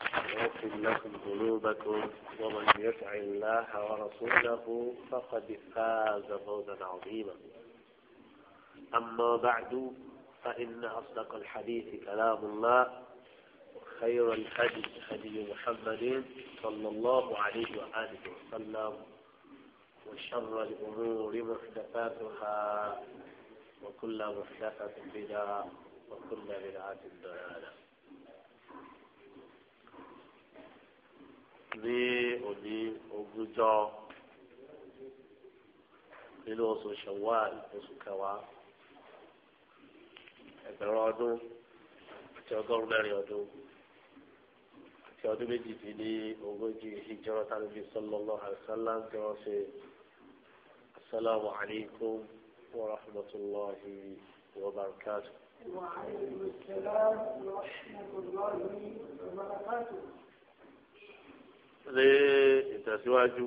ويغفر لكم ذنوبكم ومن يطع الله ورسوله فقد فاز فوزا عظيما أما بعد فإن أصدق الحديث كلام الله خير الهدي هدي محمد صلى الله عليه وآله وسلم وشر الأمور محدثاتها وكل محدثة بدعة وكل بدعة ضلالة ní òní ogúnjọ́ nínú oṣù Ṣawwal oṣù kẹwàá ẹgbẹ̀rún ọdún àti ọgọ́rùn mẹ́rin ọdún àti ọdún méjì dín ní ogójì hijira tàbí sallallahu alaihi wasallam tí wọ́n ṣe asalaamu alaykum wa rahmatulahi wa barakatuh. wa alaykum salaam wa rahmatulahi wa barakatuh lé ìtẹ̀síwájú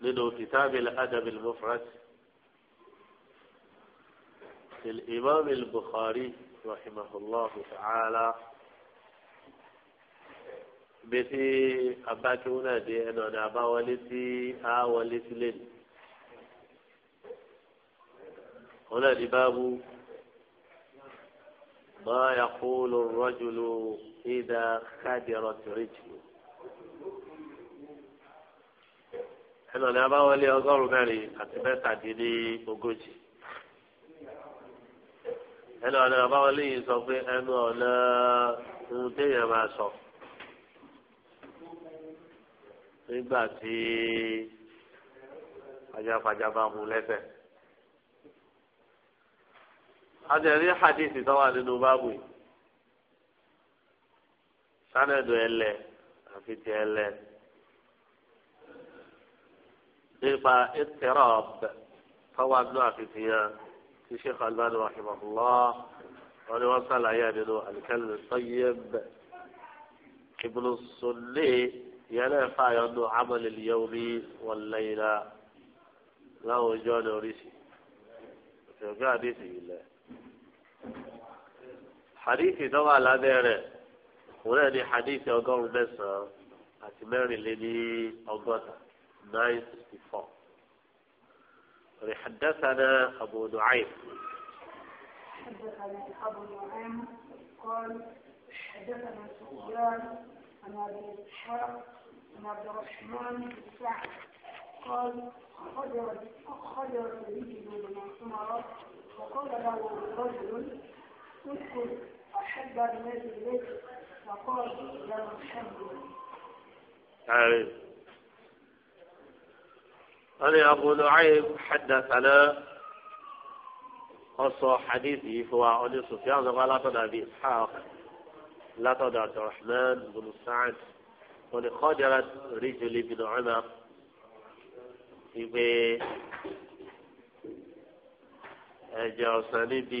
nínú kìtàbí adàbí mufrad الإمام البخاري رحمه الله تعالى bẹ́tí abákẹ́wọ́n náà dé ẹnu ọ̀dà àbáwọlé tí a wọlé sílẹ̀ ní. náà di báàbù máa yàkó lọ ìdá kájẹrọ tìrìjì ẹnìyàn abáwọlé ọgọ́rùn mẹ́rin àti mẹ́tàdínní ogójì ẹnìyàn abáwọlé yìí sọ pé ẹnu ọ̀nà ohun téèyàn máa sọ nígbà tí pajápajá bá mú lẹ́sẹ̀. a jẹ́ rí hadith tó wà nínú báàbù yìí. سند ولا عفيت ولا غبا اضطراب فهو ابن عفيتيا في شيخ ألبان رحمه الله ونوصل عيادنا الكلب الطيب ابن الصلي ينافع أنه عمل اليوم والليلة له جون ريسي قاعد قاعدة الله حديثي طبعا هذا دينه òun náà ní hadithi ọgọ́rùn-ún الذي àti 964 حدثنا أبو نعيم حدثنا أبو نعيم قال حدثنا سفيان عن أبي إسحاق عن عبد الرحمن بن سعد قال خرج خرج رجل بن عمر وقال له رجل اسكت أحب الناس إليك فقال يا محمد أبو نعيم حدثنا أصح حديثه هو أن سفيان قال لنا أبي إسحاق لقد عبد الرحمن بن سعد ولخجلت رجلي بن عمر ìpè ẹ̀jẹ̀ ọ̀sán níbi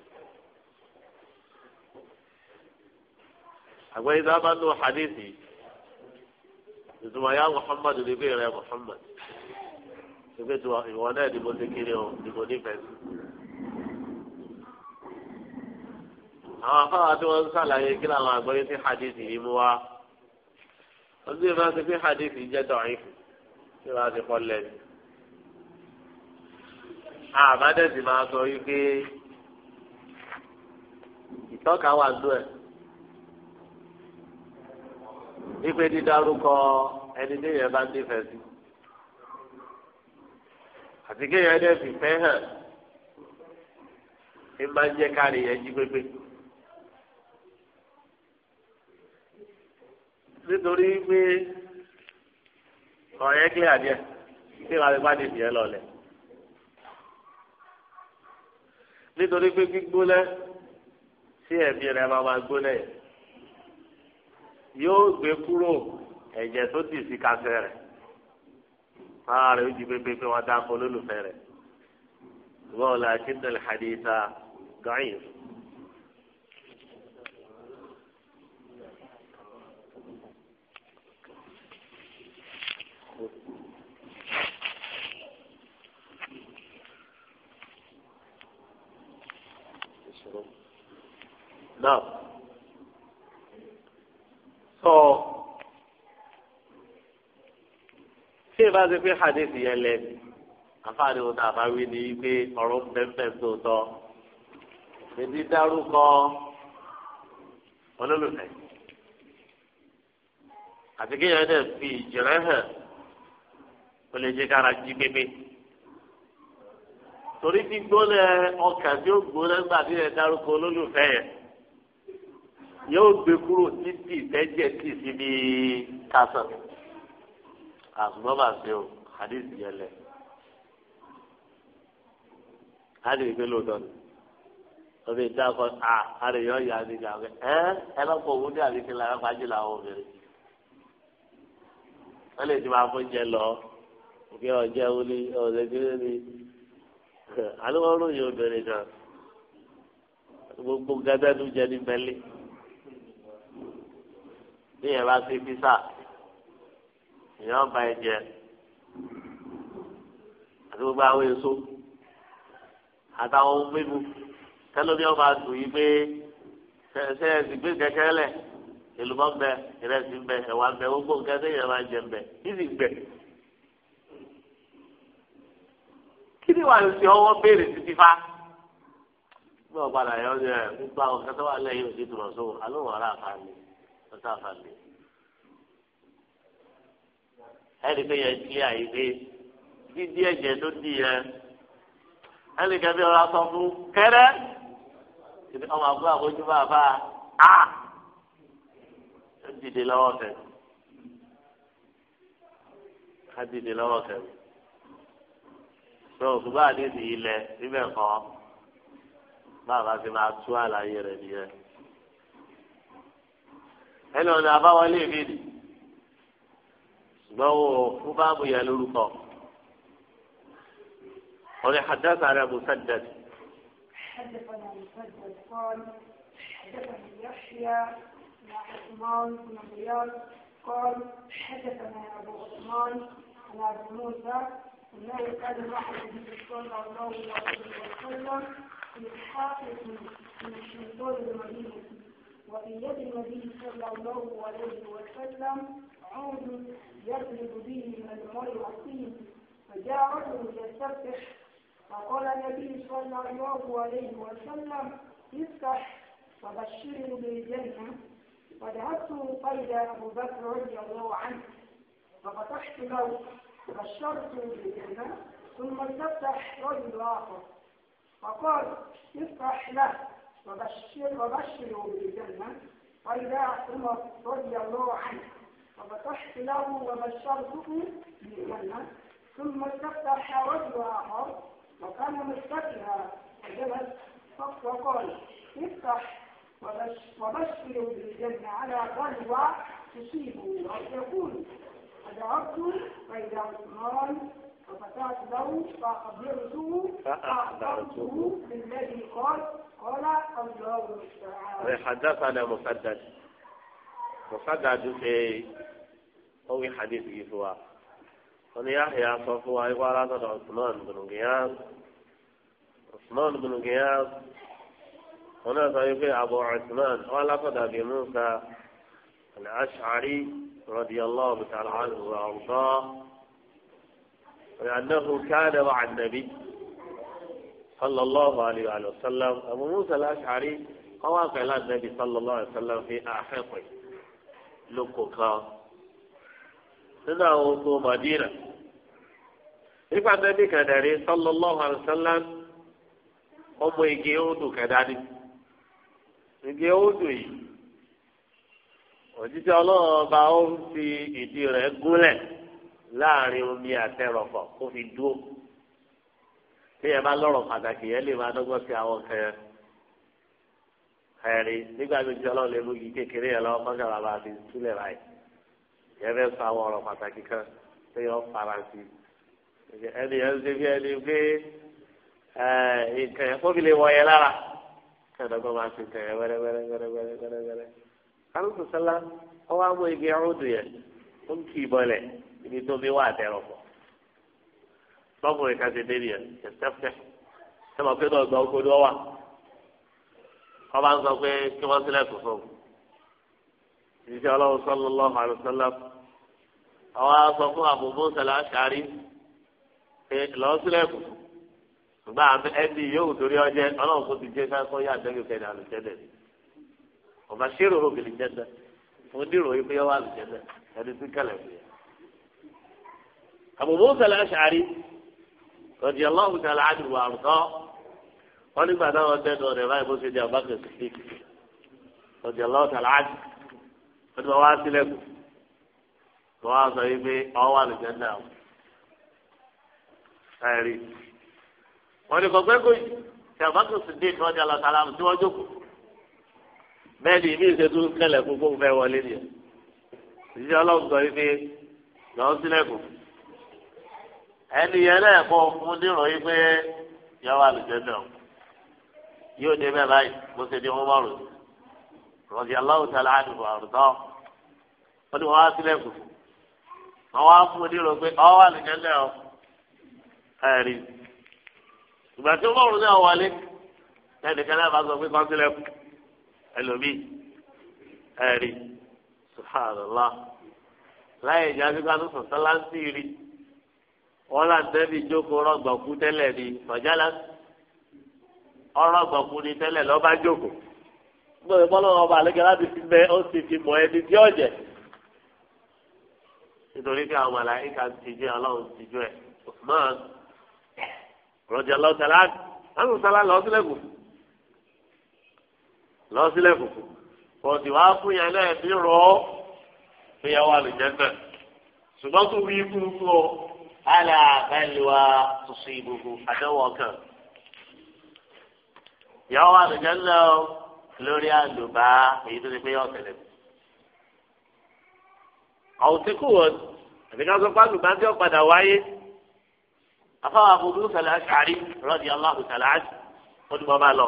àgbẹ̀ yìí dábàá nù hadithi ìtumọ̀ ya muhammad ní bí rẹ muhammad ìgbé tí ìwọ náà ni mo ti kiri o ni mo nífẹ̀ẹ́ sí. àwọn afáwà tí wọ́n ń sàlàyé kí làwọn àgbẹ̀ yìí ti hadithi yìí mú wa wọ́n ti máa ti fi hadithi jẹ́ dọ̀ọ́yìn kí wọ́n á ti kọ́ lẹ́nu. àbádẹ́sì máa sọ wípé ìtọ́ka wà lóẹ̀ ipe dídárúkọ ẹni tí yẹn bá ti fẹ́ sí àti kéèyàn dẹ́ fi fẹ́ hàn ẹ máa ń jẹ́ káàrí yẹn jí pépé. nítorí pé ọ̀rẹ́ kílẹ̀ àdìẹ tí wàá bá di ìdíyẹ lọ́lẹ̀. nítorí pé gbígbóná sí ẹ̀mí rẹ̀ máa máa gbóná yẹn yóò gbé kúrò ẹ̀jẹ̀ tó ti sí kásẹ̀ rẹ̀ ara rẹ̀ ó di pépé pé wọ́n dáko lólùfẹ́ rẹ̀ wọ́n la kíndìlì haditha gọ́yìn. Now. bá ṣe pé hadith yẹn lẹ́nu afáàní wọn tàbá wí ni pé ọ̀rọ̀ pẹ́ńpẹ́ tó tọ́ èdè dárúkọ olólùfẹ́ àti kéèyàn náà fi ìjìnlẹ̀ hàn ó lè jẹ́ kára jí pépé torí gbígbóná ọkàn tí ó gbóná gbà tí ẹ dárúkọ olólùfẹ́ yẹn yóò gbé kúrò títí ìtẹ́jẹ̀ tì síbi kásán àtúntò bá ṣe o hadith yẹn lẹ hadith pé lóòótọ́ ni ọbẹ̀ ìta kọ à àríyọ yà á nìyà ọ̀gẹ̀ ẹ́ ẹ bá kọ òun ní àbíkí lára pàjẹ́ làwọn obìnrin wọ́n lè ti máa fún jẹ lọ òkè ọ̀jẹ̀ wọlé ọ̀rẹ́ kéré ni alówóró yìí obìnrin kan gbogbo gẹ́gẹ́ ló jẹ ní mẹ́lẹ́ bí yẹn bá ṣe písà èèyàn ba ẹ̀jẹ̀ àti gbogbo àwọn èso àtàwọn ohun mímu tẹlifí ọba dùn yìí pé ṣe ẹsìn gbé kẹ̀kẹ́ lẹ èlùbọ́ ń bẹ ìrẹsì ń bẹ ẹ̀wà gbogbo nǹkan tó yẹ máa jẹ ń bẹ ìsì ń kí ni wàá ṣe ọwọ́ béèrè títí fa gbọ́dọ̀ padà yọ ọ́ ní ẹ̀ gbogbo àwọn kẹtọ́ wà lẹ́yìn òsì tùmọ̀ sóhùn alóhùn ọ̀rá àfààní ọ̀tá àfààní ẹni pé yẹn kílíà yìí pé dídí ẹ̀jẹ̀ tó dì yẹn ẹni kẹfì ọ̀rọ̀ sọ fún kẹrẹ ibi ọmọ àbúrò àbójú bá a bá a ó dìde lọ́wọ́ kẹ á dìde lọ́wọ́ kẹ sọ òṣùbà àdéhùn ilẹ̀ níbẹ̀ kọ́ bàbá ti máa tú àlàyé rẹ̀ nìyẹn ẹni ọ̀nà àbáwọlé mi ṣùgbọ́n o يا báàbù قال حدث على ni hadasa حدث على مسدد قال حدثني يحيى مع عثمان بن رياض قال حدثنا ابو عثمان عن ابي موسى انه قد مع النبي صلى الله عليه وسلم في الحافظ من الشيطان المدينه وفي يد النبي صلى الله عليه وسلم عود يضرب به من الماء والطين فجاء رجل يستفتح فقال النبي صلى الله عليه وسلم افتح فبشره بالجنة فذهبت قيد أبو بكر رضي الله عنه ففتحت له بشرته بالجنة ثم استفتح رجل آخر فقال افتح له وبشر وبشروا بالجنة وإذا عمر رضي الله عنه ففتحت له وبشرته بالجنة ثم استفتح رجل آخر وكان مستفتها فجلس وقال افتح وبشروا بالجنة على غلوة تصيبه أو يقول فدعوت فإذا عثمان وفتحت له فأخبرته فأخبرته بالذي قال حدثنا مسدد مسدد في هو حديث يسوع قال يحيى صفوا يقال هذا عثمان بن غياث عثمان بن غياث هنا صحيح أبو عثمان قال قد أبي موسى الأشعري رضي الله تعالى عنه وأرضاه لأنه كان مع النبي sallallahu alayhi wa sallam abu musa al-ash'ari wọn wá pẹ̀lú anabi sallallahu alayhi wa sallam fi àhẹ́pẹ́ lóko kan nínú àwọn oko madina nípa anabi kẹdẹrẹ sallallahu alayhi wa sallam ọmọ igi odu kẹdẹrẹ igi odu yìí òjijì ọlọ́run ọba ó fi ìdí rẹ̀ gúnlẹ̀ láàrin omi àtẹrọ̀fọ̀ kó fi dúró tí bá lọ́rọ̀ pàtàkì yẹn lè máa dọ́gbọ́n sí àwọn kẹyẹ ẹ̀rí nígbà méjì ọlọ́run lè mú yìí kékeré yẹn lọ́wọ́ kọ́ńtà bàbá àti sílẹ̀ láì yẹn fẹ́ sọ àwọn ọ̀rọ̀ pàtàkì kan tí faransé ẹni yẹn ṣe bí ẹni pé nǹkan yẹn fóbi lè wọ yẹn lára kẹ́ẹ̀dọ́gbọ́n máa ṣe nǹkan yẹn wẹ́rẹ́wẹ́rẹ́wẹ́rẹ́wẹ́rẹ́ kálukú sálá ọwọ́ àmọ́ igi ọ̀rùn yẹn ó ń kì í bọ́lẹ̀ ibi tó bí wà àtẹ̀rọ̀pọ̀ lọ́kùnrin kan ti débi ẹ̀ kẹsẹ́fẹ́ ẹ mọ̀ pé náà gba oko ló wà wọ́n bá ń sọ pé kí wọ́n sílẹ̀ kò fún un ìṣiṣẹ́ ọlọ́run sallallahu alaihi wasallam àwọn aṣọ fún Abu Musa al-Ash'ari pé lọ́ọ́ sílẹ̀ kò ṣùgbọ́n àmì ẹbí yóò torí ọjẹ́ ọlọ́run kò ti jẹ́ sáfọ́ yá àdẹ́gbẹ̀ kẹ́ni àlùjẹ́dẹ̀ ọ̀bà ṣírò obìnrin jẹ́dẹ̀ fún níròyìn pé yọ wà àlùjẹ́dẹ̀ ẹni tí kẹlẹ̀ fún yẹ. Abu Musa al-Ash'ari rọ̀dì ọlọ́run ti aláàdì wà rùtọ́ wọ́n nígbà náà wọ́n tẹ́ lọ́rẹ̀ báyìí bó ṣe di àbákẹ́ sí rọ̀dì ọlọ́run ti aláàdì wọ́n ti wọ́n wá sílẹ̀kùn wọ́n wá sọ wípé ọwọ́ àlùjẹ́ náà ẹ̀rí wọ́n ní kọ́kọ́ kó ti àbákẹ́ sí dé rọ̀dì ọlọ́run ti aláàdì tí wọ́n jókòó bẹ́ẹ̀ ni ìmí ìṣètò kẹlẹ̀ gbogbo fẹ́ wọlé nìyẹn ìṣẹ́ ọlọ́run sọ wípé lọ́ọ́ sílẹ̀kùn ẹni yẹn náà kó fún nírò yìí pé yọ wà lùjẹ́nà yóò dé bẹ́ẹ̀ báyìí bó ṣe di wọn bá rò tí a lè àdùn àrùtọ́ ó wọn á sílẹ̀ kù wọn wá fún pé ọ wà ìgbà tí wọn rò náà wọlé náà bá sọ pé kọ́ kù ẹlòmíì láyé ìjà wọn là ń tẹ́bi jókòó rọgbọ̀kú tẹ́lẹ̀ ni fọ̀jálá ọrọ̀gbọ̀kú ni tẹ́lẹ̀ lọ́ba jókòó gbọ́dọ̀ bọ́lọ́ ọba àlẹ́gẹ́ láti fi bẹ́ ó sì fi mọ̀ ẹni tí ọ̀jẹ̀ nítorí pé àwọn àlàyé kan ti jẹ́ ọlọ́run ti jọ ẹ̀ Usman rọjà lọ sàlá lọ sàlá lọ sílẹ̀kùn lọ sílẹ̀kùn kọ̀ọ̀tì wá fún yẹn náà bí rọ̀ fún yẹn wà lè jẹ́ náà ṣùgbọ́n tó wí ikú fún ọ ala balwa tusibuhu àdánwò kan yàwó àlùjànnà lórí àlùbá èyí tó ti pé yọ tẹ́lẹ̀ àwùtíkù wọn àbí ká sọ pé àlùbá tí ó padà wáyé afáwọn abudu sàlẹ àṣàrí rọdí aláhùn sàlẹ àṣì ó ti bọ́ bá lọ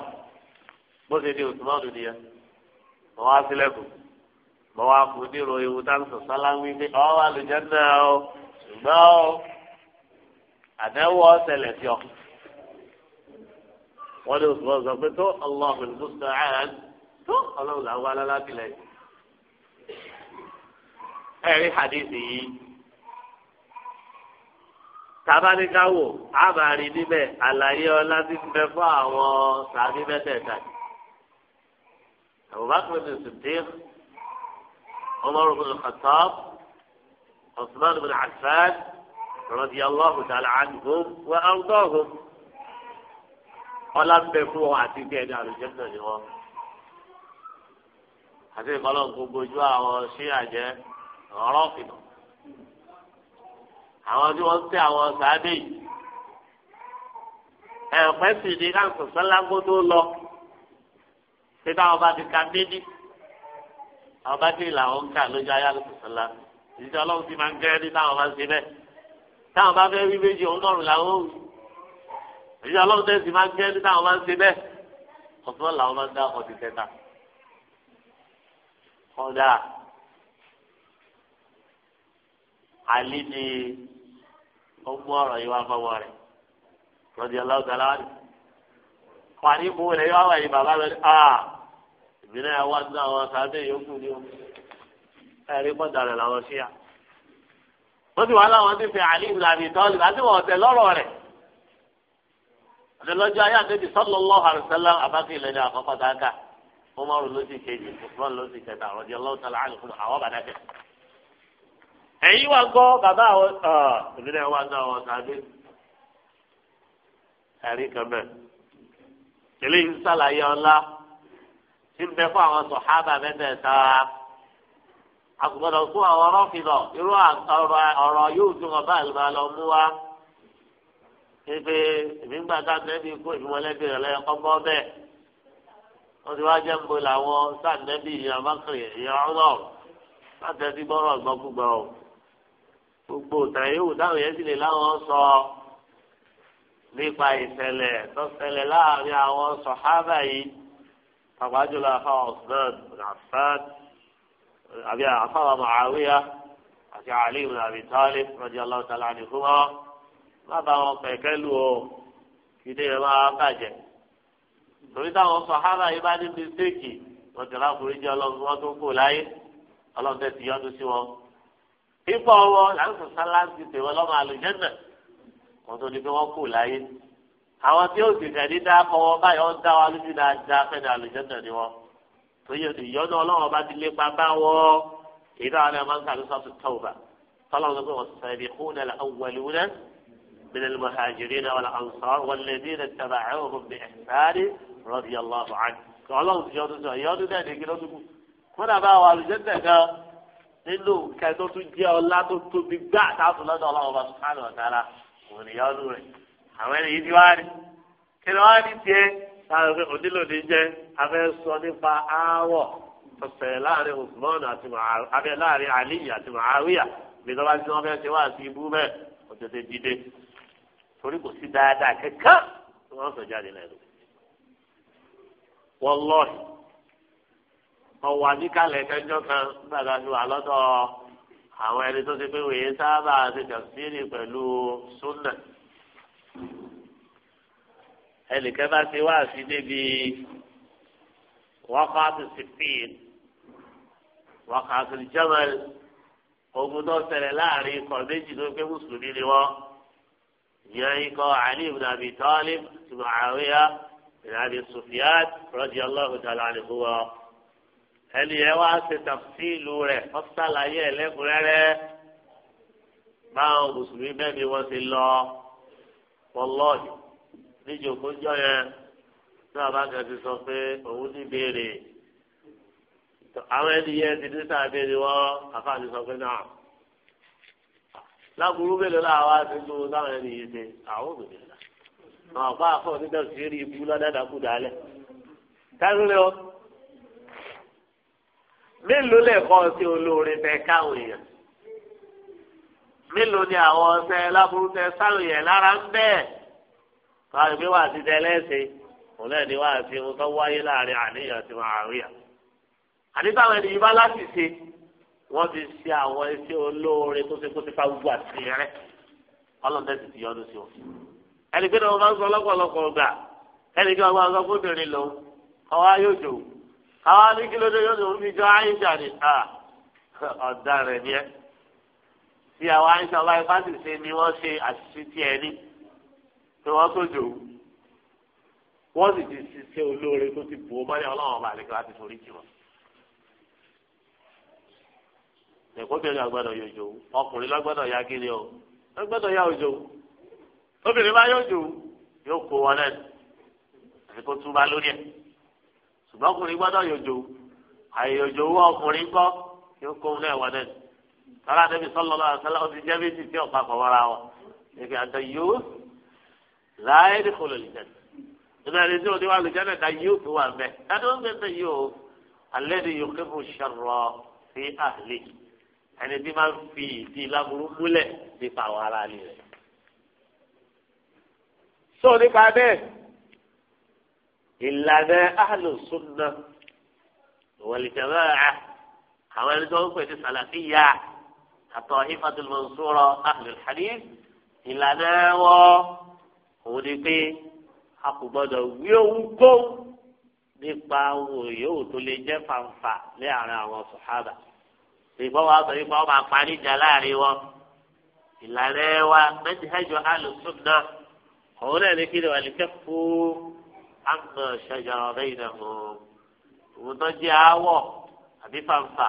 bó ṣe di òtún náà lòdì mọ wá sílẹ̀kùn mọ wá kú nírò ewu táwọn sọ sálá ń wí pé ọ ṣùgbọ́n àdáwọ̀ ọ̀sẹ̀lẹ̀ sí ọ. wọ́n ní oṣù ọ̀sán pé tó ọlọ́ọ̀bìn tó sọ àyàn tó ọlọ́run làwọn alálàbìlẹ̀. ẹ̀rí hadithi yìí tabanikawo abari níbẹ̀ àlàyé ọlá ti ń bẹ fún àwọn sàbí mẹ́tẹ̀ẹ̀ta. àbúbákan ní sùdíẹ̀ Umar ibn Khattab Usman ibn Affan rọ̀dí aláhu tààlà àdúgbò wà áwùdọ́hù ọlá ń bẹ fún ọ àti bí ẹni àlùjẹ́ńdọ̀ ni wọ́n. àti ìkọlọ́ gbogbo ojú àwọn ṣí àjẹ́ ọ̀rọ̀ fìlọ̀ àwọn tí wọ́n ń tẹ àwọn sàádé yìí ẹ̀pẹ́ sì ni káńsọ̀ sálágbó tó lọ pé táwọn bá ti ka méjì àwọn bá ti làwọn ń kà lójú ayé àlùkò sọlá ìdíjọ́ ọlọ́run ti máa ń gẹ́rẹ́ ní táwọn bá ń ṣe bẹ́ẹ̀ táwọn bá fẹ́ wí méjì òun náà làwọn wù èyí ọlọ́run tẹ̀sí máa ń gbé ẹni táwọn máa ń ṣe bẹ́ẹ̀ ọ̀tún làwọn máa ń dá ọtí kẹta kọ́dà àlí ni ó mú ọ̀rọ̀ yìí wá fọwọ́ rẹ̀ lọ́dí ọlọ́run tẹ̀lé wá ní. wà ní ibú rẹ̀ yóò wá bàbá lọ́dí à ìbílẹ̀ wa ní ah, àwọn sábẹ́ yòókù ni ó ẹ̀rí pọ̀ dàrẹ̀ làwọn ṣíyà wọ́n ti wà láwọn ti fi àlè ìlú àbí ìtọ́lù àti wọ́n ọ̀tẹ̀ lọ́rọ̀ rẹ̀. àdìlọ́jọ́ ayé àdébí sallallahu alaihi wasallam àbáfi ìlẹ̀ ní àkọ́kọ́ dáńkà Umaru ló ti kejì Usman ló ti kẹta radiyallahu ta'ala anhu àwọn bàdá kẹ. ẹ̀yin wa gbọ́ bàbá àwọn ìbílẹ̀ wa náà wọ́n sábẹ́ ẹ̀rí kan bẹ́ẹ̀ àgbọ̀dọ̀ kó àwọn ọ̀rọ̀ irú ọ̀rọ̀ yóò tún wọn bá lọ mú wa pépé èmi ń gbà ká nẹ́bí kó ìmọ̀lẹ́bí rẹ̀ lẹ́yìn kọ́kọ́ bẹ́ẹ̀ wọ́n ti wá jẹ́ ń bo làwọn sàǹdẹ́bí ìyá bákìrì ìyá ọ̀nà látẹ̀sí gbọ́rọ̀ gbogbo tàyẹ̀wò táwọn yẹn sì lè láwọn sọ nípa ìṣẹ̀lẹ̀ tọ́sẹ̀lẹ̀ láàrin àwọn sọ̀hábà yìí pàpàjùlọ àfọwọ́sán rafet àbí àfáwà màáwíyá àti àlí ibn Abi Talib radiyallahu ta'ala anhuma má bá wọn pẹ̀kẹ́ lù ó kìdí ẹ̀ máa bàjẹ́ torí táwọn sàhábà yìí bá ní mistéèkì wọn ti ráforí jẹ́ ọlọ́run wọn tó kù láyé ọlọ́run tẹ̀ ti yọ́nu sí wọn. pípọ̀ wọn láǹkà sáláńtì tèwọ́ lọ́mọ àlùjẹ́nà wọn tó ní pé wọ́n kù láyé àwọn tí ó sì tẹ̀ ní dáàkọ wọn báyọ̀ ń dá wa lójú dáadáa fẹ́ni àlùjẹ́nà ni wọn tóyẹ ìyọ́nú ọlọ́run ọba ti lépa bá wọ́ ìdá àwọn ẹ̀ma ń kàlù sọ́ọ̀tù tọ́wọ́bà tọ́lọ́run ló pé wọ́n sẹ́ni kúnà awwaluna من المهاجرين والأنصار والذين اتبعوهم بإحسان رضي الله عنه قالوا يا دوسا يا دوسا نيجي kódà bá wà lùjẹ́tẹ̀ kan nínú kẹtọ́ tó jẹ́ ọlá tó tóbi gbá àtàkùn lọ́dọ̀ ọlọ́wọ́ bá sùkánù sáré pé òdìlòdì jẹ́ sọ nípa aáwọ̀ ọ̀sẹ̀ láàrin Usman àti abẹ́ láàrin Ali àti Muawiya bí lọ́ba tí wọ́n fẹ́ ṣe wá sí ibú bẹ́ẹ̀ ọ̀tẹ̀tẹ̀ dìde torí kò sí dáadáa kankan tí wọ́n sọ jáde lẹ́nu. wọ́n lọ ọ̀wà níkàlẹ̀ kẹjọ kan gbàgbà ní wà àwọn ẹni tó ti pé wòye sábà ti tẹ̀síìrì pẹ̀lú sunnah ẹnìkan bá ṣe wá sí débi wákàtí sifin wákàtí jamal ogun tó ṣẹlẹ̀ láàrin ikọ̀ méjì tó gbé mùsùlùmí ni wọ́n ìyẹn ikọ̀ Ali ibn Abi Talib ti Muawiya ibn Abi Sufyan radiyallahu ta'ala anhu wọ́n ẹni yẹn wá ṣe tàfsíìlù rẹ̀ ọ̀ṣàlàyé ẹlẹ́kùnrẹ́rẹ́ báwọn mùsùlùmí bẹ́ẹ̀ ni wọ́n ti lọ wọ́n lọ́ọ̀dì níjòkó jọ yẹn tí bàbá kan ti sọ pé òun ti béèrè àwọn ẹni yẹn ti dín sáà béèrè wọn àfààní sọ pé náà láburú mélòó làwọn á tó táwọn ẹni yìí ṣe àwọn òbèrè náà àwọn àpá àfọ onídàásí rí ibú ládàdàkú dálẹ̀ dájú lé o mélòó lẹ́kọ́ sí olóore tẹ káwọn èèyàn mélòó ni àwọn ọ̀sẹ̀ láburú tẹ sáwọn èèyàn lára ń bẹ́ẹ̀ máa rí pé wàá sí tẹ́lẹ́sẹ̀ òun náà ni wàá sí ohun tó wáyé láàrin àníyàn àti màríà àdìsáwọn ènìyàn bá láti ṣe wọ́n ti ṣe àwọn iṣẹ́ olóore tó ṣe kó ti fa gbogbo àtìrẹ́ ọlọ́dẹ ti ti yọdún sí wọn. ẹnì pé wọn máa ń sọ lọ́pọ̀lọpọ̀ gbà ẹnì pé wọn máa ń sọ fóbìnrin lòun ọwọ́ yóò jò àwọn aníkìlódé yóò jò fi jọ àyíṣà ni ọ̀daràn ni ẹ. tí àwọn àyíṣà ọba ifásitì ṣe ni wọ́n ṣe àṣìṣe tiẹ̀ ní tí wọ́n sójò wọ́n sì ti ṣiṣẹ́ olóore tó ti bò ó báyọ̀ ọlọ́run ọba àlekè láti forí jì wọ́n. ẹ̀kọ́ bẹ̀rẹ̀ àgbàdo yòjò ọkùnrin lọ́gbọ́dọ̀ ya kiri o lọ́gbọ́dọ̀ ya òjò obìnrin bá yòjò yóò kó wọn lẹ́nu àti kó túbá lórí ẹ̀ ṣùgbọ́n ọkùnrin gbọ́dọ̀ yòjò àyòjò wọ ọkùnrin kọ́ yóò kó wọn lẹ́wọ̀n lẹ́nu. sọlá débi sọlọ́lá sọlá ó ti jẹ́ méjì tí ọ̀pá kọ̀ wọ́ra láyé ní kò lè jẹ nínú ẹni tí òní wà lè jẹnẹ ta yóò fi wà mẹ ẹni wọn gbẹdẹ yóò alẹ́ ni yóò kébù sọ̀rọ̀ sí àlè ẹni tí máa ń fi ìdí láburú múlẹ̀ nípa àwọn ará ni rẹ̀. sọ nípa bẹ́ẹ̀ ìlànà ahlùsùnà wàlìjàmáà àwọn ẹni tó ń pè ní sàlàfíà àtọ̀ ìfàdùlmọ̀nsúrọ̀ ahlùlhadì ìlànà wọn. òun ni pé a kò gbọdọ̀ wí ohun nípa ohun yòówù tó lè jẹ́ fàǹfà láàrin àwọn sùhábà ṣùgbọ́n wàá sọ wípé wọ́n máa parí ìjà láàrin wọn ìlànà wa mẹ́tìhẹ́jọ alùsùnà òun náà ní kí ni wà ní kẹ́kọ̀ọ́ àmọ̀ ṣàjàrọ̀ bẹ́yìn náà òun tó jẹ́ àwọ̀ àbí fàǹfà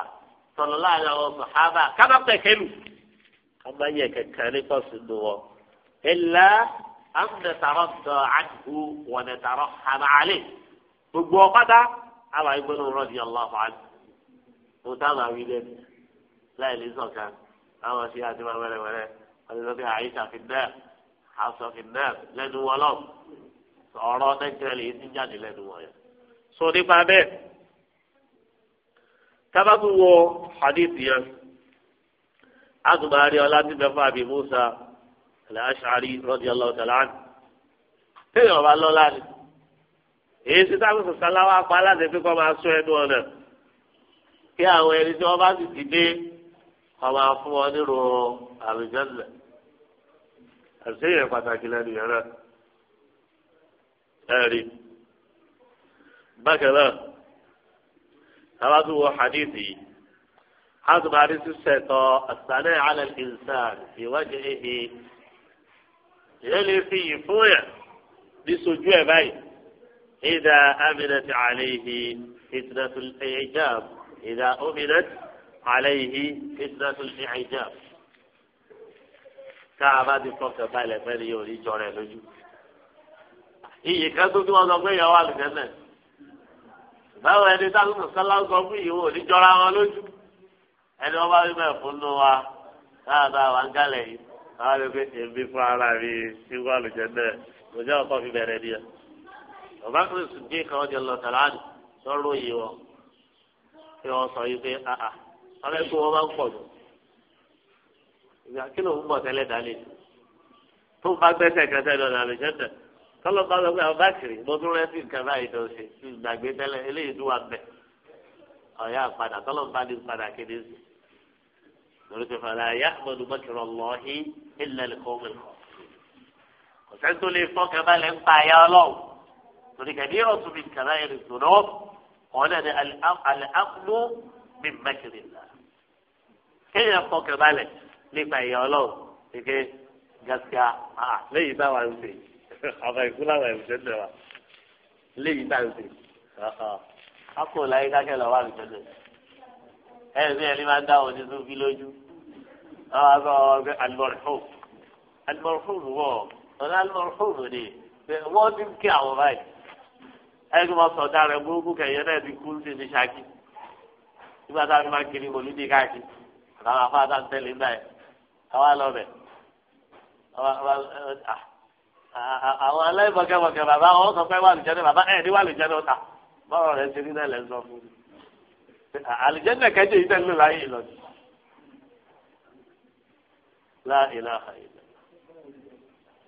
sọ̀rọ̀ láàrin àwọn sùhábà ká má pẹ̀kẹ́ lù ká má yẹ kẹ̀kẹ́ nípa sùn lù an nataradda anhu wa natarahhama alayhi gbogbo ọ̀pátá àwọn àgbẹ̀rún radiyallahu anhu mo táwọn àwí lẹ́nu láì lè sọ̀kan àwọn ṣe àti wọn wẹ́rẹ́wẹ́rẹ́ wọ́n ti sọ pé àyíṣà fi náà àṣọ fi náà lẹ́nu wọn lọ ọ̀rọ̀ yìí ti jáde lẹ́nu wọn yẹn. nípa bẹ́ẹ̀ tábàbí wo hadith yẹn a ọlá tí bẹ́ẹ̀ fún àbí aláṣàárí rọ́dí ọlọ́ọ̀tàlá ni téèyàn bá lọ́la ni èyí sí táwọn sọ̀sálá wa pa aláṣẹ pé kó máa sọ ẹnu ọ̀nà kí àwọn ẹni tí wọ́n bá sì dìde kó máa fún wọn nírò àlùjànnà àṣeyẹ pàtàkì lẹ́nu yẹn náà ẹ̀rí bákan náà àbátúwò hadith yìí. هذا معرفة الشيطان الثناء على الإنسان في وجهه èyí lè fi yìí fún yà bí sojú ẹ báyìí ìdá aminat alayhi fitnatul ijab ìdá ominat alayhi fitnatul ijab tá a bá ti fọkàn balẹ̀ fẹ́ni yóò rí jọrẹ lójú. iyì kan tó tí wọ́n sọ pé ìyàwó àlùfẹ́lẹ̀ báwo ẹni tá a tún sọ́lá sọ fún ìyàwó oníjọra wọn lójú ẹni wọ́n bá wí bẹ́ẹ̀ fún nù wa tá a ń gálẹ̀ yìí àwọn ẹgbẹ́ ẹbí fún ara mi síwá àlùjẹ náà lọ́jọ́ ọkọ fi bẹ̀rẹ̀ ni ẹ. bàbá kìrìsì bí kan ọjọ́ lọ tàlàdì lọ́rọ̀ yìí wọ pé wọ́n sọ yìí pé àà ọ̀rẹ́ kí wọ́n máa ń pọ̀ jù. ìgbà kí ló ń bọ̀ tẹ́lẹ̀ dálé tó bá gbẹ́sẹ̀ kẹsẹ̀ lọ́dọ̀ àlùjẹ náà tọ́lọ́ bá lọ pé àwọn bá kiri mo tún rẹ́ sí nǹkan báyìí tó ṣe ìgbàgbé tẹ́lẹ̀ eléyìí tó wà bẹ̀ ọ̀yà padà tọ́lọ́ bá ní padà kéde sí lórí pé fàlà ya'manu makra Allahi illa al-qawmu al-khasirin ọ̀sẹ̀ tó lè fọ́kàn balẹ̀ ń pa àyà ọlọ́run torí kàbí ọ̀tún mi kàrá ẹ̀rì tòná ọ̀nà ni al-aqlu min makrillah kéèyàn fọ́kàn balẹ̀ nípa àyà ọlọ́run kéèké gàtíà ah, lẹ́yìn báwa ń sè àbá ìkúláwà ìrìnsẹ̀ ń dẹ̀ wa lẹ́yìn ń sè akọ̀ láyé kákẹ́ lọ́wọ́ àrùn ẹ̀sìn ẹ̀lí máa ń dáhùn ní sufi lójú àwọn àgbà ọ̀gbẹ́ alimọ̀rùfù alimọ̀rùfù wọ̀ ọ̀nà alimọ̀rùfù ni wọ́n ti ń kí àwọn báyìí ẹ̀sìn wọn sọ̀dá rẹ̀ burúkú kẹ̀yẹ náà ti kú sí ní ṣáàkì nígbà tá a fi máa kiri mòlúdi káàkiri àtàwọn afáàtà ń tẹ̀lé báyìí àwa lọ àwọn aláìbọ̀kẹ́bọ̀kẹ́ bàbá wọn sọ wà lùjẹ́ àlìjẹ́nà kẹ́jẹ́ yìí tẹ́lẹ̀ láyé ìlọsí láìláha ìlọ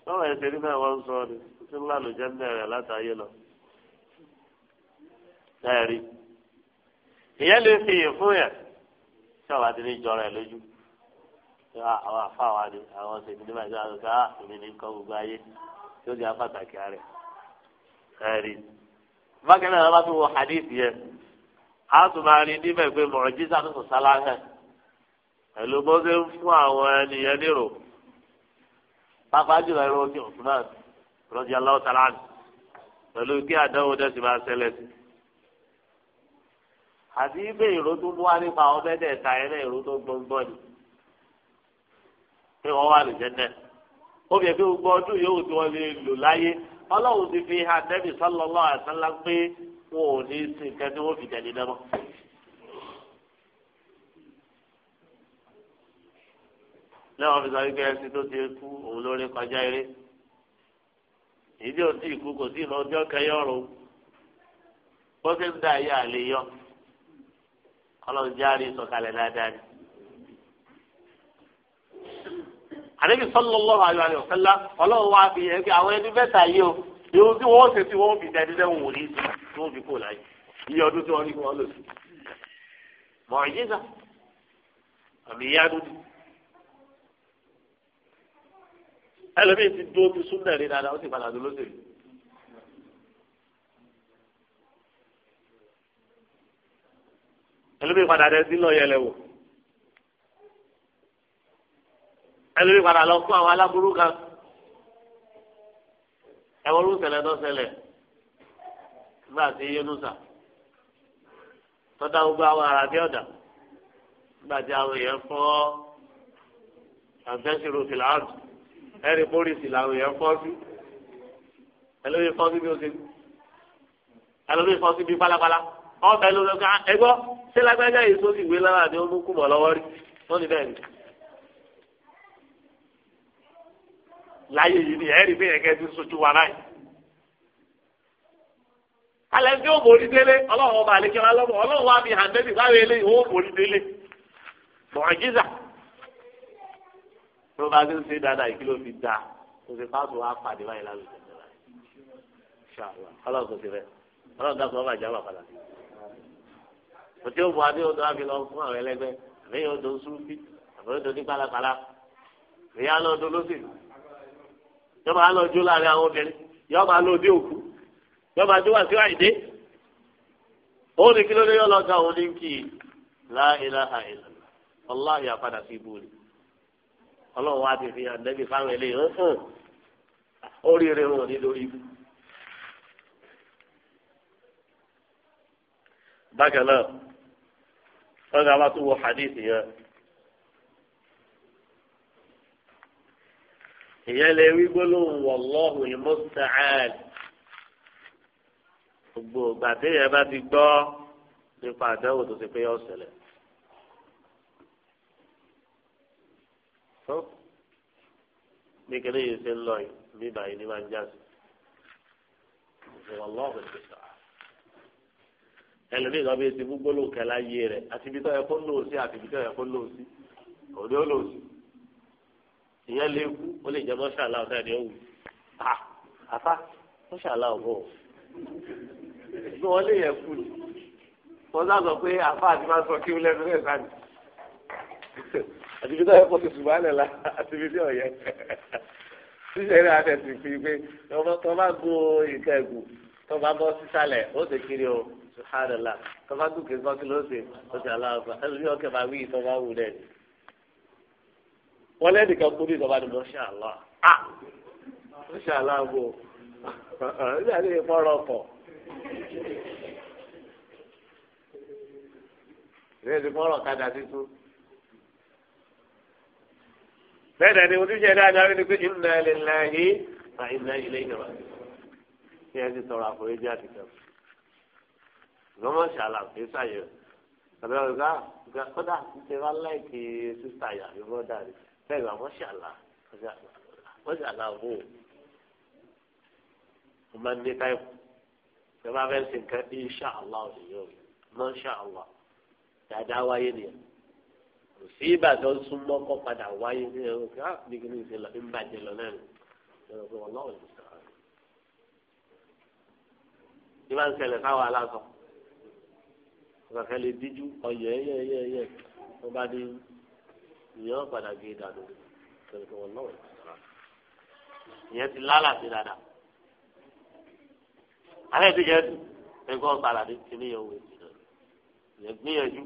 lọ́wọ́ ẹsẹ̀ nígbà wọn ń sọ ọ́ ni tí ńlá àlìjẹ́nà rẹ̀ látàyè lọ. ẹ̀rí ìyẹn lè fi yìn fún yẹn tí ọba ti ní jọra ẹ lójú àwọn àfáwa ni àwọn ṣèlú nígbà tí wọn sọ ah èmi ní nǹkan gbogbo ayé tí ó di apàtàkì rẹ ẹ̀rí bákan náà wọn bá tún wọ hadith yẹn. a tún máa rí níbẹ̀ pé mọ̀rọ̀jísà tó sọ̀sálá hẹ̀ bó ṣe ń fún àwọn ènìyàn nírò pápá jùlọ ẹ̀rọ ní Usman rọ́jì aláwọ̀tara ni pẹ̀lú kí àdánwò dẹ́sì máa ṣẹlẹ̀ sí. àti ìró tó mú wá nípa náà ìró tó gbọ́ngbọ́n ni pé wọ́n wà ó gbogbo ọdún tí wọ́n lè lò láyé ọlọ́run ti fi wọn ò ní sin nǹkan tí wọ́n fi tẹ̀lé náà mọ́. lẹ́wọ̀n fi sọ wípé ẹsìn tó ti kú òun ló rí kọjá eré èyí tí ò sí ìkú kò sí ìmọ̀ ọjọ́ kẹyọ̀rọ̀ bó ṣe ń da ayé àlè yọ ọlọ́run járe sọ̀kalẹ̀ dáadáa ni. àdébí sallallahu alaihi wasallam ọlọ́run wá fi yẹn pé àwọn ẹni mẹ́ta yìí o. ìhun tí wọ́n ṣe tí wọ́n fi dẹ́ni lẹ́wọ̀n wò ní ìsìn tí wọ́n fi kó láyé iye ọdún tí wọ́n ní kí wọ́n lò sí. mọ̀ ẹ́ yíṣà àmì ìyá dúdú. ẹlòmíì ti dúró ti súnmọ́ ẹ̀rí dáadáa ó sì padà dúró sí i. ẹlòmíì padà dẹ́ sí lọ́ọ̀yẹ lẹ́wọ̀. ẹlòmíì padà lọ fún àwọn aláburú kan. ẹwọ ló ṣẹlẹ̀ tó ṣẹlẹ̀ nígbà tí yónúsà tọ́ta gbogbo àwọn ará bí ọ̀dà nígbà tí àwọn èèyàn fọ́ àfẹ́sìrò fìlàáàdù ẹ̀rí pólísì làwọn èèyàn fọ́ sí ẹlòmíì fọ́ sí bí ó ṣe ẹlòmíì fọ́ sí bí pálápálá ọ̀bẹ ló lọ ká ah, ẹgbọ́ sílágbájá yìí sósì ìwé lára ni ó mú kùmọ̀ lọ́wọ́ rí wọ́n ní bẹ́ẹ̀ ni. láyé yìí ni ẹ̀rí bí ẹ̀kẹ́ ti sojú wa náà. alẹ́ tí ó borí délé ọlọ́run ọba àlekí wa lọ́wọ́ ọlọ́run wa ha hàndẹ́bì báwo eléyìí ó borí délé mọ̀ọ́jísà tó bá ti ń ṣe dáadáa fi kò wa pàdé báyìí ọlọ́run kò yọ máa lọ jó láàrin àwọn obìnrin yọ máa lọ dé òkú yọ máa jó wà sí àìdé òun ní kí ló dé yọ lọ ga òun ní kì láìlá àìlá ọláyà padà sí ibú wa ti fi hàn lẹ́bi fáwọn eléyìí hàn oríire wọn ní lórí ibú. bákan náà wọ́n ní èèyàn lè wí gbólóhùn wallahu al-musta'an gbogbo ìgbà téèyàn bá ti gbọ́ nípa àdánwò tó ti pé yọ ṣẹlẹ̀. bí kele yìí ṣe ń lọ yìí bí báyìí ni máa ń já sí wallahu ẹlòmíì kan bí ti gbogbo lóòkẹ́ láyé rẹ̀ àti ibi tó yẹ kó lòó sí àti ibi tó yẹ kó lòó sí òde ó lòó sí ìyẹn lè kú ó lè jẹ mọ́ṣáláà ọ̀sẹ̀ ni ó wù àfa mọ́ṣáláà ọ̀bọ̀ ṣùgbọ́n wọ́n lè yẹ kú ni wọ́n sá sọ pé àfa àti máa sọ kí ó lẹ́nu rẹ̀ sáni àtibí táwọn ẹ̀kọ́ ti sùn wálẹ̀ la àtibí tí ọ̀yẹ́ ṣíṣe rẹ̀ àtẹ̀sí fi pé tọ́ bá gbó ìtẹ̀gùn tọ́ bá bọ́ sísàlẹ̀ ó ti kiri o subhanallah tọ́ bá gòkè sọ́kí ló ṣe ó ti aláwọ̀ ẹ̀rù yóò kẹ́ máa wí ìtọ́ bá wù dẹ́ni wọn lẹ́nìkan kú ní ìjọba ni mọ́ṣáláà à mọ́ṣáláà bò nígbà tí èèyàn fọ́rọ̀ ọkọ̀ ìrẹsì tí fọ́rọ̀ kadà tuntun bẹ́ẹ̀ náà ni ojúṣe dáadáa ni pé inna lillahi wa inna ilayhi raji'un kí ẹ ti sọ̀rọ̀ àforíjì àti kẹ́kọ̀ọ́ lọ́mọ́ṣáláà kì í ṣàyẹ̀wò àbẹ̀wò ká kọ́dà ti ṣe wá láìkì sísá yàrá ìbọ̀dà rẹ̀ bẹ́ẹ̀ bá wọ́n ṣàlà wọ́n ṣàlà wò ó mo máa ń ní táìpù ṣé máa fẹ́ ṣe nǹkan ní ṣàlà òde yóò mọ́ ṣàlà dáadáa wáyé nìyẹn kò sí ìbàdàn súnmọ́ kọ́ padà wáyé ní ẹ̀rọ kí á bí kí ni ìṣe lọ ń bàjẹ́ lọ náà ẹ̀rọ pé wọ́n lọ́wọ́ ìlú sọ̀rọ̀ ní máa ń ṣẹlẹ̀ káwọn aláṣọ ọ̀kàkẹ́ lè díjú ọ̀yẹ́ yẹ́yẹ́yẹ́ wọ́n bá ní ìyẹn wọn padà gé dàdó torí pé wọn náà ìyẹn ti lálàsí dáadáa alẹ́ ti jẹ́ dùn ẹgbẹ́ ọ̀sán àdé ti ní ìyẹn wò ìyẹn gbìyànjú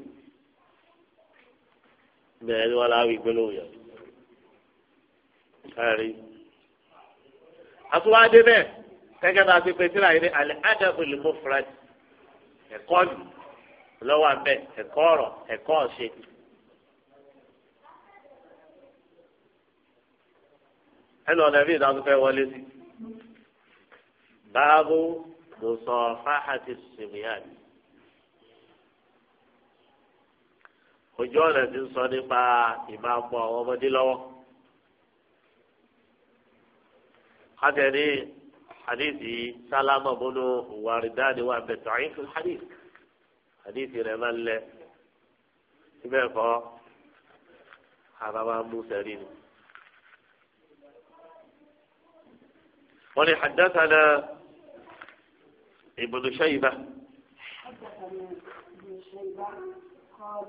bẹ́ẹ̀ ni wọ́n láwí gbólóhùn yẹn kárí. àtúwádé bẹ́ẹ̀ gẹ́gẹ́ bá a ti pèsè láyé ní lè mú fúrájì ẹ̀kọ́ lọ́wọ́ abẹ́ ẹ̀kọ́ ọ̀rọ̀ ẹ̀kọ́ ọ̀ṣẹ́ ẹnu ọ̀nà bíi ìdájọ́ fẹ́ wọlé sí. báàbù musafahati sibyan. ojú ọ̀nà ti ń sọ nípa ìmáàmù àwọn ọmọdé lọ́wọ́. hadani hadithi salama bunu waridani wa bẹtọ̀ọ́yìn fún hadith hadithi rẹ̀ máa ń lẹ. ibẹ̀ kọ́ àbábá mú sẹ́rí ni. قال حدثنا ابن شيبة حدثنا ابن شيبة قال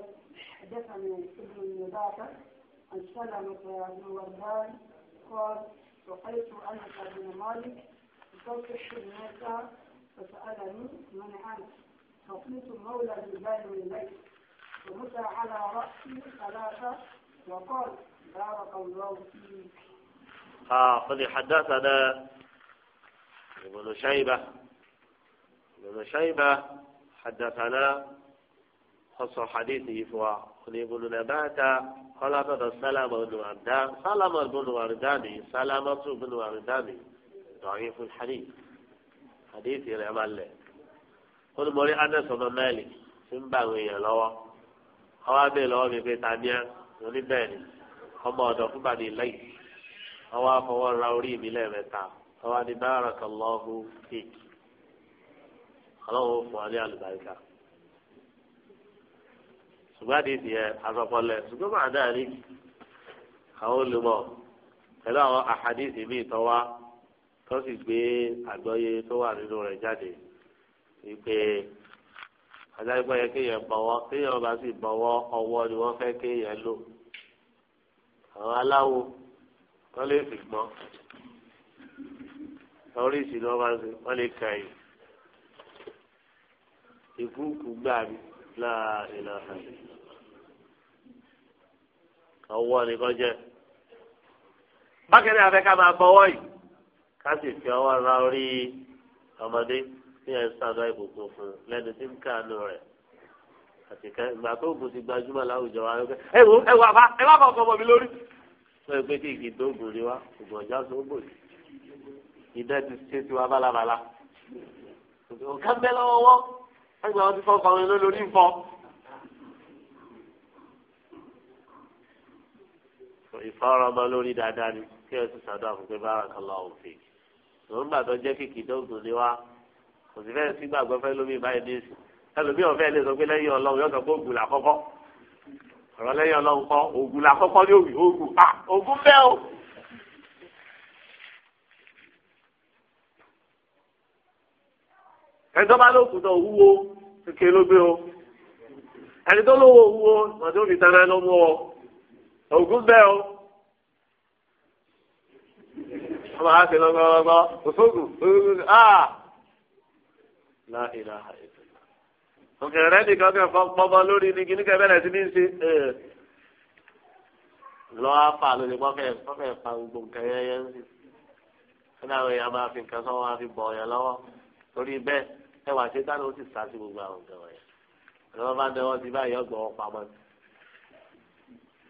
حدثنا ابن المبارك عن سلمة بن وردان قال رأيت أنس بن مالك يصفح الناس فسألني من أنت فقلت مولى بن من بيت ومتى على رأسي ثلاثة وقال بارك الله فيك. آه قد حدثنا ابن شيبة ابن شيبة حدثنا خص حديثه فوا قل ابن نبات قال السلام سلمة بن وردان سلمة بن وردان سلمة بن وردان ضعيف الحديث حديث العمل له قل مولي أنس بن مالك سنباوي لوا أوابي لوا ببيتانيا ونبالي ọmọ ọ̀dọ̀ fún bàbá ìlẹ́yìn àwọn afọwọ́ ra orí mi tọ́wá ní bárakàlọ́hù fíìkì ọlọ́run fún ọ ní àlùbáríkà ṣùgbọ́n àdìsí yẹn asọ́pọ̀lẹ̀ ṣùgbọ́n máa náà rí àwọn olùmọ̀ pẹ̀lú àwọn àhàdìsí míì tọ́wá tó sì gbé àgbọ́yé tó wà nínú rẹ̀ jáde wípé adájọ́ yẹ kéèyàn bọ̀wọ́ kéèyàn bá sì bọ̀wọ́ ọwọ́ ni wọ́n fẹ́ kéèyàn lò àwọn aláwo wọ́n lè fi gbọ́n sọrí ìṣìlẹ ọba ṣe wọn lè ka yìí ìkúùkù gbà mí láàrínà ọwọ́ nìkan jẹ bákẹ́rẹ́ afẹ́ ká máa bọ́wọ́ yìí ká sì fi ọwọ́ ra orí ọmọdé ní ẹ̀sánà ìbùkún fún lẹ́nu tí ń kànú rẹ̀ àti ká ìgbà tó ògùn ti gbajúmọ̀ láwùjọ wa ẹ wò ẹ wà bá ẹ bá bọ̀ ọkọ̀ ọmọ mi lórí. wọ́n ń pẹ́ kí ìgbìntàn ògùn rí wa ògùn ọjà sọ́gbọ̀n yìí ìdá ti ṣe tiwa òkà ń bẹ lọ́wọ́ wọ́ wọ́n gbà ti fọ́ kọrin lólórí ń fọ́. ìfọ́rọ̀mọ lórí dáadáa ni kí ẹ sì sàdọ́ àfùgbé bára kan lọ òun fèèkì lòun gbàdọ́ jẹ́ kìkì dọ́gùn ni wá kò sì fẹ́ẹ́ sí gbàgbọ́ fẹ́ lómi báyìí ní èsì ẹlòmíì ọ̀fẹ́ lè sọ pé lẹ́yìn ọlọ́run yóò sọ pé ògùn làkọ́kọ́ ọ̀rọ̀ lẹ́yìn ọlọ́run kọ́ ògùn làkọ́kọ́ ní òwì ògùn pa ògùn bẹ́ẹ̀ o. ẹni tó bá lókun náà wúwo kékeré ló gbé o ẹni tó lówó wúwo màtí ó fi tán náà ló mú ọ ògùn bẹ́ẹ̀ o wọ́n máa ṣe lọ́gbọ́lọ́gbọ́ òfóògùn áà láìláha ìfẹ̀lá. òkèrè rẹ nìkan kẹ fọ pọmọ lórí ní kíní kẹ bẹ̀rẹ̀ sí ní ṣe lọ́wọ́ afa lórí pọ́fẹ́ pọ́fẹ́ fa gbogbo nǹkan yẹn yẹn ń sìn. fúnà àwọn èèyàn máa fi nǹkan sọ́wọ́ máa fi bọ̀ ọ̀yàn lọ́wọ́ torí bẹ́ẹ̀ ẹwà ṣe dáná ó sì sá sí gbogbo àwọn nǹkan wọ̀nyẹn ẹ̀rọ bá dẹwọ́ sí báyìí ọgbọ̀n wọn pamọ́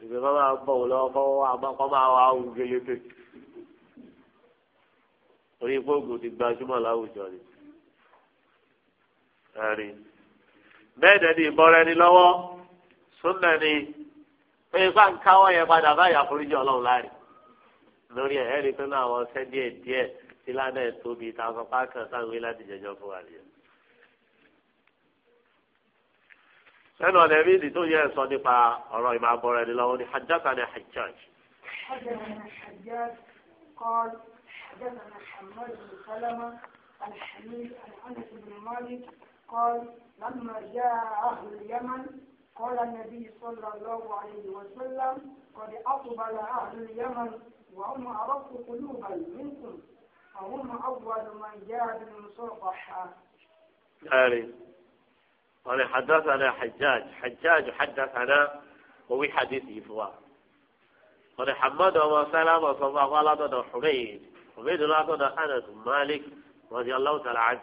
ìgbẹ́ bá máa bọ̀ wọ́n lọ́wọ́ kọ́ máa wà áwù gẹ́lẹ́tẹ̀ orí fóògùn ti gbajúmọ̀ láwùjọ ni ẹ̀rí bẹ́ẹ̀ dẹ̀ ni lọ́wọ́ súnmọ́ ni pé bá ń káwọ́ yẹn padà báyà foríjì ọlọ́run láàrin lórí ẹ̀ ẹ̀rí pé náà wọ́n ṣẹ́ díẹ̀ díẹ̀ sílánà ẹ̀ tóbi táwọn pákàn táwọn ilé láti jẹjọ́ fún wa nìyẹn. لأنه أنا أبيدي تو يا صديقة الله مع بورين الله حدثنا حجاج حدثنا حجاج قال حدثنا حماد بن سلمة عن حميد عن أنس بن مالك قال لما جاء أهل اليمن قال النبي صلى الله عليه وسلم قد أقبل أهل اليمن وهم أرق قلوبا منكم فهم أول من جاء بالمصافحة. قال حدثنا حجاج حجاج حدثنا وهو حديث يفوا قال حماد وما سلام وصلى الله على دون حميد حميد لا دون أنس مالك رضي الله تعالى عنه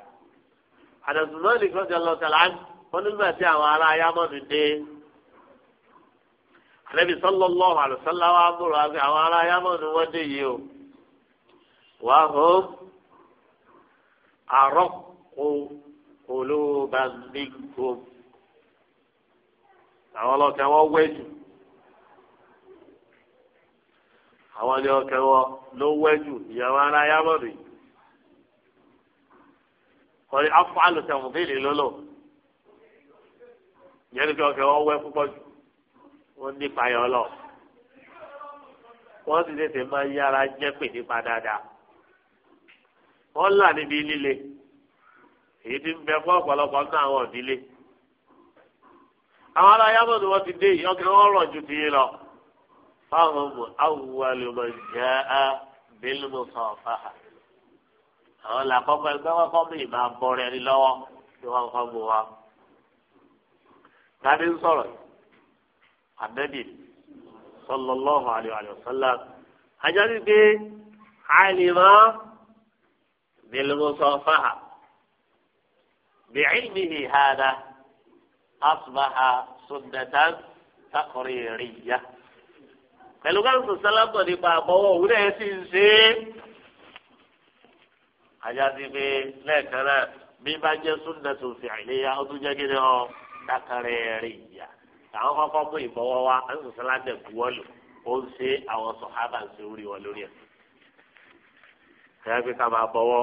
أنس مالك رضي الله تعالى عنه قال ما جاء وعلى أيام الدين. النبي صلى الله عليه وسلم أمر على أيام من وديه وهم أرقوا olóòbá mínkù àwọn ọlọ́kẹ́ wọn wẹ́ jù àwọn ilé ọkẹ́ wọn ló wẹ́ jù ìyàwó ara afọ bèèrè lọ́lọ́ ìyẹn ní kí wọn púpọ̀ jù wọ́n nípa yọ lọ wọ́n sì tètè máa yára jẹ́ pè nípa dáadáa èyí tí ń bẹ fún ọ̀pọ̀lọpọ̀ nínú àwọn ìdílé àwọn aláyàbọ̀ ni wọ́n ti dé yìí ọkùnrin wọn rọ̀ ju ti yín lọ. fáwọn ọmọ awùwalè jẹ́ á bẹ́ẹ̀ sọ̀fà àwọn làkọ́kọ́ ẹgbẹ́ wọn kọ́ máa bọ̀rẹ̀ lọ́wọ́ wọ́n kọ́ wa. ń sọ̀rọ̀ àbẹ́bí بعلمه هذا أصبح سنة تقريرية pẹ̀lú ká lóṣù sálábọ̀ nípa àbọ̀wọ̀ òwúrọ̀ ẹ̀ sì ń ṣe é. àjáde pé lẹ́ẹ̀kan náà bí bá jẹ́ súnà tó fi àìléyà ó tún jẹ́ kí ni ọ dákàrẹ́ rìn yà. àwọn kọ́kọ́ mú ìbọ̀wọ́ wa lóṣù sálábẹ̀ buwọ́lù ó ń ṣe àwọn sọ̀hábà ń ṣe orí wọn lórí ẹ̀. kẹ́ẹ́ bí ká máa bọ̀wọ́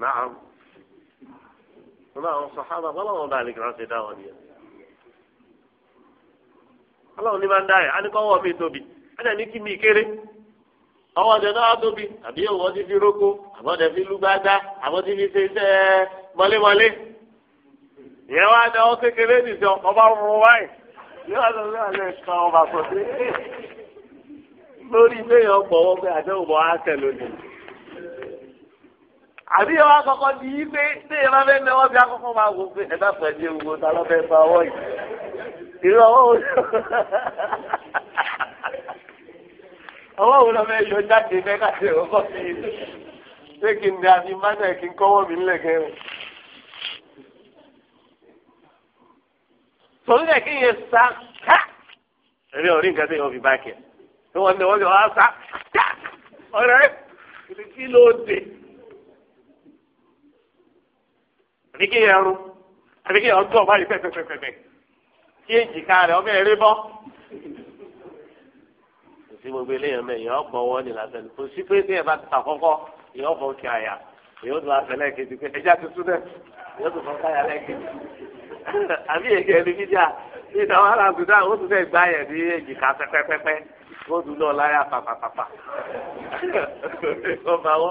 náà nínú àwọn sọ̀hábà bọ́láwọn bá àlejò ránṣẹ́ dá wọn nìyẹn. ọlọ́run ní máa ń dáyà á àbí ẹwà kọkọ di yí pé ṣé ẹ máa fẹ́ mẹ́wọ́ bí akọ́kọ́ máa wò pé ẹ bá pẹ̀ ní ewu ta ló fẹ́ fa ọwọ́ yìí ìrọ̀ ọwọ́ wò ọwọ́ wò lọ fẹ́ yọ jáde fẹ́ káṣí ọkọ̀ sí i ṣé kí n da ní mánà kí n kọ́wọ́ mi nílẹ̀ kẹrin. torí ẹ̀ kí n yẹ sá ká ẹ̀rí ọ̀rí nǹkan tó wọ́n fi báàkì ẹ̀ tí wọ́n ní wọ́n àbí ẹrú àbí ọdún ọba yìí pẹpẹpẹpẹ kí èjìká rẹ ọmọ ẹrẹ bọ. kò sí gbogbo eléyàn mẹ èèyàn gbọwọ ní kò sí pé bí ẹ bá ta kọ́kọ́ èèyàn fọ kí àyà èèyàn tún afẹ lẹ́ẹ̀kejì pé ẹjá tuntun dẹ èèyàn tún fọ káyà lẹ́ẹ̀kejì àbí èké ẹni fídíà níta wọn àlà ó tún fẹ́ gbá yẹn ní èjìká pẹpẹpẹpẹ ó dùn náà láyà pàpàpàpà ó máa wọ.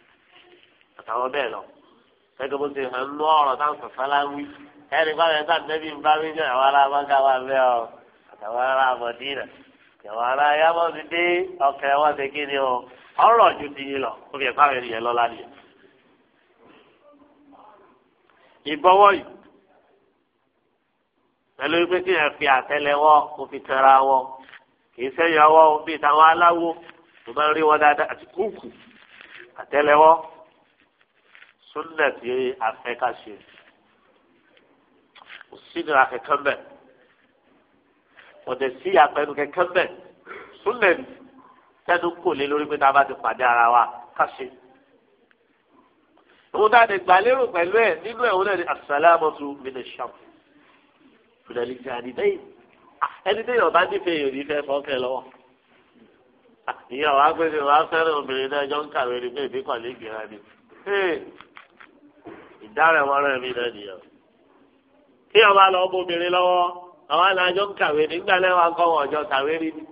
àtàwọn bẹ́ẹ̀ lọ gẹ́gẹ́ bó ti hàn nú ọ̀rọ̀ táwọn sọ̀sọ́ ẹni bá yẹn sáà nẹ́bí ń mi jẹ́ àwọn ará mọ́gá bẹ́ ọ àtàwọn ará mọ̀dínà àwọn ará yábọ̀ ti dé ọkẹ́ wọn ti kí ni o ọ̀rọ̀ ju ti yín lọ ó fi ẹ̀fọ́ àwọn ènìyàn lọ́la nìyẹn. ìbọ̀wọ́ yìí pẹ̀lú pé kí ẹ fi àtẹ́lẹwọ́ kó fi tẹra wọn kì í sẹ́yìn ọwọ́ bíi táwọn aláwo tó bá ń rí wọn dáadáa àti kúùkù àtẹ́lẹwọ́ súnlẹ̀ tí afẹ́ká ṣe kò sínú akẹ́kẹ́ mbẹ́ ọ̀dẹ̀ sí apẹnu kẹ́kẹ́ mbẹ́ súnlẹ̀ tẹnu kò lé lórí pé tá a bá ti pàdé ara wa ká ṣe. òun náà lè gbà lérò pẹ̀lú ẹ̀ nínú ẹ̀ òun náà ni asàlámọ́tò mínísàmù ìdàlí ti àdìdẹ́yìn ah, ẹni tẹ́yìn ọba nífẹ̀ẹ́ yòó ní fẹ́ fọ́kẹ́ ah, ìyá wa gbé mi wá obìnrin náà jọ ń kàwé ní bẹ́ẹ̀ bí kò ní ìdárẹ̀ wọn rẹ̀ mí náà nìyẹn. kí ọba lọ bóbìnrin lọ́wọ́ àwọn alájọ ń kàwé nígbà lẹ́wọ̀n akọ́ wọn ọjọ kàwé rí ni.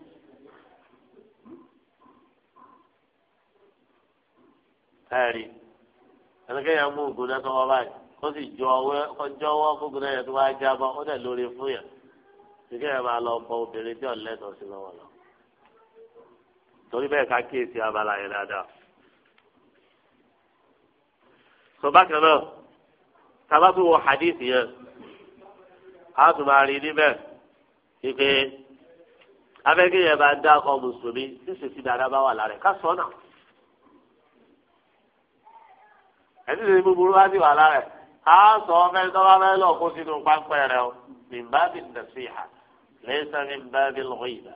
ẹ̀rí ẹnikẹ́ni àmú ògùn náà tó báyìí kó sì lori fógun náà yẹn tó bá jábọ́ ó lórí fún yẹn nígbà yẹn máa lọ bọ obìnrin tí sí lọ́wọ́ lọ tabatu wo hadith yẹn a tún máa rí níbẹ̀ wípé abẹ́kẹ́ yẹn bá dá ọkọ mùsùlùmí sísè sí dáadáa bá wà lára ẹ̀ ká sọ náà ẹ̀sìn ìdílé búburú bá sì wà lára ẹ̀ ká sọ ọmọ ẹ̀ka bá fẹ́ lọ kó sínú pápẹ́ rẹ o bimba bi nasiha lẹ́sẹ̀ bimba bi lọ́wọ́ ìgbà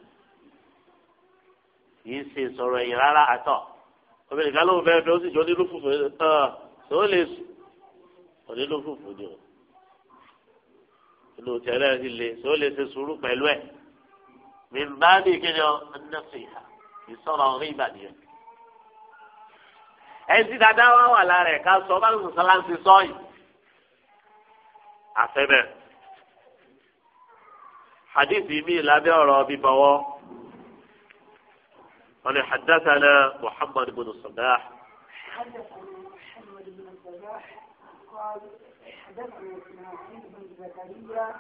kì í ṣe sọ̀rọ̀ yìí rárá àtọ̀ obìnrin kan ló ń ó sì jọ nínú fùfú ẹ̀ ẹ̀ tó òní ló fòfò ni o ìlú tẹ̀lé ti le tí ó lè ṣe sùúrù pẹ̀lú ẹ̀ mi ń bá ní kí ni ọ ẹnẹ́fẹ̀ ìhà ìsọ̀rọ̀ orí ìbàdàn ẹni tí dáadáa wá wà lára ẹ̀ ká sọ bá ń sọ yìí àfẹ́bẹ̀ hadithi mi lábẹ́ ọ̀rọ̀ bíbọ̀wọ́ wọn ni haddathana muhammad bin sadah. قال حدثنا اسماعيل بن زكريا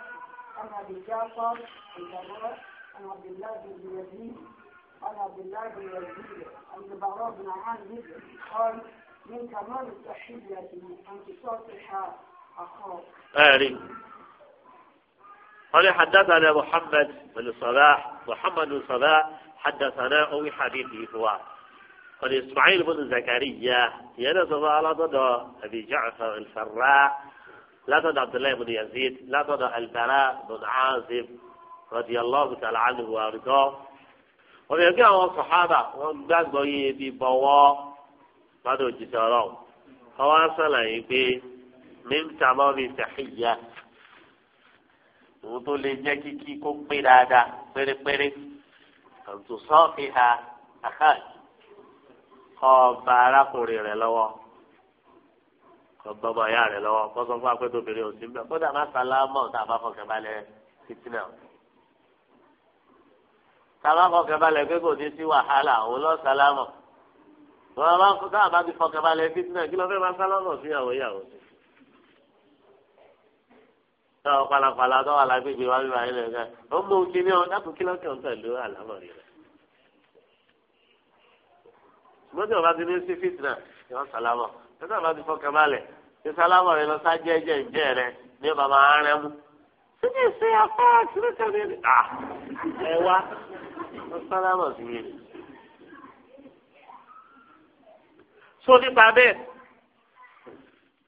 عن ابي جعفر البراء عن عبد الله بن يزيد عن عبد الله بن يزيد عن البراء بن عامر قال من كمال التحية أن تصافح أخاك. أهلي. قال حدثنا محمد بن صلاح محمد بن صلاح حدثنا أو حديثه هو قال إسماعيل بن زكريا ينسب على ضد أبي جعفر الفراء لا ضد عبد الله بن يزيد لا ضد البراء بن عازب رضي الله تعالى عنه وأرضاه ويرجع الصحابة بعد بوي بوا بعد الجسارة فواصل يبي إيه؟ من تمام تحية وطول جاكي كي كم بلادا بري بري أن تصافها أخاك ọba arákùnrin rẹ lọ́wọ́ ọba ọba ìyá rẹ lọ́wọ́ kọsọ fún akpẹtọ obìnrin òsì mbẹ kódà má sálámọ tá a bá fọkàn balẹ̀ títí náà tá a bá fọkàn balẹ̀ pé kò ní sí wàhálà òun lọ sálámọ wọn bá tá a bá ti fọkàn balẹ̀ títí náà kí ló fẹ́ má sálámọ sí ìyàwó ìyàwó sọ palapala tó wà lágbègbè wa bí wàá ó mú kí ni ọ dákun kí lọ́kẹ́ ọ̀tọ̀ ìlú àlámọ̀ rẹ̀. ṣùgbọ́n tí wọ́n bá ti ní sí fitna yọ sálámọ̀ tí wọ́n bá ti fọkàn balẹ̀ ṣe sálámọ̀ rẹ lọ sájẹ́ ẹ̀jẹ̀ ǹjẹ́ rẹ ní bàbá rẹ mú. síbi ìṣe afá kìrìkà ni ẹ wá lọ sálámọ̀ sí mi. so nípa bẹ́ẹ̀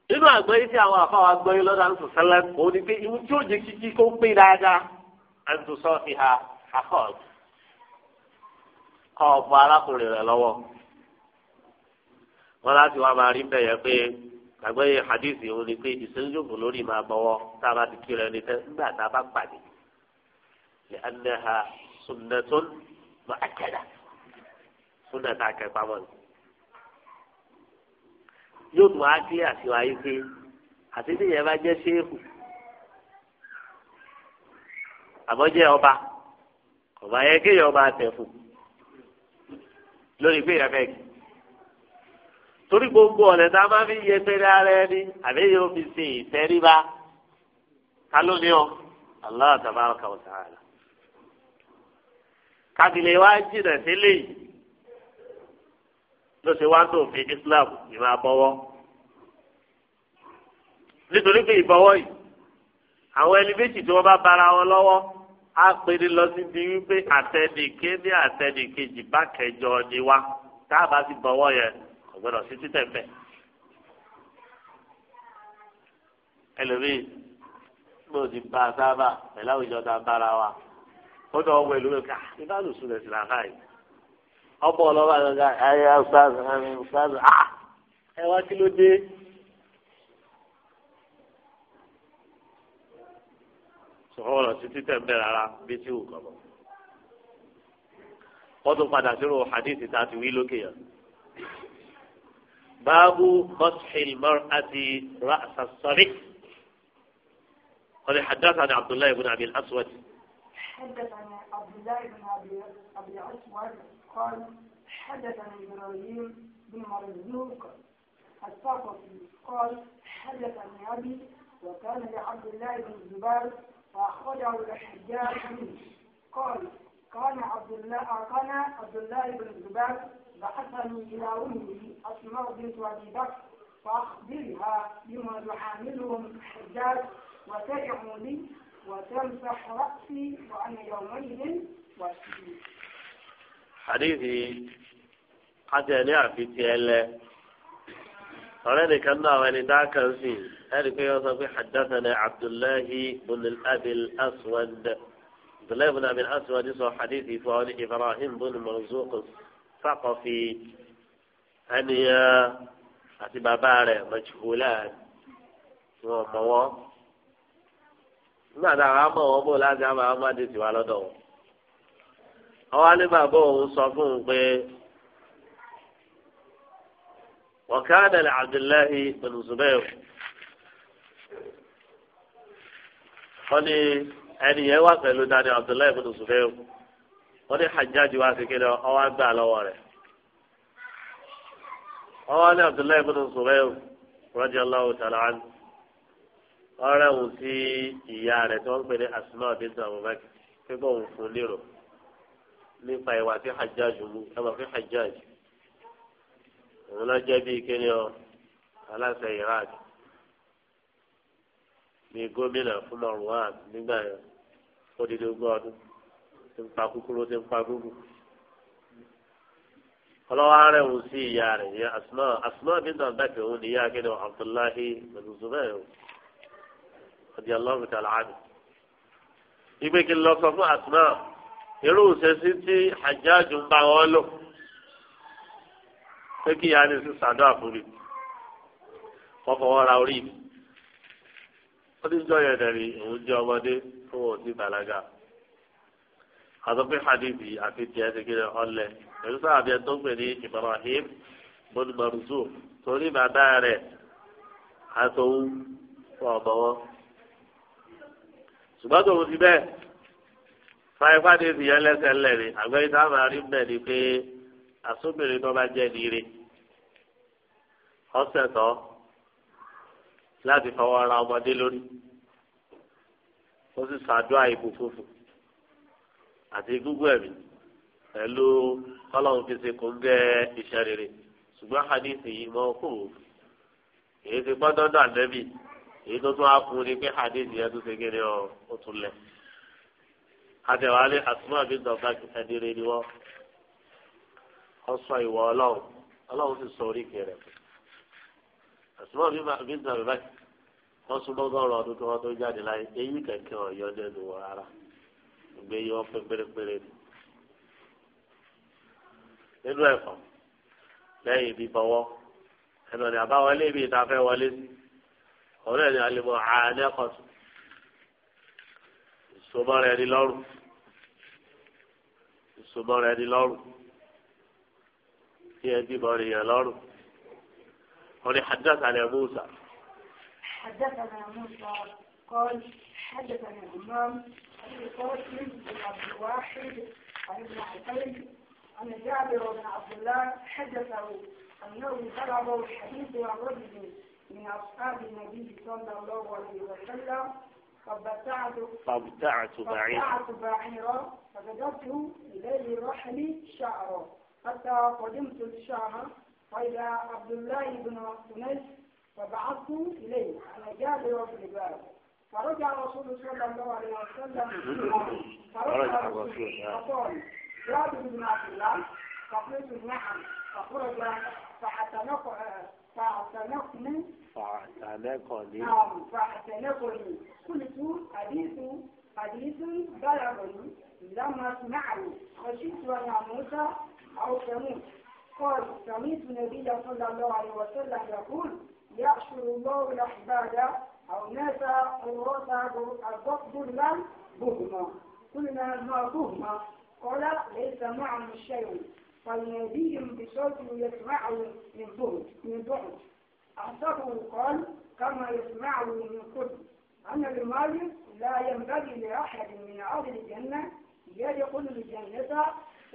nínú àgbẹ̀ yìí tí àwọn àfáwà gbọ́ yìí lọ́dọ̀ àǹtò sẹ́lẹ̀ kò ní pé ìwú tí ó jẹ́ kíkí kó pé dáadáa àǹtò sọ ìhà àkọ́ọ̀dù kọ́ ọ̀bọ arákùnrin rẹ̀ lọ́wọ́ wọn láti wá máa rí bẹ́ẹ̀ yẹn pé àgbẹ̀yẹ hadithi òun ni pé ìsẹ́yìnjòkó lórí máa bọ̀wọ́ tá a bá ti kíra ẹni tẹ́ nígbà tá a bá pàdé lè anaha sunnatun mu'akkada sunnata akẹ́pamọ́ ni. yóò tún wá sí àṣìwá pé àti tí yẹn bá jẹ́ séèkù àbọ̀jẹ́ ọba ọba yẹn kéèyàn ọba tẹ̀ fún lórí pé ìyá fẹ́ kí torí gbogbo ọ̀lẹ́ tá a máa fi yẹ péré ara ẹni àbí yóò fi sin ìtẹríba ká ló ní ọ Allah tabaraka wa ta'ala. kábìlẹ̀ wa jìnà sílẹ̀ yìí ló ṣe wá tó fi Islam ìmọ̀ àbọ̀wọ́ nítorí pé ìbọ̀wọ́ yìí àwọn ẹni méjì tí wọ́n bá bára wọn lọ́wọ́ á pèrè lọ síbi wípé àtẹnìké ní àtẹnìkejì bá kẹjọ ni wá tá a bá ti bọ̀wọ́ yẹn kò sí títẹ̀ bẹ́ẹ̀. ẹlòmíì bó ti bá a sábà pẹ̀lú àwùjọ tá bára wa ó dọ̀ wọ ìlú ká ìbálòsùn rẹ̀ sì làákà yìí. ọ̀pọ̀ ọlọ́wà gangan ẹ̀yà ọ̀sáàz ọ̀sáàz ẹ wá kí ló dé. sọ̀rọ̀ lọ sí títẹ̀ bẹ́ẹ̀ rárá bí tí ò kọ̀ bọ̀. wọ́n tún padà sínú hadithi tá a ti wí lókè yẹn. باب مسح المرأة رأس الصبي قال عن عبد الله بن أبي الأسود حدث عن عبد الله بن أبي الأسود قال عن إبراهيم بن مرزوق الثقفي قال حدث عن أبي وكان لعبد الله بن الزبير فأخرجه الحجاج قال كان عبد الله كان عبد الله بن الزبير بعثني إلى أمي أسماء بنت أبي بكر فأخبرها بما يعامله الحجاج لي وتمسح رأسي وأنا يومئذ وسيم حديثي قد نعرف تيلا أنا نكمل وأنا ذاك الزين أنا كي حدثنا عبد الله بن الأبي الأسود عبد الله بن أبي الأسود يصح حديثي فعن إبراهيم بن مرزوق Saqafi ẹnìyàn àti bàbá rẹ̀ majhulan tí wọ́n mọ̀ wọ́n nígbà tá a mọ̀ wọ́n bò láti àmọ́ àwọn máa dé tiwa lọ́dọ̀ wọn. àwọn alébàbọ̀ òun sọ fún un pé wọ̀kádà lè Abdullahi bin Zubair wọ́n ní wà pẹ̀lú dání Abdullahi bin wọ́n ní hajjáde wá kékeré ọwọ́ gbà lọ́wọ́ rẹ̀ ọwọ́ ní abdullahi bin zubair radiyallahu ta'ala anhu ọ̀rẹ́ òun sí ìyá rẹ̀ tí wọ́n ń pè ní asma bint abubakar pípọ̀ òun fún lérò nípa ìwà mú fi òun bíi ọ aláṣẹ iraq gómìnà fún marwan nígbà yẹn ó di ogún ọdún. ti ń pa kúkúrú ti ń pa gúgù ọlọ́wọ́ arẹ wò sí ìyá rẹ̀ ìyá asumá asumá bíntu abdulkar òun ni ìyá akéde abdullahi mẹlúzùmẹ́ o ọdí aláwọ̀ tàlá àbí. ìgbé kí n lọ sọ fún asumá irú òṣèṣì tí àjáàjù ń bá wọn lò pé kí ìyá ni sísá dọ́ àfúrí wọ́n fọwọ́ ra orí mi. wọ́n ti jọ yẹn dẹ̀rí òun jẹ́ ọmọdé fún òun ti bàlágà àtọ́pẹ́ hadithi àti tiẹ̀ ti kiri ọ̀lẹ̀ pẹ̀lú sáàbí ẹ̀ tó ń pè ní Ibrahim bọ́dù mọ̀rùsù torí bàbá rẹ̀ àtòwú fún ọ̀bọ̀wọ́. ṣùgbọ́n tòun ti bẹ́ẹ̀ fáyipá ní ìyẹn lẹ́sẹ̀ ńlẹ̀ ni àgbẹ̀yìn tá a máa rí bẹ́ẹ̀ ni pé àsóbìnrin tó bá jẹ́ nire ọ̀sẹ̀ tọ́ láti fọwọ́ ra ọmọdé lórí ó sì ṣàdúrà ìbùkún fún àti gúgú ẹ̀mí pẹ̀lú kọ́lọ́hún fi ṣe kó gẹ́ iṣẹ́ rere ṣùgbọ́n hadithi yìí mọ́ kò èyí ti gbọ́ dọ́dọ̀ ànẹ́bì èyí tó tún á kú ni pé hadithi yẹn tó ṣe kéde ọ ó tún lẹ̀ àtẹ̀wálé àtúmọ̀ bí dọ̀gá ẹ̀dínrẹ́ ni wọ́n sọ ìwọ ọlọ́run ọlọ́run sì sọ rẹ̀ àtúmọ̀ bí wọ́n ọdún tí wọ́n tó jáde láyé eyín kẹ̀kẹ́ ọ̀yọ́ wọn rárá. gbogbo yìí wọ́n pín pérépéré ni. nínú ẹ̀fọ́ lẹ́yìn ibi bọ́wọ́ ẹnu ni àbáwọlé ibi ìta fẹ́ wọlé sí òun náà ni àlebọ̀ àánẹ́kọ̀tù ìṣòmọ́ra ẹni lọ́rùn ìṣòmọ́ra ẹni lọ́rùn tí ẹbí mọ́ rèèyàn lọ́rùn wọ́n ni hadassah ni musa. hadassah ni musa kọ́ọ̀lù. من الإمام أبي قاسم بن عبد الواحد عن ابن عقيل أن جابر بن عبد الله حدثه أنه طلبوا الحديث عن رجل من أصحاب النبي صلى الله عليه وسلم فابتعت بعيرا بعيرا فجدته إليه رحلي شعرا حتى قدمت الشعر فإلى عبد الله بن أنس فبعثت إليه على جابر بن بارك فرجع رسول صلى الله عليه وسلم فرجع رسول فقال يا ابن عبد الله فقلت نعم فخرج فاعتنقني فاعتنقني نعم فاعتنقني قلت حديث حديث بلغني لم اسمعه خشيت ان اموت او تموت قال سمعت النبي صلى الله عليه وسلم يقول يحشر الله الاحباب أو نسى ورثه الضبط لم بهما قلنا ما بهما قال ليس معهم شيء فلناديهم بصوت يسمعه من بعد من بعد أحسبه قال كما يسمعه من قبل أن المال لا ينبغي لأحد من أهل الجنة يدخل الجنة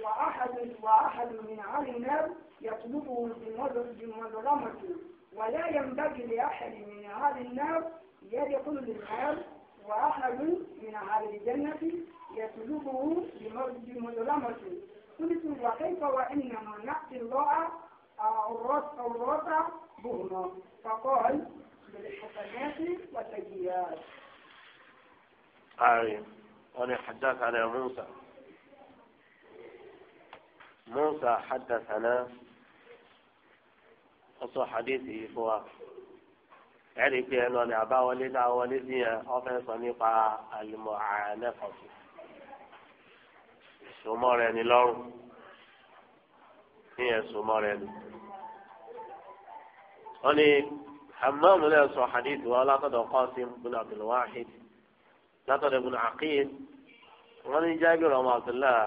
وأحد وأحد من أهل النار يطلبه بمظلمته ولا ينبغي لأحد من أهل النار يدخل للنار وأحد من أهل الجنة يسلبه بمظلمة قلت وكيف وإنما نأتي الله الرأس بهما فقال بالحسنات والسيئات أي أنا على موسى موسى حدثنا ọsọ hadithi yìí fún wa ẹni pé ẹnu ọ̀nà àbáwọlé náà wọlé ní ẹ ọfẹ́ sọ nípa àlùmọ̀ àánẹ́fọ̀tù ìsomọ́ rẹ ni lọ́rùn ní ẹ̀sùnmọ́ rẹ ni. wọ́n ní hamam náà sọ hadith wa látọ̀dọ̀ Qasim bin Abdul Wahid látọ̀dọ̀ bin Aqil wọ́n ní Jabir ọmọ Abdullah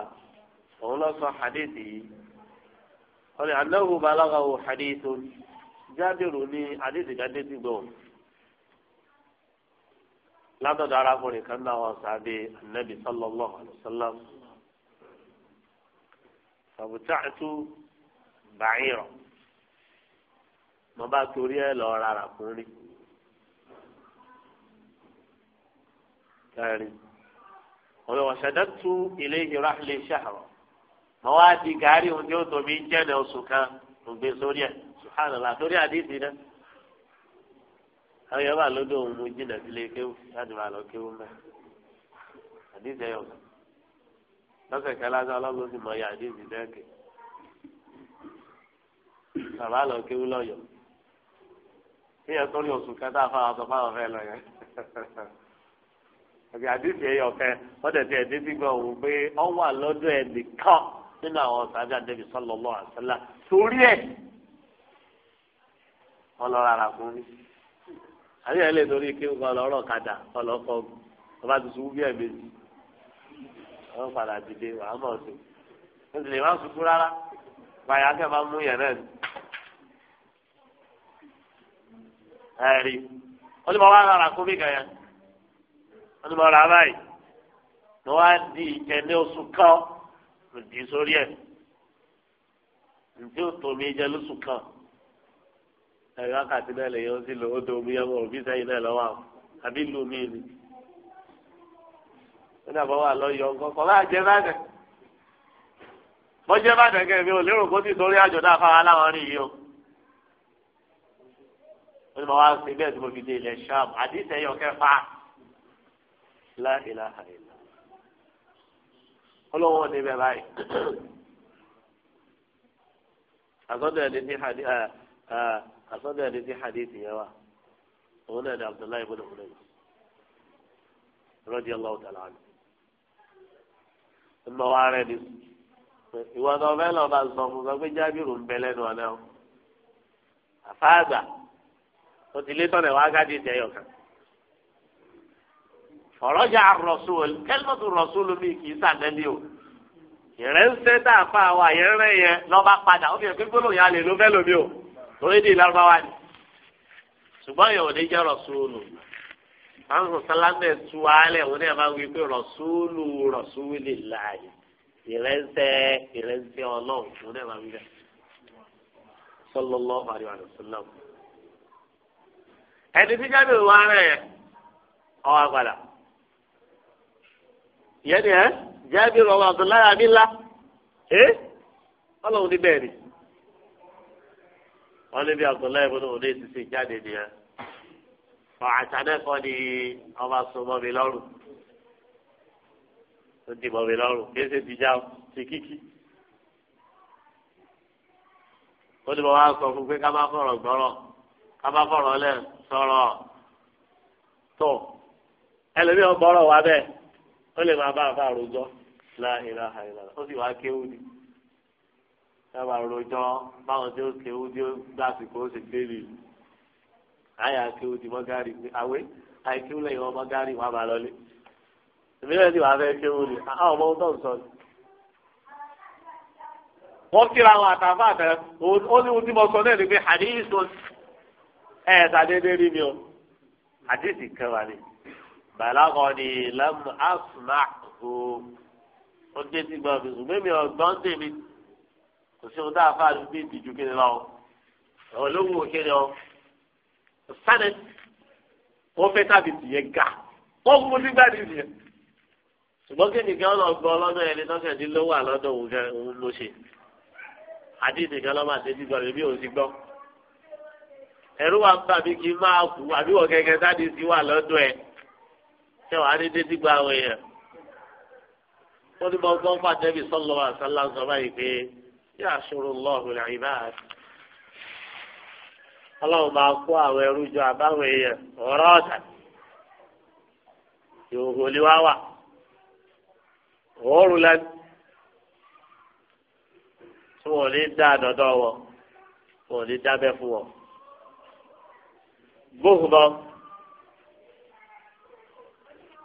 òun lọ sọ hadith yìí wọ́n ní anáwó balága wò hadithu jábìrù ní adédìgádé ti gbọ́ látọ̀dọ̀ arákùnrin kan náà wọ́n sábẹ́ anabi sallallahu alayhi wa sallam fàbùtàtù bàyìrọ̀ mo bá torí ẹ lọ rárá fún rí. kẹrin ọ̀rọ̀ ṣàdẹ́tù ilé ìhìrá ilé iṣẹ́ mọ di gàárì ohun tí ó tóbi ń jẹ́ ní oṣù kan ògbé sórí ẹ̀ subhanallah torí àdìsí náà. àwọn yàrá lọ́dọ̀ òun mo jìnnà sílé kéwù láti máa lọ kéwù mẹ́. àdìsí ẹ̀yọ̀ kan lọ́sẹ̀ sì mọ àdìsí bàbá lọ kéwù fáwọn lọ yẹn. nínú àwọn sàbí àdébí sọlọlọ àṣẹlá torí ẹ ọlọrọ ara fún mi àbí ẹ lè torí kí nǹkan ọlọrọ kàdà ọlọkọ ọba tuntun wú bí ẹ méjì wọn padà dìde wàá mọ ọsẹ wọn sì lè má sùkú rárá báyà kẹ máa mú yẹn náà ni ẹ rí wọn ni mo wá ara fún mi kẹyà wọn ni mo rà báyìí mo wá di ìkẹ ní oṣù kan. kò dì í sórí ẹ̀ ǹjẹ́ òtò mi jẹ́ lóṣù kan ẹ̀rọ o náà lè yọ sí lò ó domi ẹ̀wọ̀n òbí sẹ́yìn náà lọ́wọ́ àbí lù mí ni ó dàbọ̀ wà lọ́yọ̀ nǹkan kọ́ bá jẹ́ bá bọ́ jẹ́ kẹ́ mi ò lérò kó ti sórí rí yìí o ó ní ma wá sí bẹ́ẹ̀ tí mo fi dé ilẹ̀ kẹfà ọlọ́wọ́ ní bẹ́ẹ̀ báyìí àsọdọ̀ ẹni tí hadi àsọdọ̀ ẹni tí hadi ti yẹ wa òun náà ní abdullahi ibn Hulayy radiyallahu ta'ala anhu ńlọ wa rẹ ni ìwọ náà ọbẹ̀ náà bá sọ fún sọ pé jábìrù ń bẹ lẹ́nu ọ̀nà àfáàgbà ó ti lé tọ̀nà wá gádìí ti kan ọ̀rọ̀jà rọ̀ṣùl kẹ́lẹ́mọ̀tò rọ̀ṣùl mi kì í sàdẹ́lì o ìrẹ́nsẹ́ tá a fa àwọn àyẹ̀rẹ́ yẹn lọ́ba padà ó fi hàn pé gbólóhùn yà lè ló fẹ́ lómi o lórí di ìlànàwá ni ṣùgbọ́n yẹn ò ní jẹ́ rọ̀ṣùlù àwọn sàlámẹ̀ tu alẹ̀ òun náà máa wí pé rọ̀ṣùlù rọ̀ṣùlì láàyè ìrẹ́nsẹ́ ìrẹ́nsẹ́ ọlọ́run òun náà máa wí bẹ́ẹ̀ sallallahu alaihi wa sallam ẹni tí jáde wà rẹ̀ ọ ìyẹn ni ẹ jáde abdullahi amila ẹ Ọlọ́run ní bẹ́ẹ̀ ni wọn bí abdullahi bó ní òun ní ìsísè jáde nìyẹn ọ àtàdẹkọ di mọ ti já ti kíkí ó ní mo sọ fún pé ká má fọ̀rọ̀ gbọ́rọ̀ ká má ó lè máa bá àbá àròjọ láìra àìra ó sì wá kéwú ni sábà àròjọ báwọn tí ó kéwú tí ó gbàsìkò ó sì gbélé ìlú àyà kéwú ti mọ́gárì pé àwé àìkéwú lẹ́yìn wọn mọ́gárì wọn bá lọlé ìbílẹ̀ tí wàá fẹ́ kéwú ni àwọn ọmọ ohun sọ ni. wọ́n kíra àwọn àtàfà àtẹ ó ní ohun tí mo sọ náà ni pé àdéhìí sọ ẹ̀ ẹ̀ sàdédé rí mi o àdéhìí kan wà balagoni lam asma'hu ó dé tí gbọ́n mi sùn mímí ọgbọ́n tèmi kò sí ohun tá a fà ní bí ìdíjú kí ni lọ olówó kí ni ọ sani wọ́n fẹ́ tàbí tìyẹn ga wọ́n kú sí gbàdí tìyẹn ṣùgbọ́n kí nìkan lọ gbọ́ ọlọ́dọ̀ ẹni tọ́kẹ̀dínlówó àlọ́dọ̀ òun ló ṣe àdéhìí kan lọ́mọ àti ẹbí gbọ́ ẹbí òun ti gbọ́. ẹ̀rú wa ń bà mí kí n máa kú àbí wọ́n kẹ̀kẹ́ sáde sí wà lọ́dọ̀ ẹ̀ ṣé wàá ní dédí gba àwọn èèyàn wọ́n ní bọ́ọ̀ bọ́ọ̀ fàtẹ́bí sọ́lọ́ àṣálà sọ báyìí pé yà á ṣòro lọ́ọ̀hùn rẹ̀ ìbá ọlọ́run máa kó àwọn ẹrú jọ àbáwọn èèyàn ọ̀rọ̀ ọ̀tà ni wá wà òórùn lẹ́nu tí wọn ní dá dọ́dọ́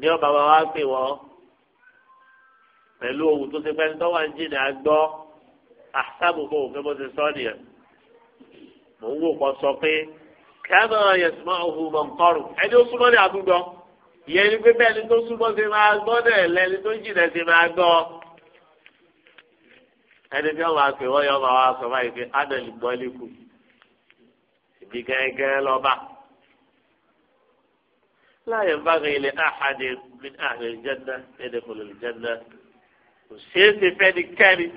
ní ọba wa wá pè wọ́n pẹ̀lú ohun tó ṣe pẹ́ni tó wà ń jìnnà àgbọ́ àṣàbùkù òfin bó ṣe sọ nìyẹn mò ń wò kọ́ sọ pé kẹ́mọ̀ yẹ̀sùmọ́ ohun mọ̀nkọ́rù ẹni ó súnmọ́ ní àdúgbò ìyẹn ni pé bẹ́ẹ̀ ni tó súnmọ́ ṣe máa gbọ́ náà lẹ́ni tó jìnnà ṣe máa gbọ́ ẹni tí wọ́n pè wọ́n yọ ọba wa sọ báyìí pé ádẹ́lì gbọ́lé kù ìbí gẹ́gẹ́ lọ́ba. لا ينبغي لأحد من أهل الجنة يدخل الجنة والشيخ فين الكاري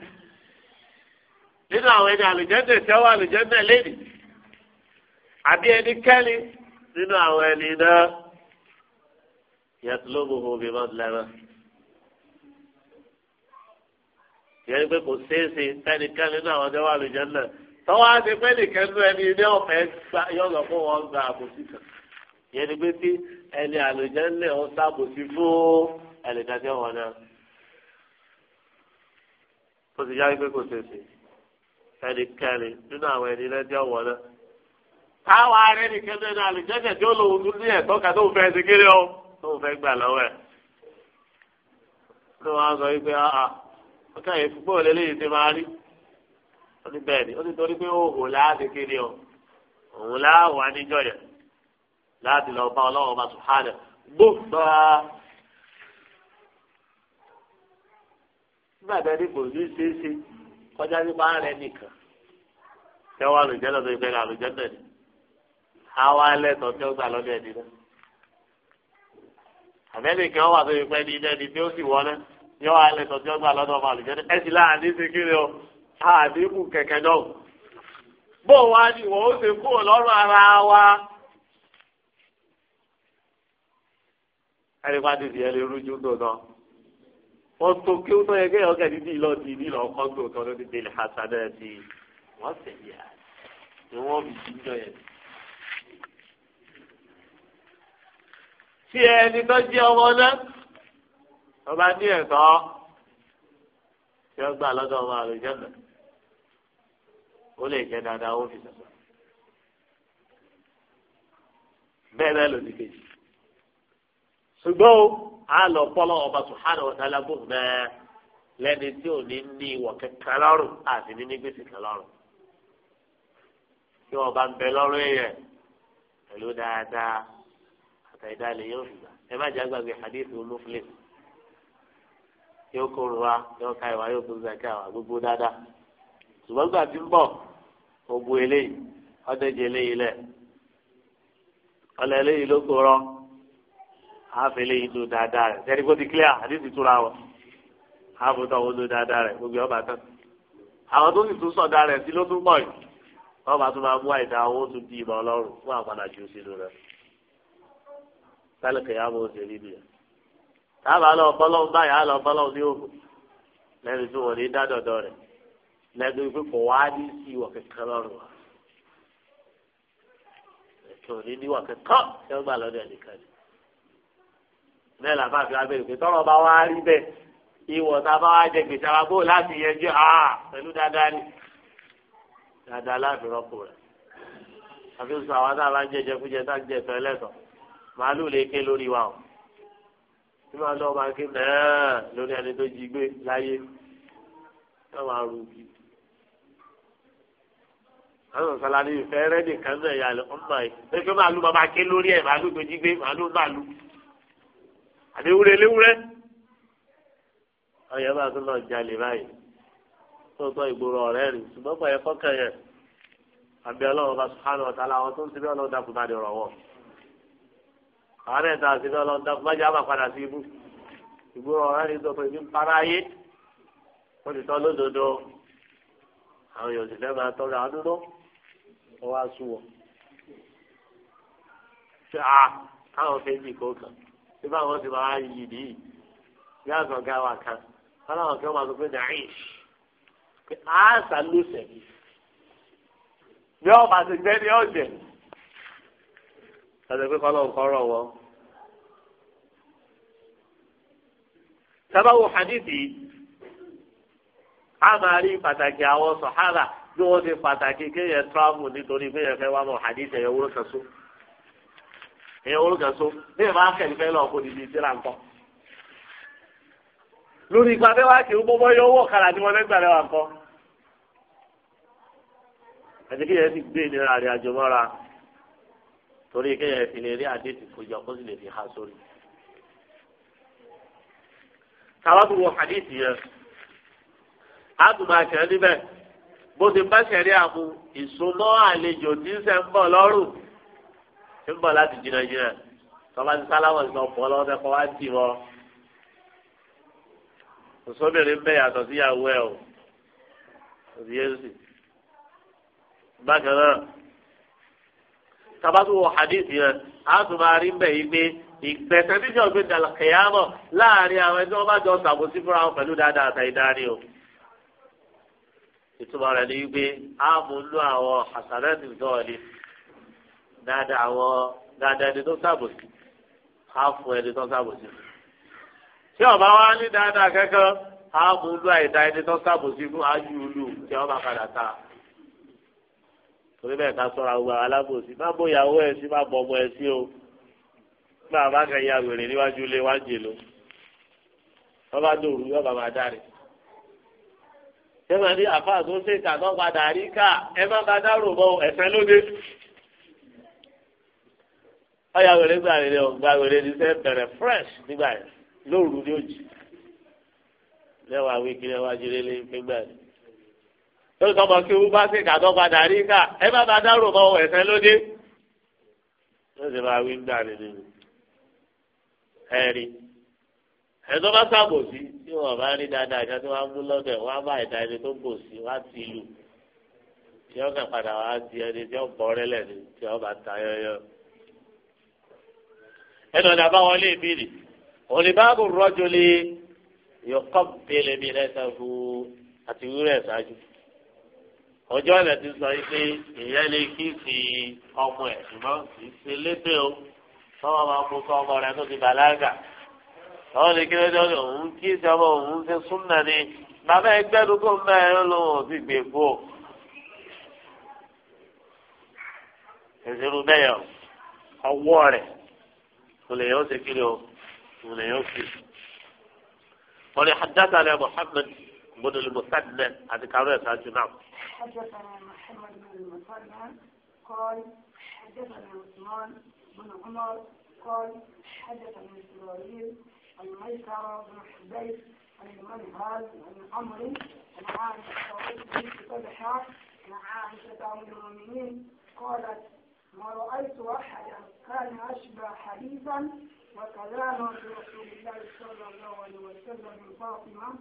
nínú àwọn ẹni àlùjẹ́ndẹ̀ tí wọ́n wà àlùjẹ́ndẹ̀ lẹ́nu àbí ẹni kẹ́lí nínú àwọn ẹni náà yàtọ̀ lóko omi máa ń lẹ́nu. ìyẹn pé kò ṣeéṣe ẹni kẹ́lí nínú àwọn ẹni wà àlùjẹ́ndẹ̀ tọ́wọ́ á ti pẹ́ nìkan nínú ẹni ní ọ̀fẹ́ yọ̀lọ̀ fún wọn gba àbòsí kan ìyẹn ni pé tí ẹni àlùjẹ́lẹ̀ ń sábòsí fún ẹnìkanjẹ́ wọn náà tó ti yára pé kò ṣèṣe ẹnìkẹ́ni nínú àwọn ẹni lẹ́jọ́ wọn náà táwa rẹ nìkan nínú àlùjẹ́lẹ̀ tí ó lòun tún ní ẹ̀tọ́ kan tóun fẹ́ ṣe kéré o tóun fẹ́ gbà lọ́wọ́ ẹ̀ ló wá sọ wípé ah ọkọ yìí fúgbọ́ lélẹ́yìí ti máa rí ó ní bẹ́ẹ̀ ni ó ti torí pé ó hò láti kéré o òun láwàá níjọ́ yẹn. láti lọ bá ọlọ́run ọba sùhánà gbogbo nígbà tí kò ní ṣe é ṣe kọjá nípa rẹ nìkan tẹwọ́ àlùjẹ́ lọ́dọ̀ ìfẹ́ àlùjẹ́ náà àwa ẹlẹ́tọ̀ tí ó gbà lọ́dọ̀ àbẹ́lẹ̀ kan wà tó ẹnìpa ti di ẹni rújú tó wọ́n tó kí wọ́n yẹ kéèyàn kẹ́ dídì lọ di ìdí lọ́ọ́ tó tọ́ lórí délé hasanà ti wọ́n sì yà ni wọ́n fi jí jọ yẹn. tí ẹni tó jí ọmọ náà wọ́n ní ẹ̀tọ́ tí wọ́n gbà lọ́dọ̀ ọmọ àlùjẹ́ náà ó lè jẹ́ dáadáa ó fi sọ̀tọ̀ bẹ́ẹ̀ bẹ́ẹ̀ lòdì kejì. ṣùgbọ́n o a lọ fọlọ́ ọba subhanahu wa ta'ala mẹ́ lẹ́ni tí ò ní ní ìwọ̀ kẹkẹ lọ́rùn àti ní gbèsè kẹ lọ́rùn tí wọn bá ń bẹ lọ́rùn èèyàn pẹ̀lú dáadáa àtàyídá lè fi gbà ẹ má jẹ́ àgbàgbé hadithu muslim yóò kóru wa yóò ka ìwà yóò tó gbogbo dáadáa ṣùgbọ́n gbà tí ń bọ̀ eléyìí eléyìí eléyìí ló kó àfẹlẹ yìí lò dáadáa rẹ sẹni kó ti clear àdìsí túra wọn àbùtọ wọn lò dáadáa rẹ gbogbo ọba tán àwọn tó sì tún sọdá rẹ sí ló tún pọ̀ yìí wọn bá máa mú àìdá owó tún di ìmọ̀ Ọlọ́run fún àpàdà jù sínú rẹ sálẹkẹ yà wọn ò ṣe rí bìyà táàbà lọ bọlọrun báyà lọ bọlọrun ní òkú lẹnu tí wọn ní dádọdọ rẹ lẹnu pé kò wá ní sí ìwọ kankan lọ́rùn wa kò ní níwọ kankan tí náà làbá àfi wá bẹ̀rẹ̀ pé tọ́rọ̀ bá wá rí bẹ́ẹ̀ ìwọ̀ tá a bá wá jẹ gbèsè àwọn bó láti yẹjú à pẹ̀lú dáadáa ni dáadáa láti rọ́pò rẹ̀ àfi sọ àwọn tá a bá ń jẹjẹ kújẹ tá a ń jẹ tọ́ ẹlẹ́tọ̀ màálù lè ké lórí wa o tí màá lọ́ máa ké mẹ́ẹ̀ẹ́ lórí ẹni tó jí gbé láyé ká máa rú bí. àwọn sọ̀rọ̀ ni ìfẹ́ rẹ́ nìkan náà yà lọ́mọ yìí pé kí màálù máa ké lórí ẹ̀ màálù tó jí gbé màálù màálù àbí wúre léwúrẹ́ ọyọ bá tún lọ jalè báyìí tó tọ́ ìgboro ọ̀rẹ́ rẹ̀ ṣùgbọ́n pọ̀ ẹ̀kọ́ kẹyẹ àbí ọlọ́run bá sùhánù ọ̀tá làwọn tó ń ti bí ọlọ́run dàkú bá di ọ̀rọ̀ wọn àwọn ẹ̀ta àti bí ọlọ́run dàkú bá jẹ́ àbá padà sí ibú ìgboro ọ̀rẹ́ rẹ̀ tọ́tọ́ ìbí ń para ayé wọ́n ti tọ́ lódodo àwọn èèyàn sì fẹ́ máa tọ́jú àwọn dúró wọ́n wá sú táwọn fẹ́ jì kó kàn tí báwọn ti máa yìí nìyí bí àgbọn ga wa kan fọláwọn kí wọn sọ pé nàìjíríà pé àásà ló sẹ bí ọba ti gbẹ ní ọjẹ àti pé fọláwọn kọrọ wọn. sábàwò hadithi a máa rí pàtàkì àwọn sọ̀hárà bí wọ́n ti pàtàkì kéèyàn tíráàmù nítorí kéèyàn fẹ́ wá mọ̀ hadithi ẹ̀yọ́ wúrọ̀ kan sóò ẹ orúkẹ so bí ẹ bá kẹ̀lé fẹ́ lọ́ọ́ kó di bíi sílá nǹkan. lórí ipa tẹ́ wá kí gbogbo yọ owó ọ̀kadà ni wọ́n fẹ́ gbà lẹ́wà nǹkan. àti kí yẹn ti gbé ìnira rẹ̀ àjò mọ́ra torí kí yẹn fi lè rí àdéhùn kojọ kó sì lè fi ha sórí. tàbátù wọ hadithi yẹn a tún máa kẹ́ níbẹ̀ bó ti bá ṣẹ̀rí àmú ìsúná àlejò tí ń sẹ́ ń bọ̀ lọ́rùn ṣé ń bọ̀ láti jìnnà jìnnà tọ́ba ti sálámà sí ọ̀pọ̀ ọlọ́fẹ́ kọ́ wá dì mọ́ òṣòbìnrin bẹ́ẹ̀ yàtọ̀ síyàwó ẹ̀ o òbí yẹn sì bákan náà tabatu wọ hadithi yẹn a tún máa rí bẹ́ẹ̀ yìí pé ìgbẹ̀sẹ̀ tí yóò gbé dàlùkẹ́yàmọ̀ láàrin àwọn ẹni tí wọ́n bá jọ ṣàbòsí fúnra wọn pẹ̀lú dáadáa àtàyè dání o. ìtumọ̀ rẹ̀ ni wípé a mú lú àwọn hasanẹ́tì dọ́ọ̀lì dáadáa àwọn dáadáa ẹni tó ṣàbòsí á fún ẹni tó ṣàbòsí fún tí ọba wa ní dáadáa kẹ́kọ̀ọ́ á mú lú àìdá ẹni tó ṣàbòsí fún ájú olú tí ọba padà ta torí bẹ́ẹ̀ ká sọ́ra gbogbo àwọn alábòsí má bó ìyàwó ẹ̀ sí má bọ ọmọ ẹ̀ sí o gbà má kẹ́ ya wèrè níwájú ilé wájú lọ ọba dòru ọba máa dáre ṣé màá ní àfáà tó ṣèkà tó padà rí ká ẹ má bá dárò mọ́ ẹ̀fẹ́ lóde ọyà wèrè gbà wèrè ọgbà wèrè ní sẹ bẹ̀rẹ̀ fresh nígbà yẹn lóru ní òjì lẹwàá wíkì lẹwàá jílé lé gbígbà yẹn lórí tọmọ kí wọn bá sì kàtọ padà rí ká ẹ bá bá dárò mọ ẹsẹ lóde lọsẹ bá wí gbà yẹn nínú ẹrí ẹtọ bá sàbòsí tí wọn bá rí dáadáa ìjà tí wọn mú lọdẹ wọn á bá ìdá ẹni tó bòsí wọn á ti lù tí wọn kàn padà wá di ẹni tí wọn bọ ọrẹ lẹni tí wọn bá ta yọyọ ẹnu ọ̀nà àbáwọlé ìbílẹ̀ olùbáàbò rọ́jòlè yọkọ́ bẹ̀lẹ̀ bí lẹ́sẹ̀ fún àti wúrẹ̀ ṣáájú ọjọ́ ilẹ̀ ti sọ pé ìyẹn lè kí fi ọmọ ẹ̀ ṣùgbọ́n kì í ṣe lébè o tọ́wọ́ máa mú kọ́ ọmọ rẹ tó ti bàlágà tọ́wọ́ lè kí lọ́jọ́ ní òun kí ṣe ọmọ òun ṣe súnmọ́ ni bàbá ẹgbẹ́ dúkọ́ mbẹ́ ẹ lóun ò sì gbè fún o. ìṣèlú bẹ́yẹ̀ ọwọ́ rẹ̀. ولي يوسف كيلو ولي يوسف ولي حدثنا محمد بن المثنى هذا كان يسأل نعم حدثنا محمد بن المثنى قال حدثنا عثمان بن عمر قال حدثنا إسرائيل عن ميسرة بن حبيب عن المنهل عن عمرو عن عائشة بنت طلحة عن عائشة أم المؤمنين قالت ما رأيت أحدا كان أشبه حديثا وكلام رسول الله صلى الله عليه وسلم فاطمة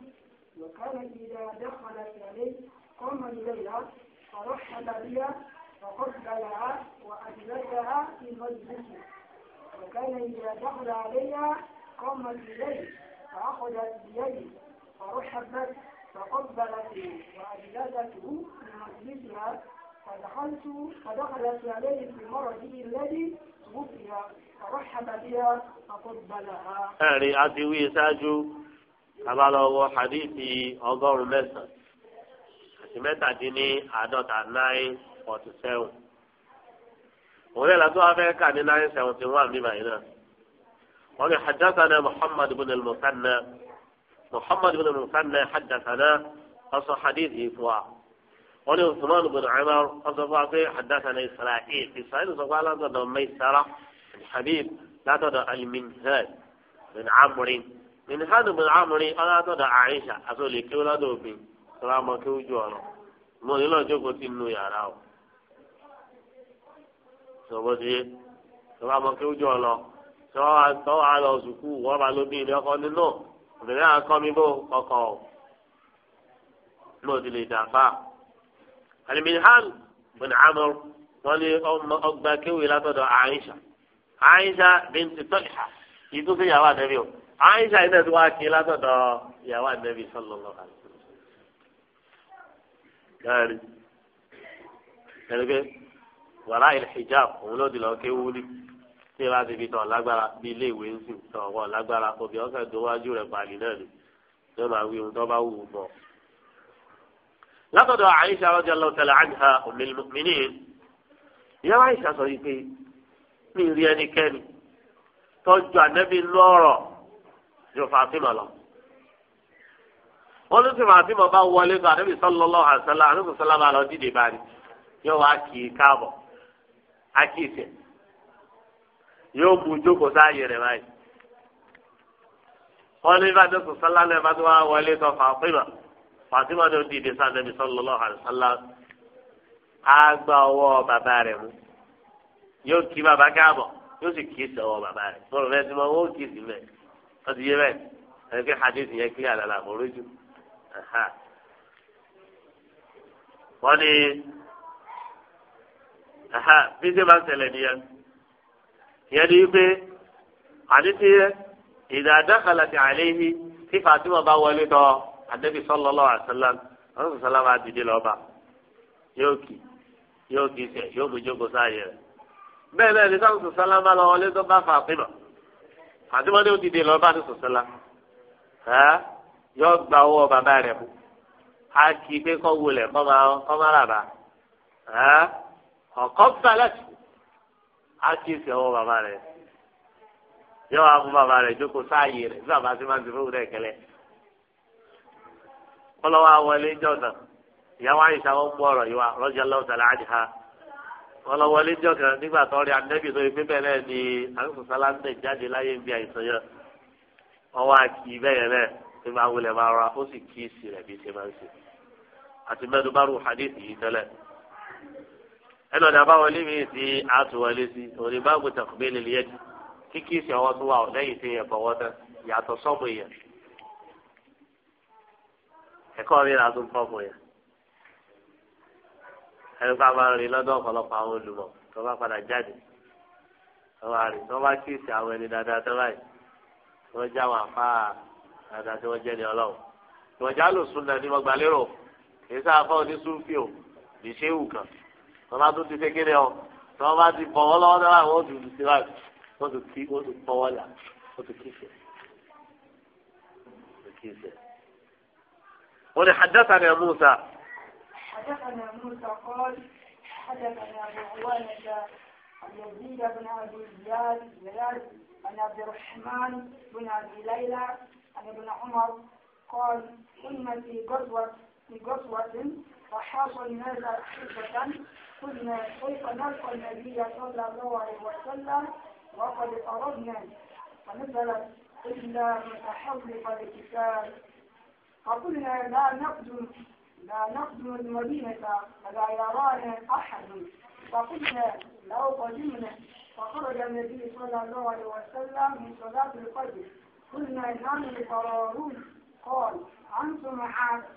وكانت إذا دخلت عليه قام الليلة فرحب بها فقبلها وأجلسها في مجلسه وكان إذا دخل عليها قام الليل فأخذت بيدي فرحبت فقبلته وأجلسته في مجلسها فدخلت فدخلت عليه في مرضه الذي توفي فرحب بها فقبلها. ẹ̀rí àti wí ṣáájú abalọwọ hadithi ọgọ́rùn mẹ́sàn àti mẹ́tàdínní àádọ́ta nine forty seven òun yẹn lọ́tọ́ afẹ́ ká ní nine seventy one bí báyìí náà wọ́n ní hajjasana muhammad bin al-musanna muhammad bin al-musanna hajjasana ọ̀sán hadithi fún wa. wọ́n ní usman bin umar ọsọ na akpé hadathana israel israel sọ fún alátọ̀dọ̀ maisara habib látọ̀dọ̀ aliminhad bin amrin minhad bin amrin ọlátọ̀dọ̀ aisha àti olèké ọlọ́dọ̀ òbí sọlá ọmọ kí ó ju ọ̀rọ̀ mo o sọ̀bọ̀ alimihal bin amr wọn ní ọgbà kéwì látọ̀dọ̀ aisha aisha binti tọ́lá ìtúsí yàrá àdẹ́bí o aisha iná tí wàá kí látọ̀dọ̀ yàrá àdẹ́bí sallallahu alaihi wasallam. ẹnìkẹ́ wàrà ìlhijab òun ló di lọ kéwú ni tí ìbá ti fi tàn lágbára bí ilé ìwé ń sìn tàn wọ́n lágbára obì ọ̀sẹ̀ tó wájú rẹ̀ pàlì náà ni yóò máa wí ohun tó bá wù ú bọ̀ látọ̀dọ̀ àyíṣà radiyallahu ta'ala anha ummul mu'minin ìyá àyíṣà sọ yìí pé mi rí ẹnikẹ́ni tọ́jú ànẹ́bí lọ́rọ̀ ju Fàtímà lọ. wọ́n ló sì Fàtímà bá wọlé tó ànẹ́bí sallallahu alaihi wasallam ànẹ́bí sọ́lá máa lọ dìde báyìí yóò wá kì í káàbọ̀ á kì í sẹ̀ yóò mú jókòó sáàyè rẹ̀ báyìí. wọ́n ní bá dẹ́sùn sọ́lá náà bá tó wá wọlé tó Fàtímà. Fatima ló di ìdísá nàbí sallallahu alaihi wasallam á gba ọwọ́ bàbá rẹ̀ mú yóò kí bàbá káàbọ̀ yóò sì kí sọ̀wọ́ bàbá rẹ̀ bọ́lá bẹ́ẹ̀ tí wọ́n ó kí sí mẹ́ wọ́n ti yé bẹ́ẹ̀ ẹni pé hadith yẹn kí àlàlà àbúrò jù wọ́n ní bí ṣe máa ń ṣẹlẹ̀ nìyẹn ìyẹn ni wípé hadith yẹn ìdá dakhalat alayhi tí Fatima bá wọlé tọ́ anabi sallallahu alaihi wasallam ọlọ́run sọlá máa dìde lọ́ba yóò kì yóò kì í sẹ̀ yóò mú jókòó sáàyè rẹ̀ bẹ́ẹ̀ bẹ́ẹ̀ ní sọ́kùn sọ́lá máa lọ wọlé tó bá fà pínà àtìmọ́lé ó dìde lọ́ba ní sọ́sọ́lá yóò gba owó bàbá rẹ̀ mú a pé kọ́ wulẹ̀ kọ́ máa rà bá ọ̀kọ́ balẹ̀ a kì owó bàbá rẹ̀ yóò wá mú bàbá rẹ̀ jókòó sáàyè rẹ̀ bí bàbá ti máa ń dìbò wúlẹ̀ kẹlẹ́ kọlọwọ awọlé jọkan ìyàwó àyíṣà wọn gbọ́ ọ̀rọ̀ yìí wa rọjà lọsàlá àdìhà ọlọwọlé jọkan nígbà tó rí anẹbí tó fi bẹ́ẹ̀ náà ni àrùsọsálà ń jáde láyé ń bí àìsàn yẹn wọn wá kì í bẹ́ẹ̀ máa wulẹ̀ máa rọra ó sì kí sí rẹ̀ bí ṣe máa ń ṣe àti mẹ́nu bá rú hadith yìí tẹ́lẹ̀ ẹnu ọ̀dà báwọlé mi sí àtúwọlé sí òní bá gbé tàkùnbé lè yẹ kíkí sí ọwọ́ tó wà lẹ́yìn tí yẹn fọwọ́ tán yàtọ̀ sọ́mù yẹn ẹ̀kọ́ mi là tún fọ́ọ̀mù yẹn ẹni bá máa ń rìn lọ́dọ̀ ọ̀pọ̀lọpọ̀ àwọn olùmọ̀ tó bá padà jáde wọ́n á rìn tó bá kíìsì àwọn ẹni dáadáa tó báyìí wọ́n já wọn àfa dáadáa tí wọ́n jẹ́ ní ọlọ́run ìwọ̀njà lò sùn náà ni wọ́n lérò kì í sáfọ́ ní súnfì o lè ṣe é wù kàn wọ́n bá tún ti ṣe kéde ọ tí bá ti bọ̀ wọ́n lọ́wọ́ náà wọ́n tún ti wá wọ́n tún kí wọ́n tún pọ̀ wọ́n là wọ́n tún kíìsì قل حدثنا موسى حدثنا موسى قال حدثنا معوانة عن يزيد بن ابي زياد عن عبد الرحمن بن ابي ليلى عن ابن عمر قال كنا في قصوة في قصوة فحاصل هذا حصة كنا كيف نلقى النبي صلى الله عليه وسلم وقد قربنا فنزلت إلا متحرقة لكتاب فقلنا لا نقدر لا نقدر المدينة ولا يرانا أحد فقلنا لو قدمنا فخرج النبي صلى الله عليه وسلم من صلاة الفجر قلنا نعم القرارون قال أنتم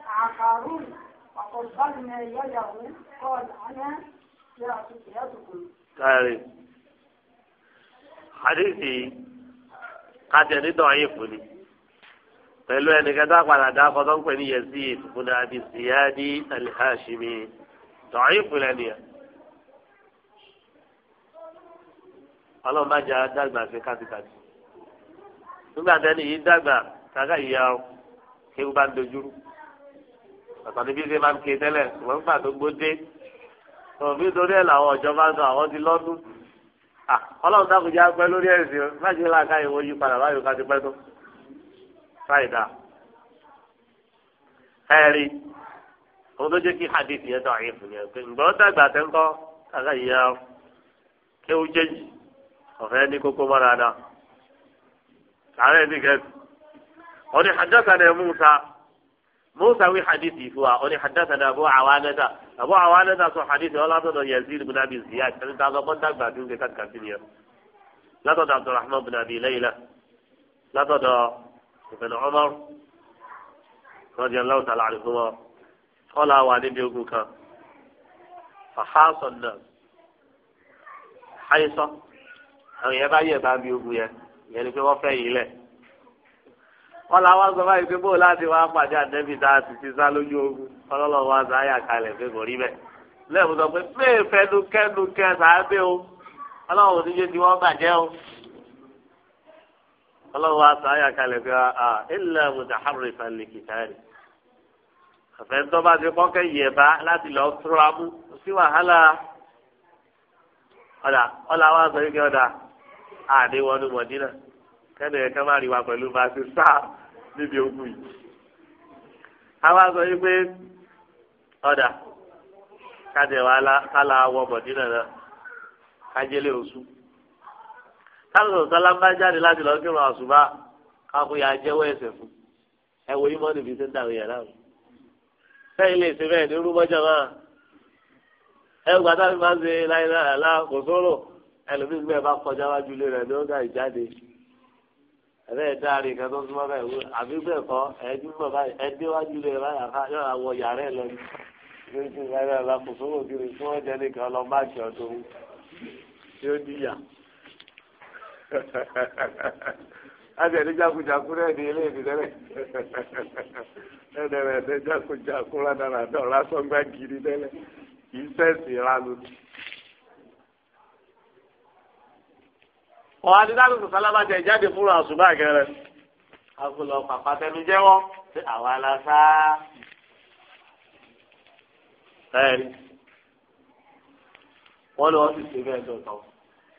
عقارون فقبلنا يده قال أنا جاءتكم حديثي قد يريد ضعيف لي pẹ̀lú ẹnìkan tá a padà dá akọ tó ń pè ní Yazid ibn Abi Ziyadi al-Hashimi tọ̀yìn ìpìlẹ̀ nìyẹn. ọlọ́run bá jà dàgbà sí kátikáti nígbà tẹ́ni yìí dàgbà kàkà ìyá o kéwù bá ń dojúrú bàtà níbi ṣe máa ń ké tẹ́lẹ̀ ṣùgbọ́n nígbà tó gbódé òbí torí ẹ̀ làwọn ọ̀jọ́ bá ń sọ àwọn ti lọ́dún ọlọ́run dákun jẹ́ lórí ẹ̀sìn májèlé ṣáìdá ẹ̀rí òun ló ki kí hadith yẹn tó àyè fún yẹn pé ǹgbọ́n dàgbà tẹ́ ń kọ́ kàkà ìyá kéwú jẹ́jì ọ̀fẹ́ ní kókó mọ́ dáadáa ààrẹ ní gẹ̀ẹ́sì wọ́n ní haddathana Musa Musa wí hadith yìí fún wa wọ́n ní haddathana Abu Awanata Abu Awanata sọ hadith yìí wọ́n látọ̀dọ̀ Yazid bin Abi Ziyad ẹni tá a lọ bọ́ dàgbà tó ń gbé kàkà sí ni yẹn látọ̀dọ̀ Abdurrahman bin Abi Layla látọ̀dọ̀ ìbẹ̀rẹ̀ Umar radiyallahu ta'ala anhuma kọ́lá wà níbi ogun kan fàhásọ̀ náà àyíṣọ́ àwọn yẹn bá yẹ̀ bá bí ogun yẹn yẹn ni pé wọ́n fẹ́ yìí lẹ̀ wọ́n la sọ báyìí pé bóò láti wá pàdé àdẹ́bí tá sì ti sá lójú ogun ọlọ́lọ́ wa sá kalẹ̀ pé kò rí bẹ́ẹ̀ lẹ́ẹ̀mú sọ pé bẹ́ẹ̀ fẹ́ nukẹ́nukẹ́ sàábẹ́ o ọlọ́run ò ni wọ́n bàjẹ́ o ọlọ́run wa sọ àyà kalẹ̀ pé a ilẹ̀ mùtàhárì fàlìkìtàrì àfẹ́ntọ́ bá ti kọ́kẹ́ yẹ̀bá láti lọ túra mú sí wàhálà ọ̀dà ọ̀là wa sọ ike ọ̀dà àdéwọnú mọ̀dínà kẹ́ni ẹ̀ka má rí wa pẹ̀lú bá a ti sá níbi ogun yìí. àwa sọ yìí pé ọ̀dà kájẹ̀ wa kálá wọ mọ̀dínà náà kájẹ́lé oṣù táwọn sọ̀rọ̀ bá jáde láti lọ kírun àṣùbà káko yà jẹ́wọ́ ẹ̀ṣẹ̀ fún ẹ wo yín mọ́ni bíi sẹ́ńtà òyìn ẹ̀rọ. sẹ́yìn lè ṣe bẹ́ẹ̀ ní rúbọ́jà máa ẹ gbà táwọn máa ń ṣe láìláìlá kò sóró ẹlòmíín gbé bá kọjá wájú ilé rẹ̀ ní ó dá ìjáde ẹ̀rẹ́ dáre kan tó súnmọ́ bẹ́ẹ̀ wú àbí bẹ́ẹ̀ kọ́ ẹ̀ẹ́dúgbọ̀n báyìí ẹ̀ẹ́dẹ́ wájú ilé rẹ̀ báyà ká yàrá ẹ̀ lọ ní ìgbésí láìláìlá kò sóró kiri tí wọ́n jẹ́ nìkan lọ máàkì ọ̀dọ́ tí ó níyà. àti ẹni jákujàku náà ní ilé ìdí tẹ́lẹ̀ ẹni rẹ̀ ẹni jákujàku gidi tẹ́lẹ̀ kì í sẹ́ẹ̀sì ránu. ọ̀hún adidáàlú sọ̀sọ́ alábàjẹ́ ìjáde fúnra àṣùbà gẹ̀rẹ́ akọlọ pàpà tẹnu jẹ́wọ́ sí àwa lásà. ẹ̀rí wọ́n lọ́ọ́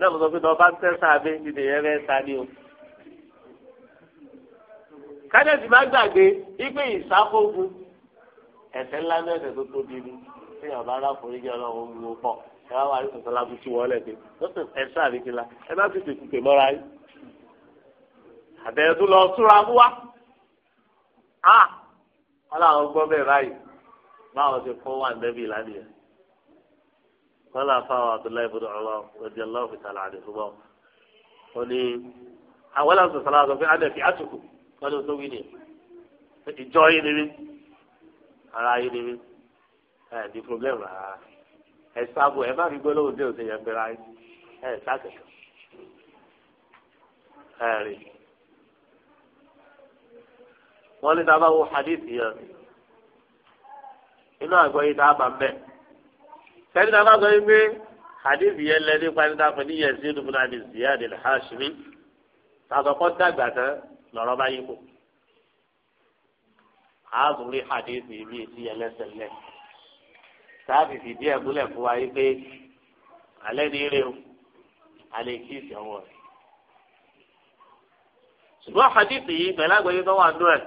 náà mo sọ pé lọ́ọ́ bá ń tẹ́ sáadé níbi yẹn rẹ́ sáadé o. kádẹ́sì má gbàgbé ipe ìsáfógun ẹ̀sẹ̀ ńlá ní ẹ̀sẹ̀ tó tóbi ni tí yàrá bá foríjì ọlọ́run ń wo pọ̀ ẹ wá wà ní sọ̀tọ̀ láti tú wọlé pé lọ́sẹ̀ ẹ̀sẹ̀ àríkìlá ẹ bá fi tètè pè mọ́ra yìí. àbẹ̀rẹ̀ tó lọ súra mú wá. a wọn làwọn gbọ́ bẹ́ẹ̀ báyìí báwọn ti fún wà ń dẹ́bì lánìyàn. kọ́lá fáwọn abdullahi ibùdó ọmọ rẹ̀dí aláwọ̀ fìtàlà àdìsúbọ̀ ó ní àwọn aláǹsọ̀ sọ̀rọ̀ àgbẹ̀ fi àtùkù wọ́n ní tó ni ni ara fi gbólóhùn wo hadith a sẹ́ni náà bá sọ yín pé hadith yẹn lẹ nípa ẹni náà fún ní Yazid ibn Abi Ziyad al-Hashimi tàtọ̀kọ́ dàgbà tán lọ́rọ́ bá yín kù àásùnrí hadith mi ti yẹn lẹ́sẹ̀ lẹ́ sáàbì fìdí ẹ̀ múlẹ̀ fún wa yín pé alẹ́ ní rí o alẹ́ kí ìṣẹ̀wọ̀n rẹ̀ ṣùgbọ́n hadith yìí pẹ̀lú àgbẹ̀yẹ tó wà nù ẹ̀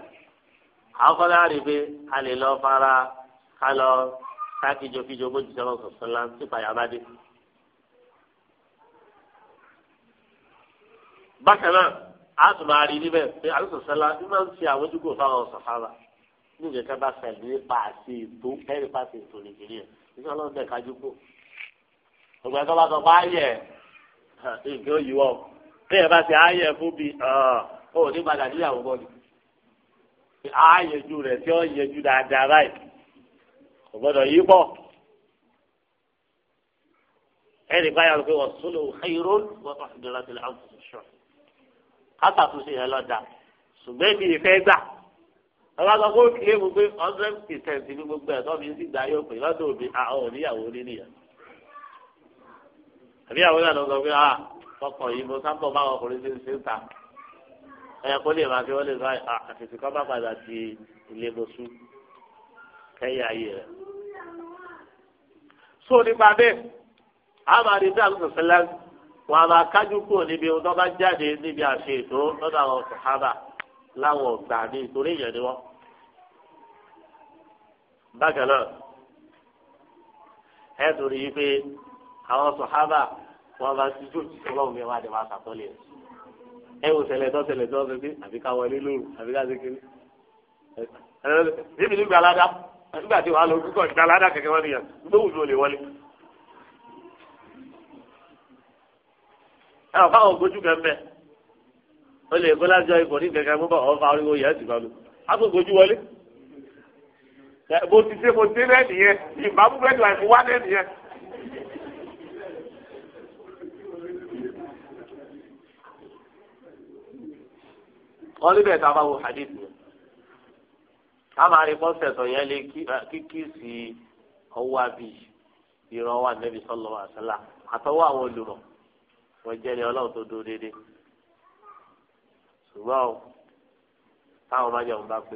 àwọn kọ́lá rí pé a lè lọ fara ká lọ káàkìjokìjo bó ti sọ̀rọ̀ sọ̀sọ̀ la tí ìpayà bá dé. bákan náà a tún máa rí níbẹ̀ pé àlùsọ̀sọ̀lá ní máa ń fi àwọn ojúgbò fáwọn sàhábà ní ìjẹ́ká bá ṣẹlẹ̀ nípa àti ètò ẹ̀rí pàṣẹ ètò nìjíríà ní ọlọ́run bẹ̀ kájú kó. ọ̀gbà tó bá sọ pé ayẹ̀ nǹkan yìí wọ̀ bí ẹ bá ṣe ayẹ̀ fún bi ọ̀ ní padà níyàwó bọ́ọ̀lù ayẹ̀ ju rẹ̀ tí ó yẹ ju dáadáa báyìí kò gbọ́dọ̀ yí pọ̀ ẹnì kan yà ló pé wọ́n sún lò ayúró wọ́n bá fìdí láti lè àwọn sọ̀rọ̀ káta tó ṣe yẹn lọ́dà ṣùgbọ́n èmi ìfẹ́ gbà ọba sọ fún kílé mu pé hundred percent ní gbogbo ẹ̀ tó sì gbà yóò pè lọ́dọ̀ òbí àwọn oníyàwó oníyà àbí àwọn ìyàwó sọ pé ọkọ̀ yìí mo sábà bá ọkùnrin ṣe ń ṣe ń ta ẹ̀yà kó lè máa fi wọ́n lè sọ àfẹ̀sìkọ́ bá padà di ilé mo sùn kẹ́yìn ayé rẹ̀. sọ nípa bẹ́ẹ̀ àmàlí dáhùn sọ̀sẹ́lá wọn a máa kájú kúrò níbi ohun tó bá jáde níbi àṣẹ ètò lọ́dọ̀ àwọn sàhábà láwọn ọ̀gbà ní ìtorí ìyẹn ni wọ́n. bákan náà ẹ torí yìí pé àwọn sàhábà wọn bá ti jó ìṣòlọ́wọ́ mi wá dé wá sàtọ́lẹ̀ ẹ wò ṣẹlẹ̀ tó ṣẹlẹ̀ tó ṣẹlẹ̀ àbíká wọlé lóru àbíká ṣe níbi nígbà aládàá nígbà tí wàá lọ dúkọ̀ ìdáládà kẹ̀kẹ́ wọn nìyẹn gbówù ló lè wọlé. ẹ ọ̀fà àwọn ogójú kan bẹ́ẹ̀ ó lè kó lájọ ipò ní kẹ̀kẹ́ mú bọ̀ ọ̀fà oríwó yẹn sì lọ́nu àpò ogójú wọlé. mo ti ṣe mo ṣe bẹ́ẹ̀ nìyẹn ìbámu bẹ́ẹ̀ ni àìfún wá bẹ́ẹ̀ nìyẹn. wọ́n níbẹ̀ tá a bá wo hadith yẹn a máa rí bọ́sẹ̀ tó yẹn lé kíkí sí ọwọ́ àbí ìran wà nẹ́bí sọ́lọ́ àṣálà àtọwọ́ àwọn olùrọ̀ wọ́n jẹ́ ní ọlọ́run tó dúró déédéé ṣùgbọ́n táwọn máa jẹun bá pé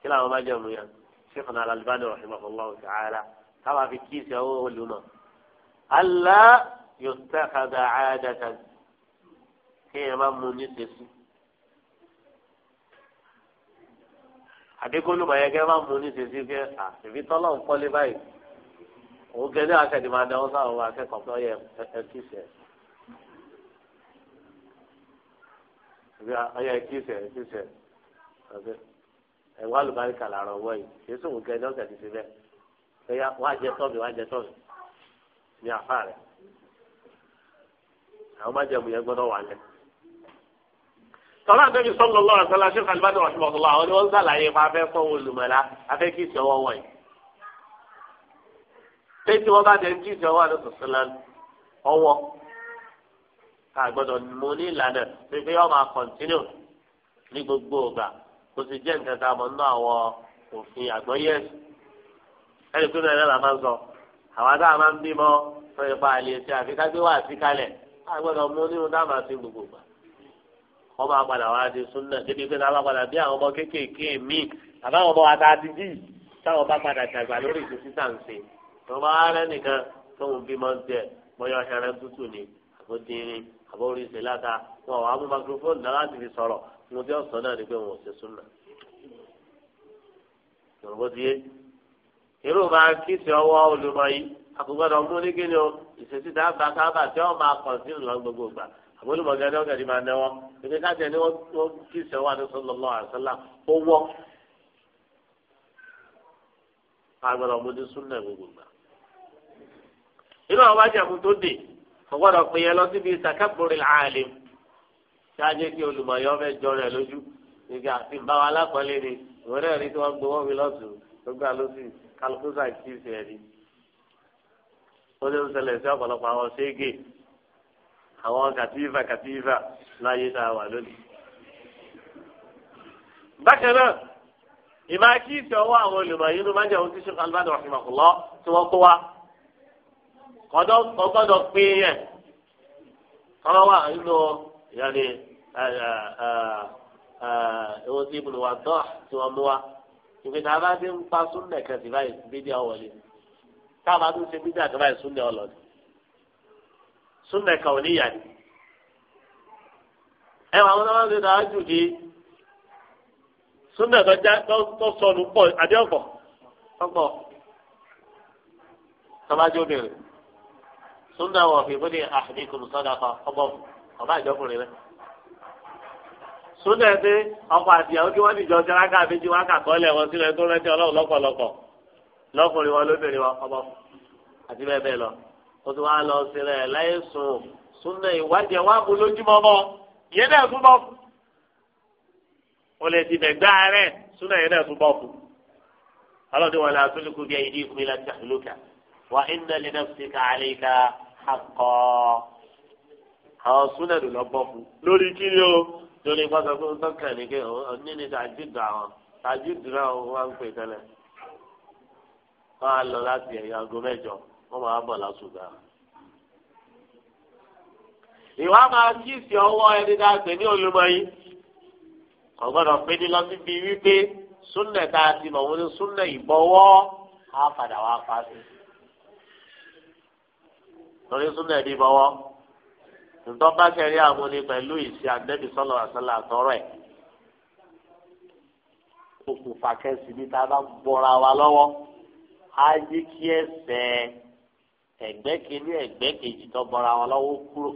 kí làwọn máa jẹun yẹn ṣèkùn Al-Albani rahimahullahu ta'ala táwọn àfi kí sí ọwọ́ olùrọ̀ Allah yóò tẹ́ ka gba àádá kí ẹ má mú ní tẹ̀sí. àdékòlù bàyẹ̀kẹ́ máa ń mú ní sèṣin pé àbí tọ́lọ̀ ń pọ́lé báyìí òun gẹ́gẹ́ àṣẹ̀dì máa dáwọ́ sáwọn ọmọ akẹ́kọ̀ọ́ tó yẹ ẹkíṣẹ́ ọyẹ ẹkíṣẹ́ ẹkíṣẹ́ ẹ̀wọ́ àlùbáríkà làárọ̀ wọ̀ yìí yéṣu òun gẹ́gẹ́ ọ̀sẹ̀ ti fi bẹ́ẹ̀ ẹ̀yà wàá jẹ tọ́bi wàá jẹ tọ́bi ní àfáà rẹ̀ àwọn májẹ̀mú yẹn gbọ́dọ̀ wà lẹ́nu sọlá àdébí sọlọ lọrọ sọlá ṣé kalibá ní wàhálà ọsọlá àwọn ni wọn sàlàyé máa fẹ́ fọwọ́ olùmọlá afẹ kí ìṣọwọ wọn yìí pé tí wọn bá dé kí ìṣọwọ àdókò sọlá ọwọ́ ká gbọ́dọ̀ mú ní ìlànà pípé ọmọ àkọńtínú ní gbogbo ọgbà kò sì jẹ nǹkan tá a mọ nínú àwọn òfin àgbọ́yé ẹni pé bẹ́ẹ̀ náà máa ń sọ àwọn àdáà máa ń bímọ fún ipa àlè tí àfi àti kalẹ̀ ká gbọ́dọ̀ mú nínú dáàmà sí gbogbo ọgbà wọ́n máa padà wá di súnà débi pé táwọn padà bí àwọn ọmọ kéékèèké míì àbáwọn ọmọ ata ti dì táwọn bá padà dàgbà lórí ìṣesí sàǹsì wọ́n bá rẹ́ nìkan tóun bímọ jẹ bóyá ẹran tútù ni àbódìrín àbórí ìṣèláta wọn àwọn amú microphone náà láti fi sọ̀rọ̀ mo bí ọ̀sán náà ni pé wọn ò ṣe súnà. Yorùbá ti yé irú máa kí sí ọwọ́ olùmọ̀ yìí àkùgbọ́dọ̀ mú ní kíni o ìṣesí dábàá kábà tí wọ́n àbólúmọ̀ gẹ́gẹ́ ọ̀gá ni máa nẹ́wọ́ ebi káàtì ẹni wọ́n kí sẹ́wọ́ sallallahu alaihi wasallam ó wọ́ agbọ̀dọ̀ ọmọdé súnà gbogbo gbà. inú àwọn bájàmú tó dé ọgbọ́dọ̀ pè yẹn lọ síbi sàkàbùrì àlè ṣáájú kí olùmọ̀yọ́ fẹ́ jọ rẹ̀ lójú ìgbà àti ìbáwa alákọ̀ọ́lẹ̀ ni ìwé náà rí tí wọ́n gbowó mi lọ́sùn tó gbà lọ́sùn kálukú sàkíyèsí àwọn kàtífà kàtífà láyé tá a wà lónìí. bákan náà ìmọ̀ akíyèsí ọwọ́ àwọn olùmọ̀ yìí ló máa jẹ́ ohun tí sèkò alibádọ̀ rahimahullah tí wọ́n kó wa kọ́dọ̀ pé yẹn kọ́dọ̀ wà nínú yàrá ewo tí ibùdó wa dọ́ tí wọ́n mú wa ìpè tá a bá dé ń pa súnlẹ̀ kẹsì báyìí bídíà wọlé tá a bá tún ṣe bídíà tó báyìí súnlẹ̀ ọlọ́dẹ súnà kàwéníyà ni ẹ wà wọn náà ń ṣe dáa jù kí súnà tó sọnù pọ̀ àbí ọ̀pọ̀ ọ̀pọ̀ tọ́bájú obìnrin súnà wọ̀ fìbú ni àdínkùn sọ́dà kan ọba ìjọkùnrin rẹ súnà ẹni ọkọ àti ìyàwó kí wọ́n ti jọ sẹ́ráka méjì wọn kà kọ́ lẹ̀ sílẹ̀ tó rántí ọlọ́run lọ́pọ̀lọpọ̀ lọ́kùnrin wọn lóbìnrin wọn ọmọ àti bẹ́ẹ̀ bẹ́ẹ̀ lọ ó ti wá lọ sílẹ̀ láyé sùn súnà ìwádìí ẹ̀ wá bu lójúmọ́ mọ́ ìyẹn náà tún bọ̀ fún. o lè ti bẹ̀ gbá rẹ̀ súnà ìyẹn náà tún bọ̀ fún. ọlọ́dẹ wọn la tún lùkù bí ẹyin ní ìkúmi láti àlùkà wà inna li nafsika alayka haqqo. àwọn súnà ló lọ bọ̀ fún. lórí kíni o lórí pásọ fún tọ́kàn ní kí ọ̀nì ni tàjúdù àwọn tàjúdù náà wọ́n ń pè tẹ́lẹ̀. wọ́n á lọ láti ẹ̀yìn aago mẹ́jọ wọ́n máa bọ̀ lásùgbà. ìwà máa kíìsì ọwọ́ ẹni náà pè ní olùmọ̀ yìí ọgbọ́dọ̀ pé ní lọ síbi wípé súnlẹ̀ tá a ti mọ̀ wọ́n ní súnlẹ̀ ìbọ̀wọ́ á padà wá pa sí. lórí súnlẹ̀ ní ìbọ̀wọ́ ntọ́ bá kẹrí àwọn ni pẹ̀lú ìṣe àdẹ́bí sọ́lọ́ àṣálà àtọ́rọ̀ ẹ̀ okùnfà kẹsì ní tá a bá bọ́ra wa lọ́wọ́ á yí kí ẹsẹ̀ ẹgbẹ́ kìíní ẹgbẹ́ kejì tó bọ́ra wọn lọ́wọ́ kúrò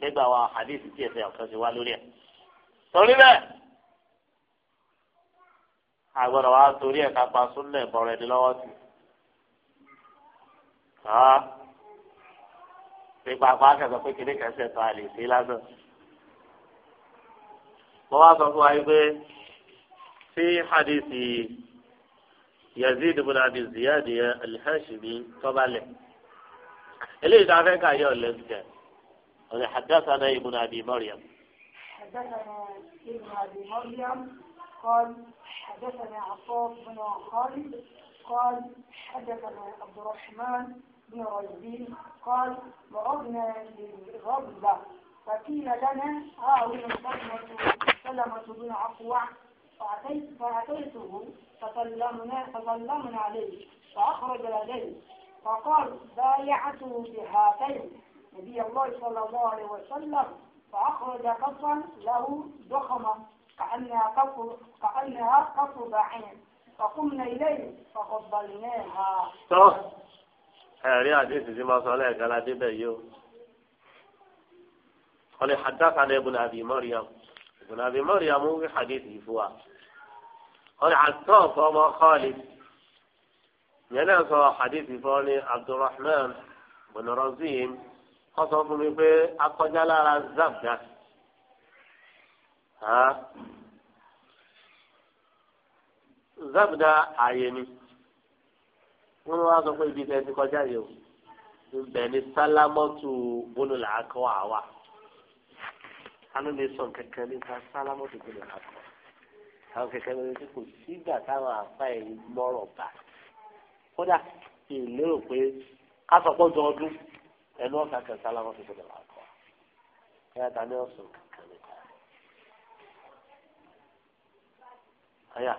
nígbà wa hadith tí ẹsẹ̀ ọ̀kan ti wá lórí ẹ̀. torí bẹ́ẹ̀ àgbọ̀dọ̀ wa torí ẹ̀ ká pa súnlẹ̀ bọ̀rọ̀ ẹni lọ́wọ́ sí. nípa apá akẹ́kọ̀ọ́ pé kìíní kan ṣẹ̀ tó a lè ṣe lásán. mo wá sọ fún wa yìí pé sí hadith yìí. يزيد بن عبد الزياد يا الهاشمي طبعا له اللي دعوا فيك يا لزك انا حدثنا ابن ابي مريم حدثنا ابن ابي مريم قال حدثنا عطاف بن خالد قال حدثنا عبد الرحمن بن رزين قال مرضنا للغضبه فقيل لنا اعوذ بك سلمة بن عفوه فأتيته فسلمنا فسلمنا عليه فأخرج لديه فقال بايعته بهاتين نبي الله صلى الله عليه وسلم فأخرج قصا له ضخمة كأنها قصر كأنها قصر بعين فقمنا إليه فقبلناها. ẹ̀rí يا tí ما صلى lẹ́ẹ̀kan ládébẹ̀ yìí قال wọ́n lè hadá kan lẹ́bùn ìbùnàbí mọ́ríyàmú wí hadith yìí fún wa ọ̀nà àtọ́ọ̀kọ ọmọ Khalid yẹn náà sọ hadith yìí fún ọ ní Abdulrahman bùnàrọ́sìn wọ́n sọ fún mi pé akọjá lára zabda zabda ààyè ni wọ́n wá sọ pé ibi tẹ́ ti kọjá yìí o ń bẹ̀ ní sálámọ́tù bólúlà akọ́wà wa aló lè sọ kankan nípa sálámọ́ tó gbọdọ̀ àpò àwọn kankan lórí tí kò sígbà táwọn àfa ẹ̀ lọ́rọ̀ bá kódà ìlérò pé kásọpọ̀ jọ ọdún ẹnu ọ̀ka kan sálámọ́ tó gbọdọ̀ àpò ẹ̀yà ta ni ọ̀sùn kankan nípa àyà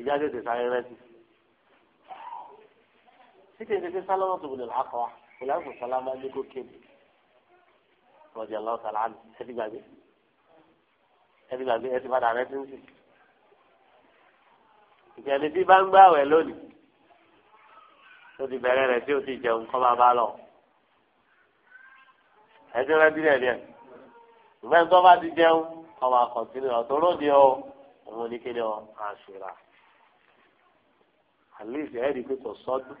ìjà tètè sáré rẹ́sì. Títí ìdíje sálámọ́ tó gbọdọ̀ àpò kìláàfù sálámà ní kò kéde rọjà lọ sàlámù ẹbí gbàgbé ẹbí gbàgbé ẹbí padà rẹ ti ń sìn. ìjẹni bí bá ń gbà wẹ̀ lónìí tó ti bẹ̀rẹ̀ rẹ̀ tí ó ti jẹun kọ́ máa bá lọ. ẹjọ́ rẹ dílé díẹ̀ ìgbẹ́ tó bá ti jẹun kọ́ máa kọ̀tínú ọ̀tún lóde o òun ní kéde ọ àṣírà. àlè ìṣẹ́ ẹ̀rí pé kò sọ́dún.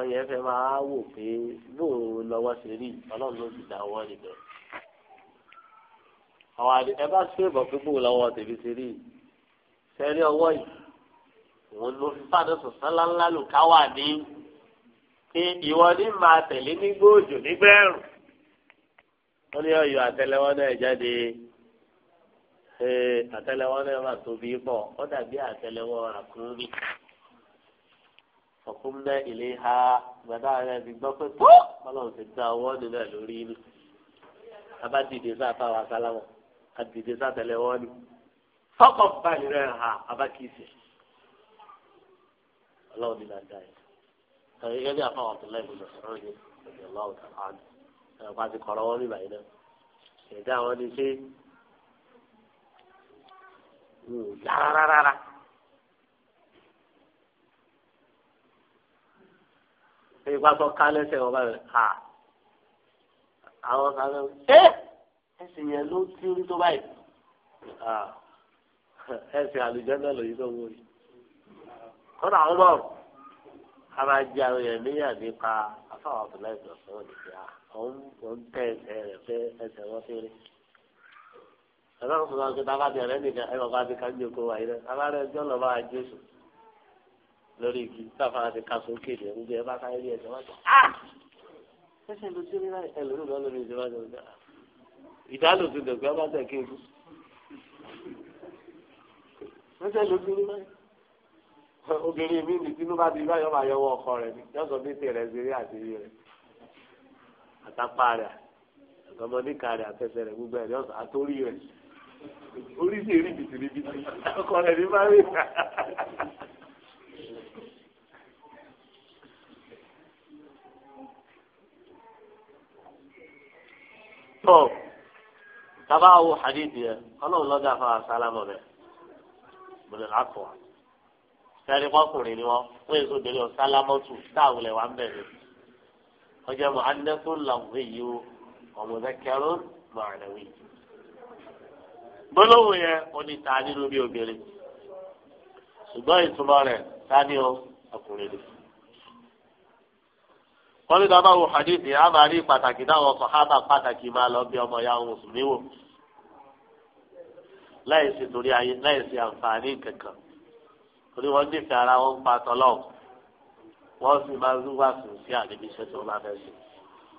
àwọn yẹn fẹ́ máa wò pé bóun lọ́wọ́ ṣe rí ọlọ́run ló ti dáwọ́ níbẹ̀. àwọn àdé ẹ bá ṣe bọ̀ pé bóun lọ́wọ́ tèmi ṣe rí sẹ́rí ọwọ́ yìí òun ló fi fàdé sọ̀sán ńláńlá lù ká wà ní pé ìwọ ní máa tẹ̀lé nígbó òjò nígbẹ̀rùn. wọ́n ní ọ̀yọ́ àtẹlẹwọ́ náà jáde àtẹlẹwọ́ náà máa tóbi pọ̀ ó dàbí àtẹlẹwọ́ ràkúnmí fọkúnlẹ ilé ha gbàdá rẹ ti gbọ́ pé tó Ọlọ́run ti dá ọwọ́ nílẹ̀ lórí inú abadìde sá fáwọn asálámọ adìde sá tẹlẹ wọn ni fọkọ báyìí rẹ ha abakíyèsí Ọlọ́run ní náà dá yìí gẹ́gẹ́ bí afọ àtúntò lẹ́yìn lọ sọ̀rọ̀ yìí lọ́dọ̀ ọlọ́run kan án ẹ̀rọ pa ti kọ̀rọ̀ wọn níbàyí náà ẹ̀dá wọn ni ṣé hmm, rárá ṣe ìpapọ̀ ká lẹ́sẹ̀ wọn bá rẹ̀ ha àwọn kan lọ ṣé ẹsìn yẹn ló ti rí tó báyìí ẹsìn àlùjọ́ndà lòyìn tó wọ́n kọ́nà àwọn ọmọ a máa jẹ àwọn èèyàn níyà nípa afáwọn abdullahi ìdọ̀sán wọn nìyà òun tẹ ẹsẹ̀ rẹ̀ pé ẹsẹ̀ wọn fẹ́rẹ̀ ẹ̀rọ ìfúnná ọ̀gbìn tá a bá bẹ̀rẹ̀ nìkan ẹ̀rọ bá bí ká ń jókòó wáyé náà a bá rẹ̀ ẹjọ́ lọ́ba àjẹsùn lórí igi sáfara ti ka sókè lè gbogbo ẹ bá ká ilé ẹsẹ wájú a ṣẹṣẹ ló ti rí láì ẹ lórí ìgbà lórí ìṣẹ wájú ọjà ìdálò ti dọ̀gbẹ́ ọba tẹ̀ kí ebi ṣẹṣẹ ló ti rí láì obìnrin mi ní tinubu àti ibà yọba yọwọ ọkọ rẹ ni yọsọ bí tèrè zèrè àti iye rẹ àtàpá rẹ àtọmọdéka rẹ àtẹsẹ rẹ gbogbo ẹ yọsọ àtórí rẹ orí sì rí bìtìrìbìtì ọkọ rẹ ní bá tó tábà wo hadith yẹn ọlọ́run lọ́dọ̀ àfa sálámọ̀ bẹ́ẹ̀ bọ̀dọ̀ lápò sẹ́ni ni wọ́n wọ́n èso bèrè ọ̀sálámọ́tù táwùlẹ̀ wà ń bẹ̀rẹ̀ ọjọ́ mọ̀ anẹ́tò làwùjọ yìí o ni wọ́n ní dábàá wo hadithi a máa rí pàtàkì táwọn sọ̀hábà pàtàkì máa lọ bí ọmọ ya ohun sùn níwò láìsí torí ayé láìsí àǹfààní kankan torí wọ́n nífẹ̀ẹ́ ara wọn pa tọ́lọ́ wọ́n sì máa ń wá sùn sí àdébí iṣẹ́ tí bá fẹ́ sùn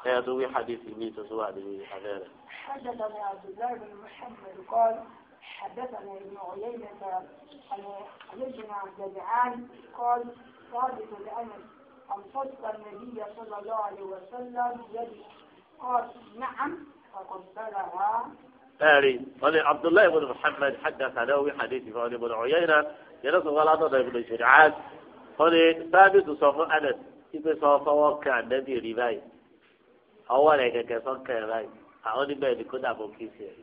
ẹ̀yà tó wí hadithi ní ìtọ́sí wà ní abẹ́rẹ́. حدثنا عبد بن محمد قال حدثنا ابن عيينة عن ابن عبد العال قال ثابت الأمل أم صدق النبي صلى الله عليه وسلم بيده قال نعم فقبلها أري قال عبد الله بن محمد حدث عنه حديث فعل بن عيينة ينص غلطة بن شجعان قال ثابت صفو أنس إذا صفو كان نبي رباي أولا كان كان رباي أعوني ما يكون أبو كيسير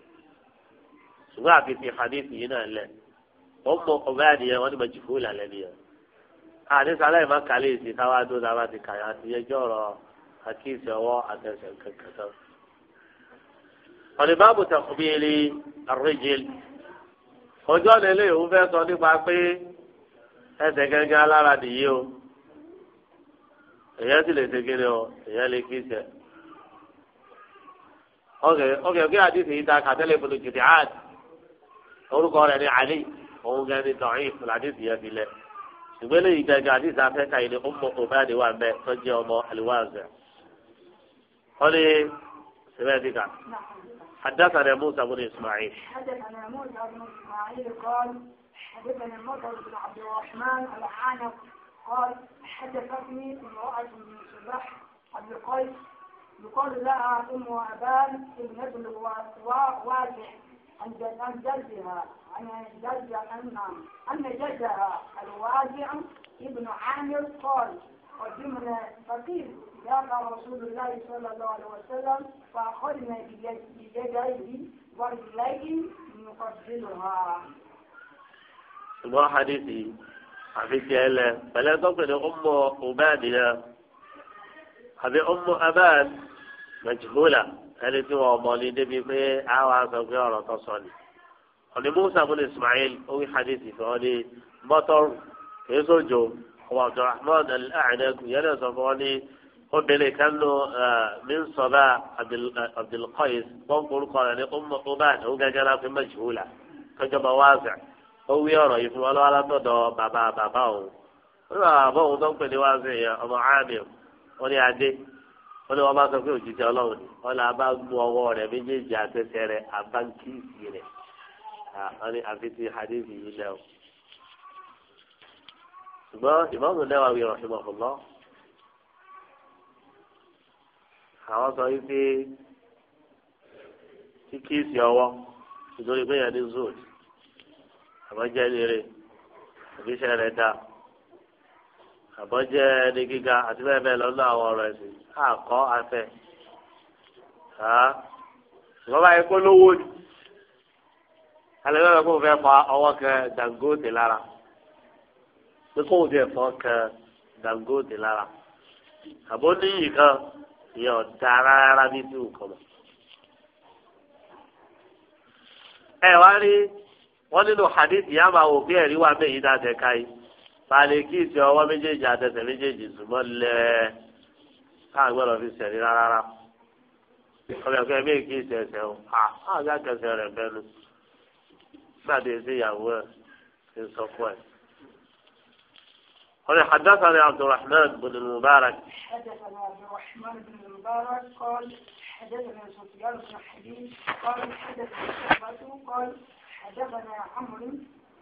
ṣùgbọ́n àfi fi hadith yìí náà lẹ̀ wọ́n mọ ọba àdìyẹ wọn àti sálẹ̀ ìmọ̀ kálí ìsìn káwá tó dáa bá ti kàyà àti yẹjọ́ ọ̀rọ̀ àkíyèsí ọwọ́ àtẹ̀sẹ̀ kankan. ọ̀nìbáàbò tàkùbíyẹlì àrùjẹlì ọjọ́ nílé òun fẹ́ sọ nípa pé ẹsẹ̀ gẹ́gẹ́ alára nìyí o èyàn sì lè ṣe kéde o èyàn lè kí sẹ. ọ̀gẹ̀ ọ̀gẹ̀ ọ̀gẹ̀ àdìsí yìí ta kàtẹ́lẹ̀ fún ojútì orúkọ rẹ̀ ní àlì òun gẹ́ni ìgbélé yìí gàgà àti ìsàfẹ́ ka ilé ọmọ òbáde wà mbẹ tọ́jú ọmọ àlùwàzẹ. wọ́lé sẹ́fẹ́ dìgà. حدثنا موسى بن اسماعيل حدثنا موسى بن اسماعيل قال حدثنا مطر بن عبد الرحمن العانق قال حدثتني امرأة من صباح أبي قيس يقال لها أم أبان ابنة الواسع عن جدها أن يجرى الواجع ابن عامر قال قدمنا فقيل يا رسول الله صلى الله عليه وسلم فأخذنا بيديه ورجليه نفضلها ثم حديثي حفيتي ألا فلا تقل أم أبادنا أبي أم أباد مجهولة هل تو أمالي نبي مي أو أسوكي ọ̀nì musa bin ismail orí hadithi fún ọ ní mọ́tọ́rù kìí sójò ọmọ abdulrahman al-a'naku yẹn lè sọ fún ọ ní obìnrin kan nù min sọba abdulqais wọn kúrúkọ rẹ ní ọmọ ọba tó gẹ́gẹ́ náà fi majhula kọjọba wáṣẹ ó wí ọ̀rọ̀ yìí fún wa lọ́wọ́ alátọ̀dọ̀ bàbá bàbá òun wọn bá bàbá òun tó ń pè ní wáṣẹ yẹn ọmọ amir wọn ní adé wọn ní wọn bá sọ pé òjijì ọlọ́run ni wọn gbọ́ ọwọ́ rẹ̀ méjèèjì àtẹsẹ̀ rẹ̀ àbáńkì rẹ̀ àwọn ni àfi ti lẹ o ṣùgbọ́n ìmọ̀mù lẹ́wà wí rọ̀ṣùmọ̀ fún lọ àwọn sọ wípé kíkíìsì ọwọ́ nítorí pé yẹn ní zood àbọ̀jẹ́ rere àbíṣẹ́ rẹ̀ dáa àbọ̀jẹ́ ẹni gíga àti bẹ́ẹ̀ bẹ́ẹ̀ lọ́nà àwọn ọ̀rọ̀ ẹ̀sìn àkọ́ afẹ́ ṣùgbọ́n báyìí kó lówó ni alẹ́ lọ́dọ̀ kó fẹ́ pa ọwọ́ kan Dangote lára pé kó fẹ́ fọ́ kan Dangote lára àbó níyì kan ìyẹn ọ̀dà rárá bí bí nǹkan mọ̀. ẹ wá rí wọn nínú hadith yà máa wò bí ẹ̀rí wà bẹ́ẹ̀ yìí dáadẹ́ ká yìí balẹ̀ kí ìsìn ọwọ́ méjèèjì àtẹsẹ̀ méjèèjì zùmọ́ lẹ́ẹ̀ káà gbọ́dọ̀ fi sẹ̀rí rárá ọmọ ẹ̀kọ́ kí ìsìn ẹsẹ̀ o àgbà kẹsẹ̀ rẹ̀ bẹ́ẹ̀ lọ gbàdé ṣe ìyàwó ẹ̀ ṣe قال حدثنا عبد الرحمن بن المبارك حدثنا عبد الرحمن بن المبارك قال حدثنا سفيان بن حبيب قال حدثنا شعبة قال حدثنا عمرو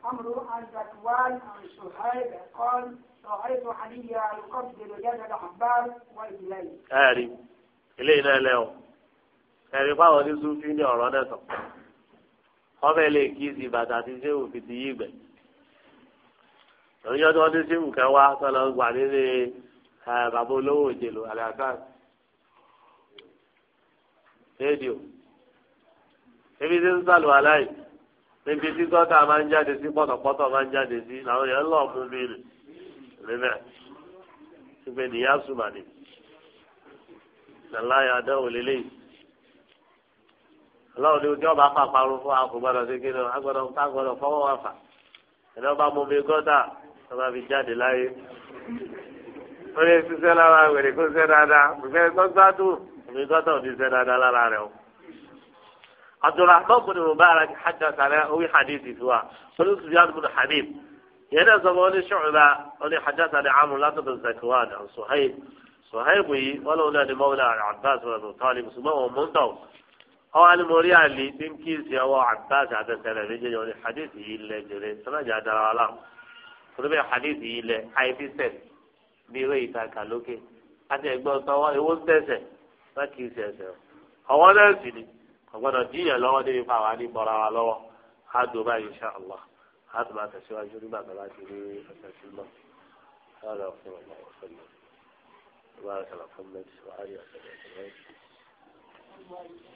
عمرو عن ذكوان عن سهيل قال رأيت علي يقبل جسد عباس وإليه. آري إلينا اليوم. آري فاهم دي سوفي ني أورانيتو ọbẹ̀ lè kí sí bàtà tí sẹ́wù fi ti yí gbẹ̀. lórí ọdún ọdún sẹ́wù kan wá sọlọ gbà nílé bàbá olówó òjèlò alhassan rédíò ebi tí ń sàlù aláì níbi tí gọ́tà máa ń jáde sí pọ̀tọ̀pọ̀tọ̀ máa ń jáde sí làwọn yẹn lọ́ọ̀ fún mi rè rẹ́nà ìpè nìyá sùmàdì nàláyà adáwò ọlọ́run ní ojú ọba pàparun fún akọ gbọdọ̀ sí kí ni agbọdọ̀ agbọdọ̀ fọwọ́ wà fà ẹni ọba mú mi gọ́dà ọba fi jáde láyé ó lè ṣiṣẹ́ lára wèrè kó ṣe dáadáa gbẹgbẹ́ gbọ́gbádùn mi gọ́dà ò ní ṣe dáadáa lára rẹ̀ o. Abdulrahman bin Mubarak hajjá sàlẹ̀ orí hadithi fún wa olùsùn yàrá bin Habib yẹn náà sọ wọn ní ṣùgbọ́n wọn ní hajjá sàlẹ̀ amú látọ̀dọ̀ Zakwan Suhaib Suhaib yìí wọn lòun náà ní mọ́wúlá Abbas wọn ọwọ́ ni mo rí àlè tí ń kí ìsìn ọwọ́ àtàṣà àtẹsẹ̀rẹ̀ méjèèjì ọ̀rẹ́ hadithi yìí lẹ jèrè sọ́nàjà dára wa láwọn torí bẹ́ẹ̀ hadithi yìí lẹ àìfísẹ̀ bí ewé ìtàkà lókè àti ẹ̀gbọ́n tọwọ́ ewó ń tẹ̀sẹ̀ má kì í ṣẹ̀ṣẹ̀ ọwọ́ náà sì ni ọ̀gbọ́dọ̀ díyàn lọ́wọ́ débi pa wà ní bọ́ra wa lọ́wọ́ á dùn báyìí insha Allah á tún máa tẹ̀síwájú nígbà tó bá ti rí ọ̀sẹ̀ sí lọ. هذا رسول الله صلى الله عليه وسلم وبارك على محمد وعلى اله وصحبه اجمعين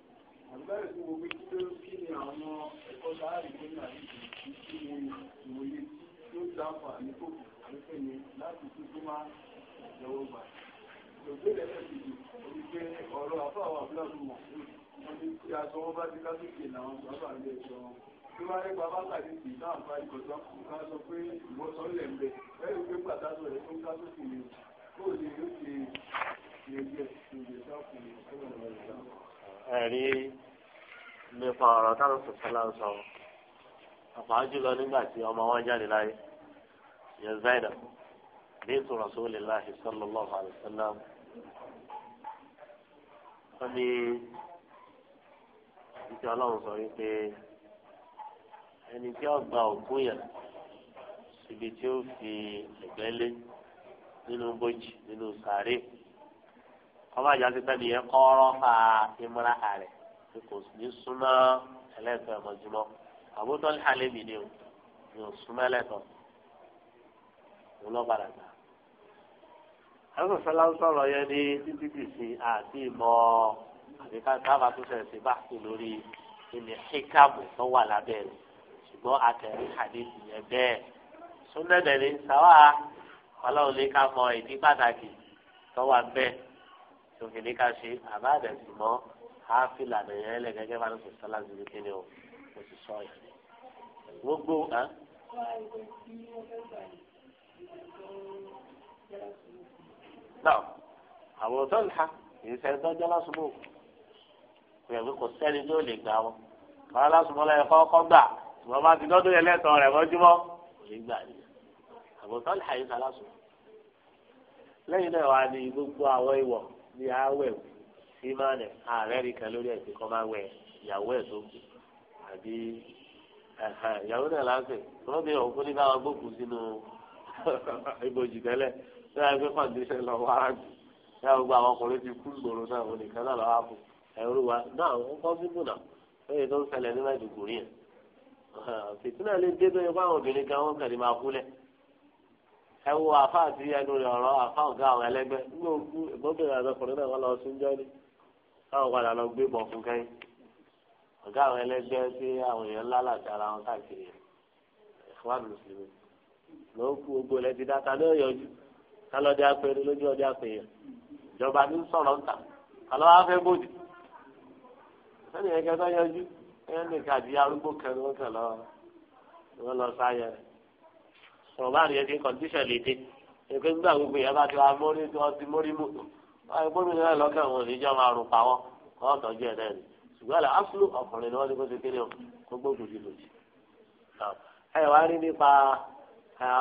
àgbáyé tó wo pé kí ló kí ni àwọn ẹ̀kọ́ sáárì tó ní àyíkú kí ni ìwòye tí ó dáfà ní kòkò àrífẹ́ ni láti tó tó máa jẹ́wọ́ gbà. ìgbésẹ̀ lẹ́sìn orí pé ọ̀rọ̀ àfáwà búlọ́ọ̀dù mọ̀ wọ́n ní tí aṣọ wọn bá ti kásìkè làwọn bàbá ń lé ẹ̀ṣọ́ wọn. tí wọ́n á rí bàbá tàbí tì náà fa ìkọ̀tọ́ ká sọ pé ìwọ́sọ lẹ̀ ń bẹ̀ lẹ́yìn pé pàtàkì rẹ̀ tó ń kásìkè ni kó o lè yóò ṣe ẹ̀rí nípa ọ̀rọ̀ táwọn sọ̀tẹ́lá ń sọ ọ̀pọ̀ àjùlọ nígbà tí ọmọ wọn jáde láyé yẹn zaida bíntù rasulillahi sallallahu alayhi wa sallam wọ́n ní ìjọ ọlọ́run sọ wípé ẹni tí ó gba òkú yẹn síbi tí ó fi ẹ̀gbẹ́ lé nínú bójì nínú sàárè ọmọ àjà ti pẹ́ nìyẹn kọ́rọ́ fa ìmúra rẹ̀ kò ní súnmọ́ ẹlẹ́tọ̀ ẹ̀mọ́júmọ́ àbótọ́ ní alẹ́ mi ni o mi ò súnmọ́ ẹlẹ́tọ̀ òun lọ́ padà gbà. àwọn sọ̀rọ̀ sọ̀rọ̀ yẹn ní títí tì sí àti ìmọ̀ àbíká sábà tó sẹ̀ sí bá sí lórí ilẹ̀ híkàmù tó wà lábẹ́ rẹ̀ ṣùgbọ́n àtẹ̀rí àdéhùn yẹn bẹ́ẹ̀ súnmọ́ ẹ̀dẹ̀ ní sáwà ọlọ́run lè ká mọ ìdí pàtàkì tó wà bẹ́ẹ̀ tòkè ní ká ṣe àbá àdẹ̀sùn mọ́ àáfi lànà yẹn lẹ̀ gẹ́gẹ́ bá ló sọ sọ́lá ju kí ni o mo sì sọ yẹn. gbogbo ẹ. náà àwọn tó ń ha ìṣẹ́ tọ́jú lásùmọ̀ rẹ̀ pé kò sẹ́ni tó lè gbà wọn. báwa lásùmọ̀ lọ́yẹ kọ́kọ́ gbà ṣùgbọ́n bá ti dọ́dún yẹn lẹ́tọ̀ọ́ rẹ̀ mọ́júmọ́ kò ní gbà ní. àwọn tó ń ha ìṣẹ́ lásùmọ̀ lẹ́yìn náà wà ní gbogbo àwọn ìwọ̀ bí awẹ́ símánì ààrẹ rí kan lórí ẹ̀sìn kọ́ máa wẹ̀ ìyàwó ẹ̀ tó kù àbí ìyàwó náà láǹfẹ̀ wọ́n bí òun fún ní káwọn gbókùn sínú ibojì gbé lọ wá àwọn ọkùnrin ti kú gbòòrò náà òun nìkan náà wa náà kọ́ náà lóye tó ń ṣẹlẹ̀ nígbà rí lè dé bẹ́ẹ̀ fáwọn obìnrin kan wọ́n kàn ní máa kú lẹ́ẹ̀. ẹ wo àfa àti ẹnu rẹ ọ̀rọ̀ àfa ọ̀gá àwọn ẹlẹgbẹ́ nínú ogún ìgbọ́bìnrin àtọkùnrin náà wọ́n lọ sí jọ́ni káwọn padà lọ gbé bọ̀ fún kẹ́yìn ọ̀gá àwọn ẹlẹgbẹ́ sí àwọn èèyàn ńlá láti ara wọn káàkiri ẹ̀fọ́ àdùnsìmí ló kú rẹ ti dáta ní ọ̀yọ́jú kálọ́dé apẹ̀rẹ̀ lójú ọdẹ apẹ̀yẹ ìjọba ní sọ̀rọ̀ ńta kálọ́ wá fẹ́ bòdì sẹ́ni ẹ̀kẹ́ tó yọjú sọ̀rọ̀ bá rí ẹsẹ̀ kọ̀ǹdíṣàn lédè ẹgbẹ́ gbígbà gbogbo yẹn bá ti wá mórí tí wọ́n ti mórí mú gbómi náà lọ́kàn wọn níjọ́ máa rùn pa wọ́n wọ́n tọ́jú ẹ̀ náà ni ṣùgbọ́n àlẹ́ áfúlù ọkùnrin ni wọ́n ti kó ti kéde gbogbo òdòdì lòdì. ẹ wá rí nípa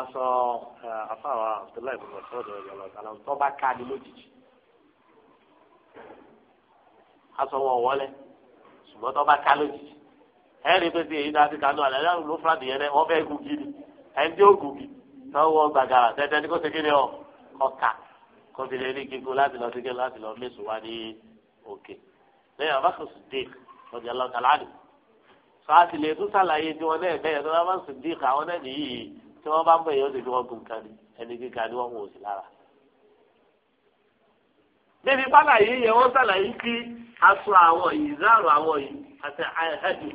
aṣọ afáwa abdullahi bin masoud ọ̀yọ̀lọ̀ tàlà tó bá ká ní lójijì aṣọ wọn wọlé ṣùgbọ́n tó bá ká lójijì ẹ rí pé ti èyí dáa ti kánú àlẹ́ ló fúlàdì yẹn náà wọ́n fẹ́ gùn gidi ẹni tí ó gùn kì tọwọ́ gbàgàrà tẹ́tẹ́ ní kó ṣe kí ni ọ ọkà kó fi lè rí gígùn láti lọ sí kí láti lọ mẹ́sùn wá ní òkè lẹ́yìn abákan sùdík lọ́jà lọ́ta láàdì sọ àti lè tún sàlàyé tí wọ́n náà bẹ́ẹ̀ tó bá sùdík àwọn náà nìyí tí wọ́n bá ń bẹ̀yẹ̀ ó sì fi wọ́n gùn kan ní ẹni gíga ni wọ́n wò sí lára níbi bálàyé yẹn wọ́n sàlàyé kí aṣọ àwọn yìí záàrò àwọn yìí àti àìhẹ́dù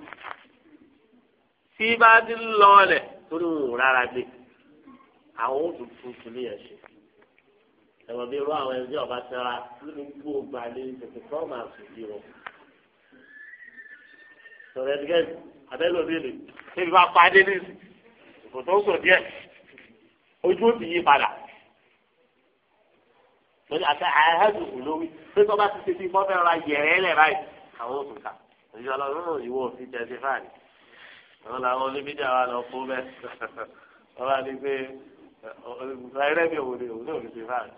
tí bá ti ń lọ ọlẹ̀ torí wọn ò rárá gbé àwọn ó tún tún tún níyẹn ṣe ẹ̀wọ̀n bíi irú àwọn ẹni tí ọba tẹ́ra nínú gbogbo ọgbà ní tètè fọ́ọ̀mù àṣùbí wọn. sọ̀rọ̀ ẹ̀dígẹ́sì abẹ́lẹ̀ òbílẹ̀ níbi bá pa dé ní kò tó sọ díẹ̀ ojú ó ti yí padà. lórí àti àhẹ́dùkù lówí pé tó bá ti ṣe bí fọ́fẹ́ ra yẹ̀rẹ́ lẹ̀ báyìí àwọn òkùnkà òṣìṣẹ́ ọlọ́run náà yíwọ́ òfin tẹ̀sífáàrí wọn làwọn oníbíjà wa lọ fún bẹ wọn bá ní pé ẹrẹ mi ò lè òun náà lè ṣe fáàlì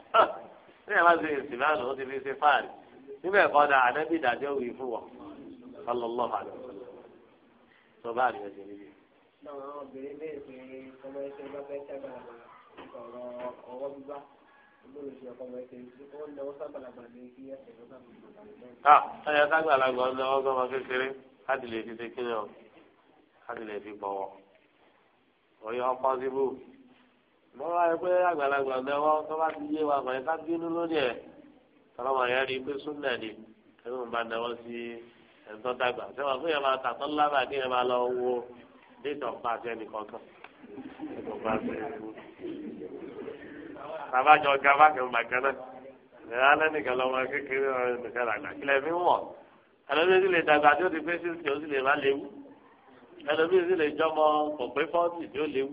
ní ẹ má ṣe èsì fáàlì ó ti fi ṣe fáàlì níbẹ̀ kọ́ da ànábì ìdájọ́ wì fún wọn ọlọ́lọ́ àlọ́ tó bá àlùyẹ ṣe níbi. àwọn obìnrin bẹ́ẹ̀ pé ọmọ ẹsẹ̀ bá fẹ́ sábà ọ̀rọ̀ ọwọ́ bíbá Ah, ẹ̀yà sàgbàlagbà ọ̀nà láti fi bọ̀wọ̀ òye ọkọ lọ́wọ́ ẹ àgbàlagbà lẹ́wọ́ tó bá ti yé wa mọ̀ẹ́ ká bínú lórí ẹ̀ tọ́lọ́mọ yẹn rí i pé súnà ni ẹni mo bá náwó sí ẹ̀ńtọ́ dàgbà sẹ́wọ̀n fún yẹn máa tàtọ́ lábàá kí yẹn máa lọ wo déètọ̀ pàṣẹ nìkan kan tabajọ gaba kẹmẹ bàtẹ náà lẹ́yìn alẹ́ nìkan lọ́mọ kékeré ọ̀rẹ́ nìkan làgbà kílẹ̀ fi wọ̀ alẹ́ ẹlòmíì sì lè jọmọ kò pé fọ́ọ̀tì tí ó léwu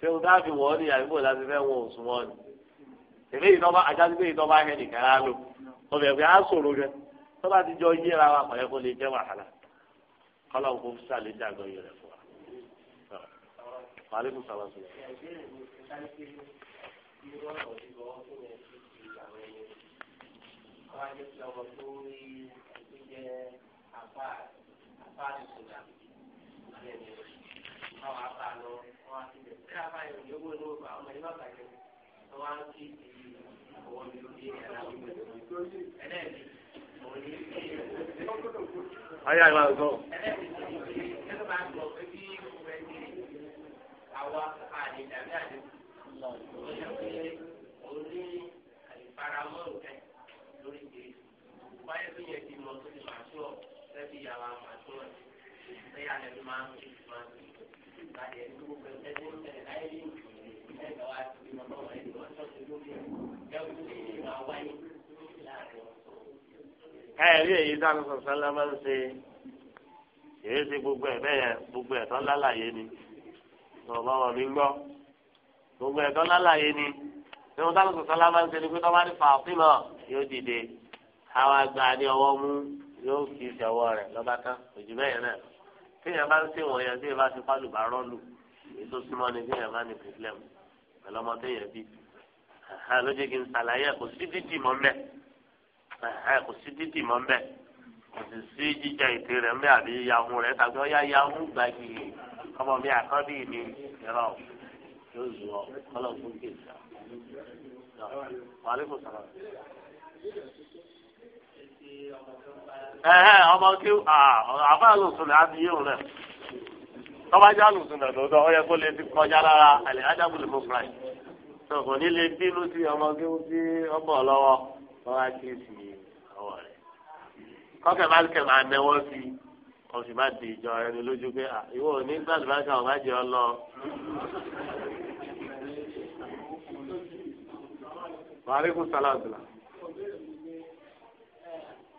ṣé o dáàbì wọ́n ní àdúgbò láti fẹ́ wọn ò súnmọ́ ni tèmi ìtọ́ba ajásí pé ìtọ́ba hẹ́ nìkan á lò ọmọ ẹ̀gbẹ́ á sọ̀rọ̀ rẹ tọ́ba ti jọ yíra wa pẹ̀lú kó lè jẹ́ wàhálà kọ́lọ́hún kó sàlẹ̀ dàgbọ́ yẹrẹ fún wa. Maaleykum salaam. Thank you fáàlì sọ̀dà àbẹ̀ ẹ̀mí báwa bá lọ wọn á ti bẹ̀ kí a ní owó inú ọgbà ọmọ ìlú àgbàjẹ wọn á ti di owó mi lórí ẹ̀rọ ẹlẹ́ẹ̀mí òun ní ẹ̀rọ ayé àgbà gbọ́. ẹlẹ́ẹ̀mí ẹ̀rọ máa ń gbọ́ pé bí ìwé ní àwa àlè tàbí àlè ó yẹ pé òun ní àlè faramọ́ nǹkan lórí ìgbé wáyé tó yẹ kí mo tó ti máa ṣọ́ sẹ́bi ìyàwó àwọn àti wọn lẹ́yìn alẹ́ tó máa ń fi máa ń fi ìpàdé ẹni tó gbogbo ẹgbẹ́ tó ń tẹ̀lé láyé ní ẹgbẹ́ wa ti fi máa bọ̀ ẹni tó wà sọ́ọ̀tì lórí ẹ̀kú lè máa wáyé láàrin ọ̀sọ̀. ẹ̀rí èyí dáná sọ̀sán lọ́mọ ń ṣe èyí ṣe gbogbo ẹ̀ bẹ́ẹ̀ gbogbo ẹ̀ tán lálàyé ni ọ̀bọ̀ wọn mi gbọ́ gbogbo ẹ̀ tán lálàyé ni ìwọ̀n dáná sọ̀sán lọ́mọ ń ṣe ni pé tọ́ bá ní fàáfin náà yóò dìde àwọn àgbà ni ọwọ́ mú yóò kí ìṣàwọ̀ rẹ̀ lọ́ba tán òjì bẹ́ẹ̀ náà kéèyàn bá ń ṣèwọ̀n yẹn tí ìbá ti pálù bá rọ́ọ̀lù èso súnmọ́ ni kéèyàn bá ní pírọ́blẹ́mù pẹ̀lú ọmọ tó yẹ bí ló jẹ́ kí n ṣàlàyé kò sí dídì mọ́ mbẹ́ kò sí dídì mọ́ mbẹ́ kò sì sí jíjẹ ìpè rẹ̀ mbẹ́ àbí yahun rẹ̀ tàbí ọ̀yá yahun gbàgì ọmọ mi àkọ́bí mi ìrọ̀ yóò zù ọ kọ́lọ̀ fún kejì. ẹ̀hẹ́ ọmọ kí àbá lùsùn náà ti yíwò náà tọ́ba já lùsùn náà lọ́dọ̀ ọ yẹ kó lè ti kọjá lára àlẹ́ ajábùlù fún fúláì tó kò ní lè ọmọ kí ó sí ọmọ lọ́wọ́ wọ́n ọwọ́ rẹ̀ kọ́kẹ́ kẹ́ máa nẹ́wọ́ sí sì di ìjọ ẹni lójú pé ìwọ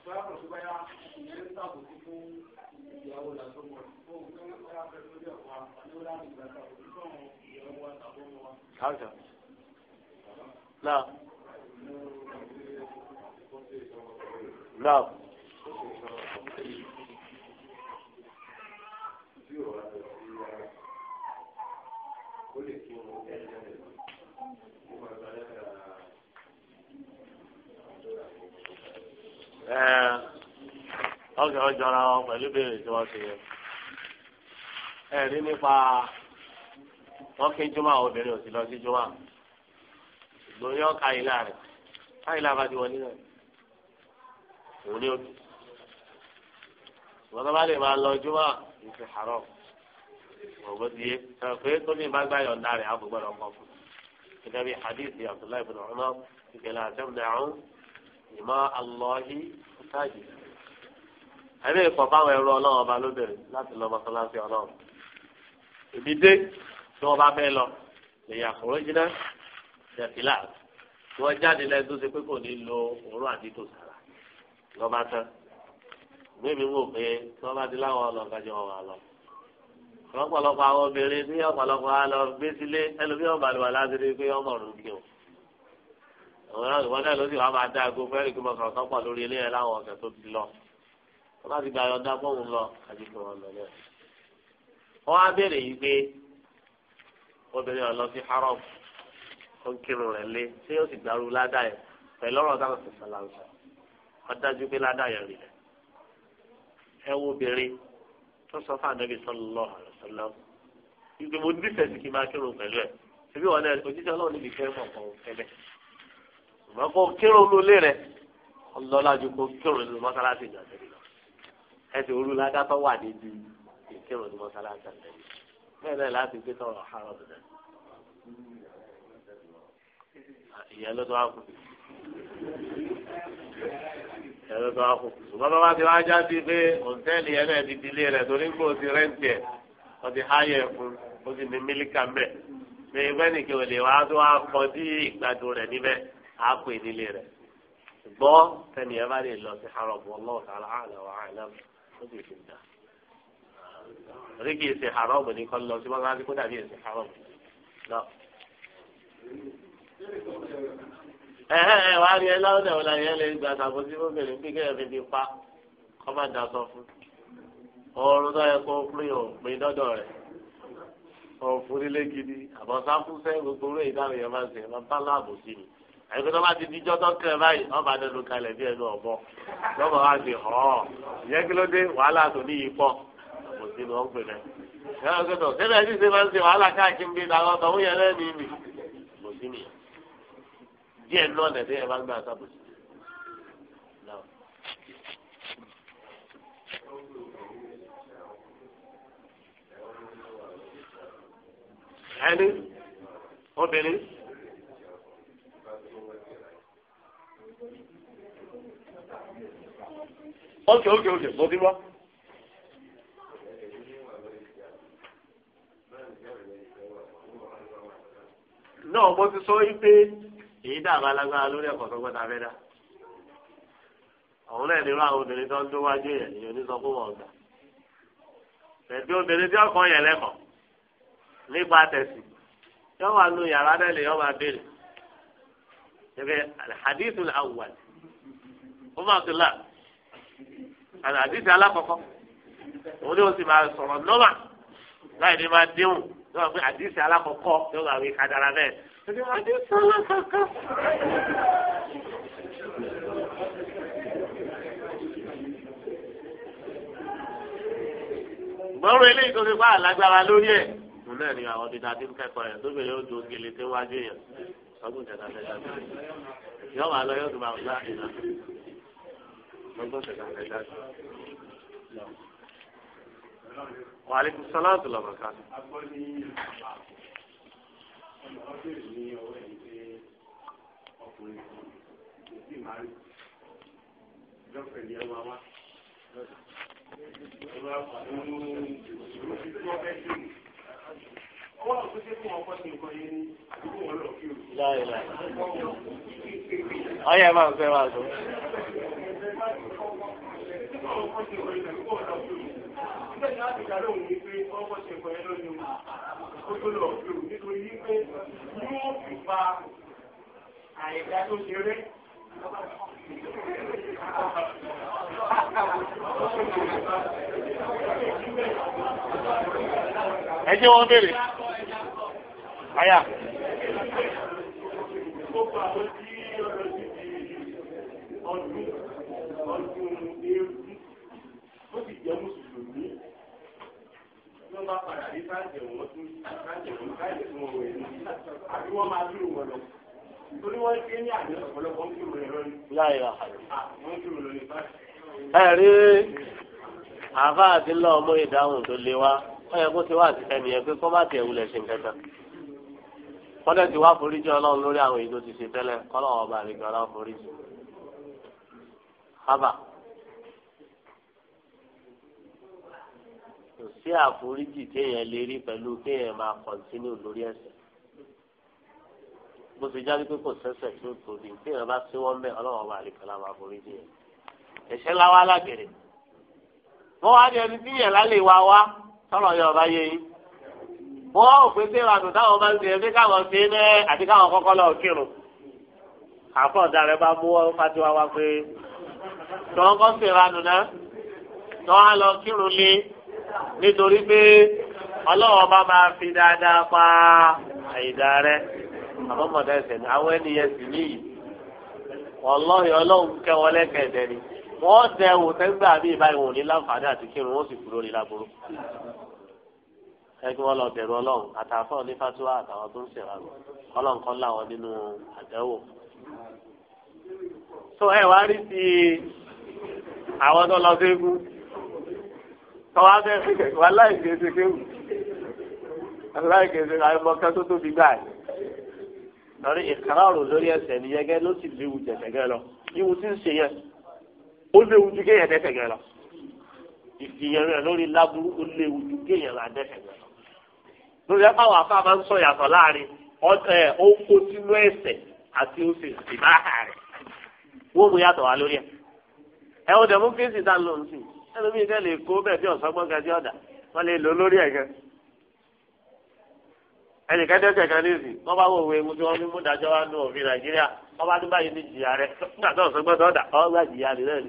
bóyá kò sí bóyá ọ̀gá ọjọ́ra wọn pẹ̀lú béèrè tí wọ́n ṣe yẹ. ẹ̀rí nípa wọ́n ké jùmọ̀ àwọn obìnrin ò sì lọ sí jùmọ̀ lórí ọ̀ka ìlà rẹ̀ káyìlá bá ti wọlé rẹ̀ òun ni ó dùn. ìwọ́n tó bá lè máa lọ jùmọ̀ ìfẹ́ àárọ̀ ògbó ti yé pé tó ní ìbá gbá yọ̀ǹda rẹ̀ àbúgbọ́dọ̀ kọ̀ fún un. gẹ́gẹ́ bí hadith Abdullahi bin Umar ìkẹlẹ́ ìmọ̀ àlọ́hí ṣáàjì. ẹ̀rí ìkọ̀ báwọn ẹrú ọlọ́run ọba ló bẹ̀rẹ̀ láti lọ mọ́sálásí ọlọ́run. ìbí dé tí wọ́n bá fẹ́ lọ lèyà kúrò jìnnà jẹ̀fìlà tí wọ́n jáde lẹ́yìn tó ṣe pé kò ní lo òórùn àdìtò sára lọ́ba tán. mímí wò pé tí wọ́n bá ti láwọn ọlọ́ọ̀gájọ́ wà lọ. ọ̀pọ̀lọpọ̀ àwọn obìnrin ní ọ̀pọ̀lọpọ̀ á lọ gbé sílé ẹlòmíràn balùwà láti rí pé ọmọ òrùn kí o àwọn ìwọ náà ló sì wá máa dá aago fẹ́rẹ̀ kí mo sọ̀rọ̀ sọ́pọ̀ lórí ilé yẹn láwọn ọ̀sẹ̀ tó ti lọ wọ́n bá ti gba ọ̀dà bọ́ọ̀mù lọ àdìgbò wọn lọ náà. á béèrè yìí pé obìnrin ọ̀lọ́ sí haram ó ń kírun rẹ̀ lé ṣé yóò sì dàrú ládàá yẹn pẹ̀lú ọ̀rọ̀ táwọn sì sọ̀lá ń sọ wọ́n dájú pé ládàá yẹn rí rẹ̀. ẹ wo obìnrin tó sọ fún ànábì sallallahu alaihi wasallam ìgbìmọ̀ nífẹ̀ẹ́ sì kí máa kírun pẹ̀lú ẹ̀ ṣùgbọ́n kó kírun ló rẹ ọlọ́lá kó kírun ní mọ́sálásí ìgbàlódé lọ ẹsẹ̀ olú ládàtọ̀ wà níbi ìkírun ní mọ́sálásí ìgbàlódé bẹ́ẹ̀ bẹ́ẹ̀ láti gbé tọrọ àárọ̀ bẹ̀rẹ̀ ìyẹn ló tó wá kù ìyẹn ló tó wá kù ṣùgbọ́n bàbá ti wá já sí pé òǹtẹ́ẹ̀lì yẹn náà ti dilé rẹ̀ torí gbò ti rẹ́ǹtì ẹ̀ wọ́n ti háyẹ̀ fún ó sì ní mílíkà mẹ́ẹ̀ ṣe ìgbẹ́nìkì ò lè tó wá kọ́ àákò ìdílé rẹ̀ gbọ́ tẹ́ni ẹ bá lè lọ sí haram wallahu ta'ala a'lam wa a'lam ó sì fi dà rí kì í ṣe haram ní kọ́ lọ sí wọn láti kó dàbí ẹ̀sìn haram náà. ẹ̀hẹ́ ẹ̀ wá rí ẹ láwùjọ wọn láyé lè gbà sàbò sí bóbìnrin bí kẹ́hìn fi fi pa kọ́ má da sọ fún oorun tó yẹ kó pín òpin dọ́dọ̀ rẹ̀ òfurulé gidi àbọ̀sáfúnṣẹ́ gbogbo orí ìdáhùn yẹn máa ń ṣe máa bá láàbò sí mi àyùkọ́ tó bá ti dijọ́ tó kẹ́ báyìí wọ́n bá dẹnu kalẹ̀ bí ẹnu ọ̀bọ lọ́bọ̀ wá sí ọ̀ ìyẹn kí ló dé wàhálà tó ní yìí pọ̀ kò sí ló ń pè rẹ̀ ẹ̀rọ gbẹdọ̀ sẹ́dẹ̀ ẹ̀dí ṣe máa ń ṣe wàhálà káàkiri bí làwọn ọ̀tọ̀ ń yẹn lẹ́nu ìmì kò sí nìyẹn díẹ̀ náà lẹ́dẹ̀ ẹ̀ máa ń gbà sábòsí. ẹni obìnrin. ókè ókè ókè mo ti gbọ́. náà mo ti sọ wípé èyí dàgbà alágbára lórí ẹ̀kọ́ tó gbọ́dọ̀ abẹ́ àwọn náà nínú àwọn obìnrin tó ń dún wájú yẹn ní onísọfúnwọ̀ ọ̀gbà tẹ̀sí obìnrin tí ọkàn yẹn lẹ́kọ̀ọ́ nípa tẹ̀sí yọ wà nù yàrá náà lè yọ máa béèrè ṣẹfẹ̀ alhadithul awwal Umar Abdullah àdìsí alákọ̀ọ́kọ́ òun ni ó sì máa sọ̀rọ̀ nọ́mà láì ní máa déhùn ní wọn pé àdìsí alákọ̀ọ́kọ́ ní wọn àwọn ìkadàrà bẹ́ẹ̀. àdìsí alákọ̀ọ́kọ́. gbọ́rọ̀ eléyìí tó fi pa àlágbára lórí ẹ̀ mo náà ní àwọn ọdún tàbí kẹ́kọ̀ọ́ yẹn tó bẹ̀rẹ̀ ó dùn gèlè tó wájú yẹn ọdún kẹta fẹ́ tàbí yọ̀ọ́ wà lọ yọ̀ọ́ tó bá wà láàrin náà. Wa alaikum salaam tó lọ́wọ́ ká. Ọwọ́ àkọsí fún ọkọ̀ sí nǹkan yẹn ni àdúgbò wọn lọ kí o. Láyé láyé. Ọyẹ́ máa ń fẹ́ wá sọ. Àìdá tó ṣe rẹ́. Ó pa tí ọ̀rọ̀ sí ọdún ó sì jẹ́ mùsùlùmí tí wọ́n bá padà rí sáǹjẹ̀ wọ́n tún sáǹjẹ̀ wọ́n sáǹjẹ̀ fún ọ̀rọ̀ ẹ̀ ní àbí wọ́n máa dúró wọn lọ. nítorí wọ́n ṣe ní àná ọ̀pọ̀lọpọ̀ ń dúró ẹ̀rọ ni. láì ra wọ́n dúró ah, lọ ní báyìí. ẹ rí àbá àti lọ ọmọ ìdáhùn tó le wá ó yẹ kó ti wá àti ẹnì yẹn pé kó má tiẹ̀ wulẹ̀ ṣe nǹkan kan kọ́lẹ̀ ti wá foríjì ọlọ́run lórí àwọn èyí tó ti ṣe tẹ́lẹ̀ kọ́lọ́wọ́ ọba àlejò ọlọ́run foríjì. kò sí àforíjì téèyàn lè rí pẹ̀lú téèyàn máa kọ̀ǹtínú lórí ẹ̀ṣẹ̀ bó ti jáde pé kò sẹ́ṣẹ̀ tí ó tóbi téèyàn bá síwọ́ mẹ́ ọlọ́wọ́ bá lè kọ́lá máa foríjì yẹn ẹ̀ṣẹ̀ láwa lágẹ̀rẹ̀ wọ́n wá ní ẹni tí yẹn lálẹ́ wa wá sọ̀rọ̀ yẹn ọba yẹ yín wọ́n ò pé téèyàn àtò táwọn máa ń ṣe ẹgbẹ́ káwọn ṣe é mẹ́ àti káwọn kọ́kọ́ lọ kírun àfọ̀ ọ̀daràn bá mú fatiwa wá pé tọ́wọ́n kọ́ ṣèrànù náà tọ́wọ́n á lọ kírun lé nítorí pé ọlọ́wọ́ bá máa fi dáadáa pa àyídá rẹ àbọ̀mọ̀dá ẹsẹ̀ ní àwọn ènìyàn sì níyì ọlọ́yìn ọlọ́run kẹwọ́ lẹ́kẹ̀ẹ́dẹ́ ni wọ́n dẹ òtẹ́gbà bíi báyìí wọn ò ní láǹfààní àti kírun wọ́n sì kú lórí lágbóró ẹgbẹ́ wọn lọ bẹ̀rù ọlọ́run àtàfẹ́ òní fatuwa àtàwọn tó ń ṣèrànwọ́ ọlọ́run kan láwọn nínú àdẹ́wò. tó ẹ wá rí sí àwọn tó lọ sí egun tọ́wọ́ abẹ́ wà láì kéde kéwù láì kéde àìmọ̀ kan tó tóbi gbà ní. lórí ìkáràrò lórí ẹsẹ̀ nìyẹn gẹ́ ló sì léwu jẹ̀sẹ̀ gẹ́ lọ iwu tí ń ṣe yẹn ó léwu ju kéèyàn dẹ́sẹ̀ gẹ́ lọ ìfìyàn rẹ̀ lórí láburú ó léwu ju kéèyàn là dẹ́sẹ̀ gẹ́ lọ. lórí ẹ̀fọ́ àwọn afá máa ń sọ yàtọ̀ láàrin ọ̀tẹ̀ ó kó sínú ẹ̀sẹ̀ àti ó sì sì máa hà wọ́n mú yàtọ̀ wá lórí ẹ̀ ẹ̀ ọ̀dẹ̀ mú fèsì dá lóhùn ẹlòmíì náà lè kó bẹ́ẹ̀ bí ọ̀sánmọ́ gajẹ́ ọ̀dà wọ́n lè lò lórí ẹ̀gẹ́ ẹnìkan dẹ́sẹ̀ kan ní ìsìn bá wọ òwe mu tí wọ́n fi mú dájọ́ wá nù òfin nàìjíríà wọ́n bá tún báyìí ní jìyà rẹ̀ nígbà tó ọ̀sán gbọ́dọ̀ ọ̀dà ọ̀ gbà jìyà rẹ̀ náà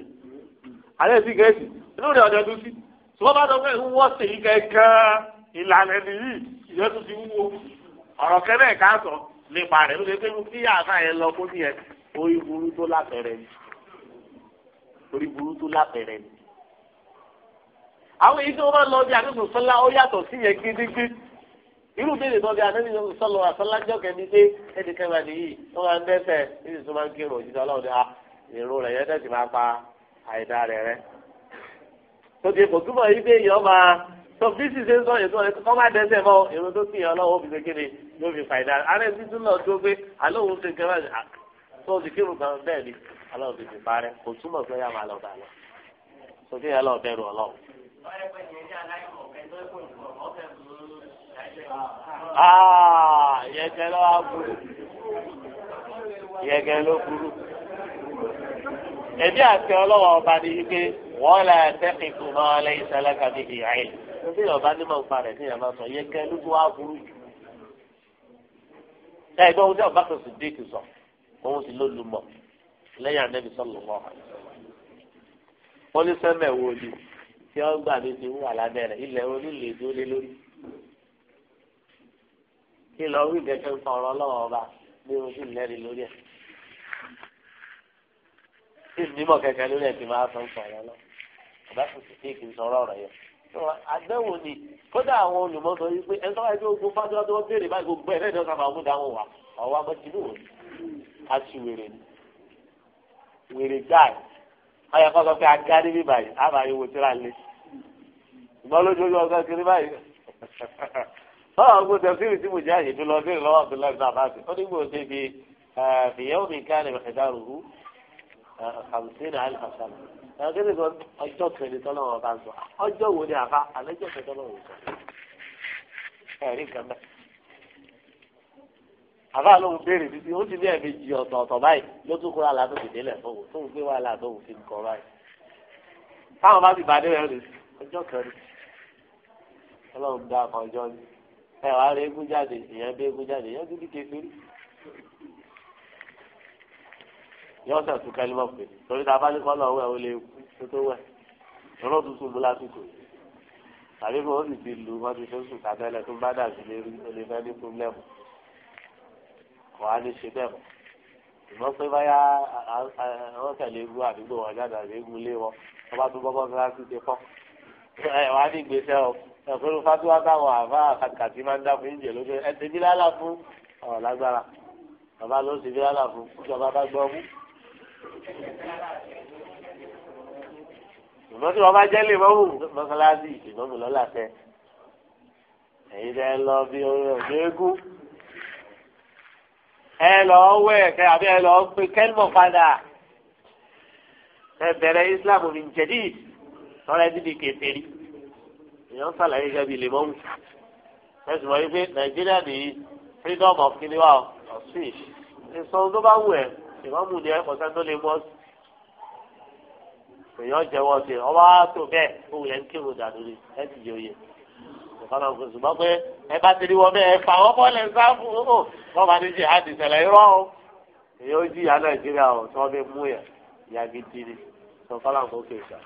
alẹ́ sí gẹ̀ẹ́sì inú rẹ̀ ọ̀dọ̀ tó sí tí wọ́n bá tọ́ pé wọ́ sí i kankan ìlànà nìyí ìyẹn tó ti wúwo àwọn èyí tí máa lọ bí àdúgbò sọ́lá ó yàtọ̀ sí yẹn gidigidi irú bèrè náà bí àdúgbò sọ́lá àsọ́lájọ́ kẹ́ni pé ẹnì kan máa nìyí tó máa ń dẹ́sẹ̀ níbi tó máa ń kírun òjijì ọlọ́run ní èrò ah, rẹ̀ yẹn tẹ̀sí máa pa àìdá rẹ̀ rẹ̀ tó ti kò túbọ̀ yí pé èèyàn máa tó bí sì ṣe ń sọ èso rẹ̀ máa dẹ́sẹ̀ mọ́ èrò tó kì í ọlọ́run òbí kékeré ló fi fa ìdá rẹ̀ ah, tó pé àlóhùn ṣe kẹ́rẹ́ tó ti kírun kan bẹ́ẹ̀ ọlọ́run Ah, yẹgẹ ló wá burú yẹgẹ ló burú ẹbí àti ọlọ́wọ́ ọba ni wípé wọ́n lè tẹ́kìkù náà lẹ́yìn sẹ́lẹ̀ kàbí ìhàyè lórí ọba ní mọ̀ nípa rẹ̀ níyàmá sọ yẹgẹ ló tó wá burú jù ẹ gbọ́ ohun tí ọba kan sì dé kì sọ òun sì ló lu mọ̀ lẹ́yìn Ànábì sọ̀lọ̀ mọ́ wọn ní sẹ́mẹ̀ wo ni tí ó gbà bí ti wà lábẹ́rẹ̀ ilẹ̀ onílé tó lé lórí. kí lọ wí gẹ́gẹ́ ń fọ̀rọ̀ lọ́wọ́ ọba bí o sì lẹ́rìí lórí ẹ̀. tí ìdímọ̀ kẹ̀kẹ́ lórí ẹ̀ ti máa sọ ń fọ̀rọ̀ lọ. ọ̀dà kò sì kí sọ̀rọ̀ ọ̀rọ̀ yẹn. àdéhùn ni kódà àwọn olùmọ̀sọ yìí pé ẹ̀sọ́ ẹgbẹ́ ogun fájọ́ tó béèrè báyìí gbogbo ẹ̀ lẹ́ẹ̀dọ́ sábà mú dáhùn wà ọ̀wọ́ amọ̀tìlú wò ni. a ni wèrè gáà ọyọ kọ́ sọ pé aga níbí báyìí àbá yìí wò tíra lé ṣùgbọ́n lójoojú ọgá kiri báyìí báwo ọgbọ́n tẹ̀síwì tí mo jẹ́ àyè tó lọ sí ìlọ́wọ́ abdullahi náà bá ti ó ní gbòòsè bí fìyẹ́wò mi ká ní ìdáròkú hamsin alifasan ẹ̀ẹ́dẹ́gbẹ̀rún kan ọjọ́ kẹrin tọ́lọ́wọ́ bá ń sọ ọjọ́ wo ni àfa àlẹ́jọ́ kẹrin tọ́lọ́wọ́ sọ ẹ̀rí kan bẹ́ẹ̀ àbá lóun béèrè bíbí ó ti ní ẹ̀mejì ọ̀tọ̀ọ̀tọ̀ báyìí ló tún kúrò àlá tó ti délẹ̀ fóun tóun gbé wà láà tóun fi kọ́ báyìí. táwọn bá ti bàdé rẹ̀ rè ọjọ́ kẹrin ọlọ́run dá ọkọ̀ ọjọ́ ni ẹ wàá rí eégún jáde èèyàn bí eégún jáde èèyàn dúdú kékeré. yọ ọsẹ tún kẹlí mọ pé torí ta bá ní kọ́ lọ́wọ́ ẹ̀ ó lè kú tó tó bá dà kò á lè ṣe bẹ́ẹ̀ mọ́ ìmọ̀ pé báyà wọ́n tẹ̀lé ewu àdúgbò wọn jáde àti ewu ilé wọn wọ́n bá tún bọ́bọ́ fẹ́ láti ṣe ẹ wàá ní ìgbésẹ̀ o ẹ̀fọ́n fatuwa táwọn àfa àkàtì máa ń dá fún ìjẹ́ lóṣù ẹ ti bí lálà fún ọ̀ lágbára bàbá ló ti bí lálà fún ìjọba bá gbọ́ mú. ìmọ̀ tí wọ́n bá jẹ́ lè mọ́mù mọ́sálásí ìmọ̀mù lọ́lá ẹ̀yin tẹ́ lọ bí orí ọ̀gbẹ́gùn ẹ lọ wẹ kẹ àbí ẹ lọ gbé kẹlmọ padà ẹ bẹ̀rẹ̀ islam ní jẹdí lọrẹ dídì kẹfẹrí èèyàn sàlàyé gẹbi lè mọwù ẹ sì mọ wípé nàìjíríà ní freedom of kini wa of ìsọ̀rọ̀ tó bá wù ẹ ìmọ̀mù ni ẹ kọ̀sẹ́ tó lè mọ́ èèyàn jẹ́wọ́ sí ọba tó bẹ́ẹ̀ ó wù ẹ́ ń kírun dàdúrí ẹ ti yọ yẹ ìfọ̀nà kò ṣùgbọ́n pé ẹ bá ti rí wọn bẹ́ẹ̀ fà wọ́n bọ́ lẹ̀ sáfù ó wọ́n máa ní jihad ìṣẹ̀lẹ̀ irọ́ o èyí ó jìyà nàìjíríà o tí wọ́n mú yẹ ìyá gidi ni sọ fọlá kò kéèṣà.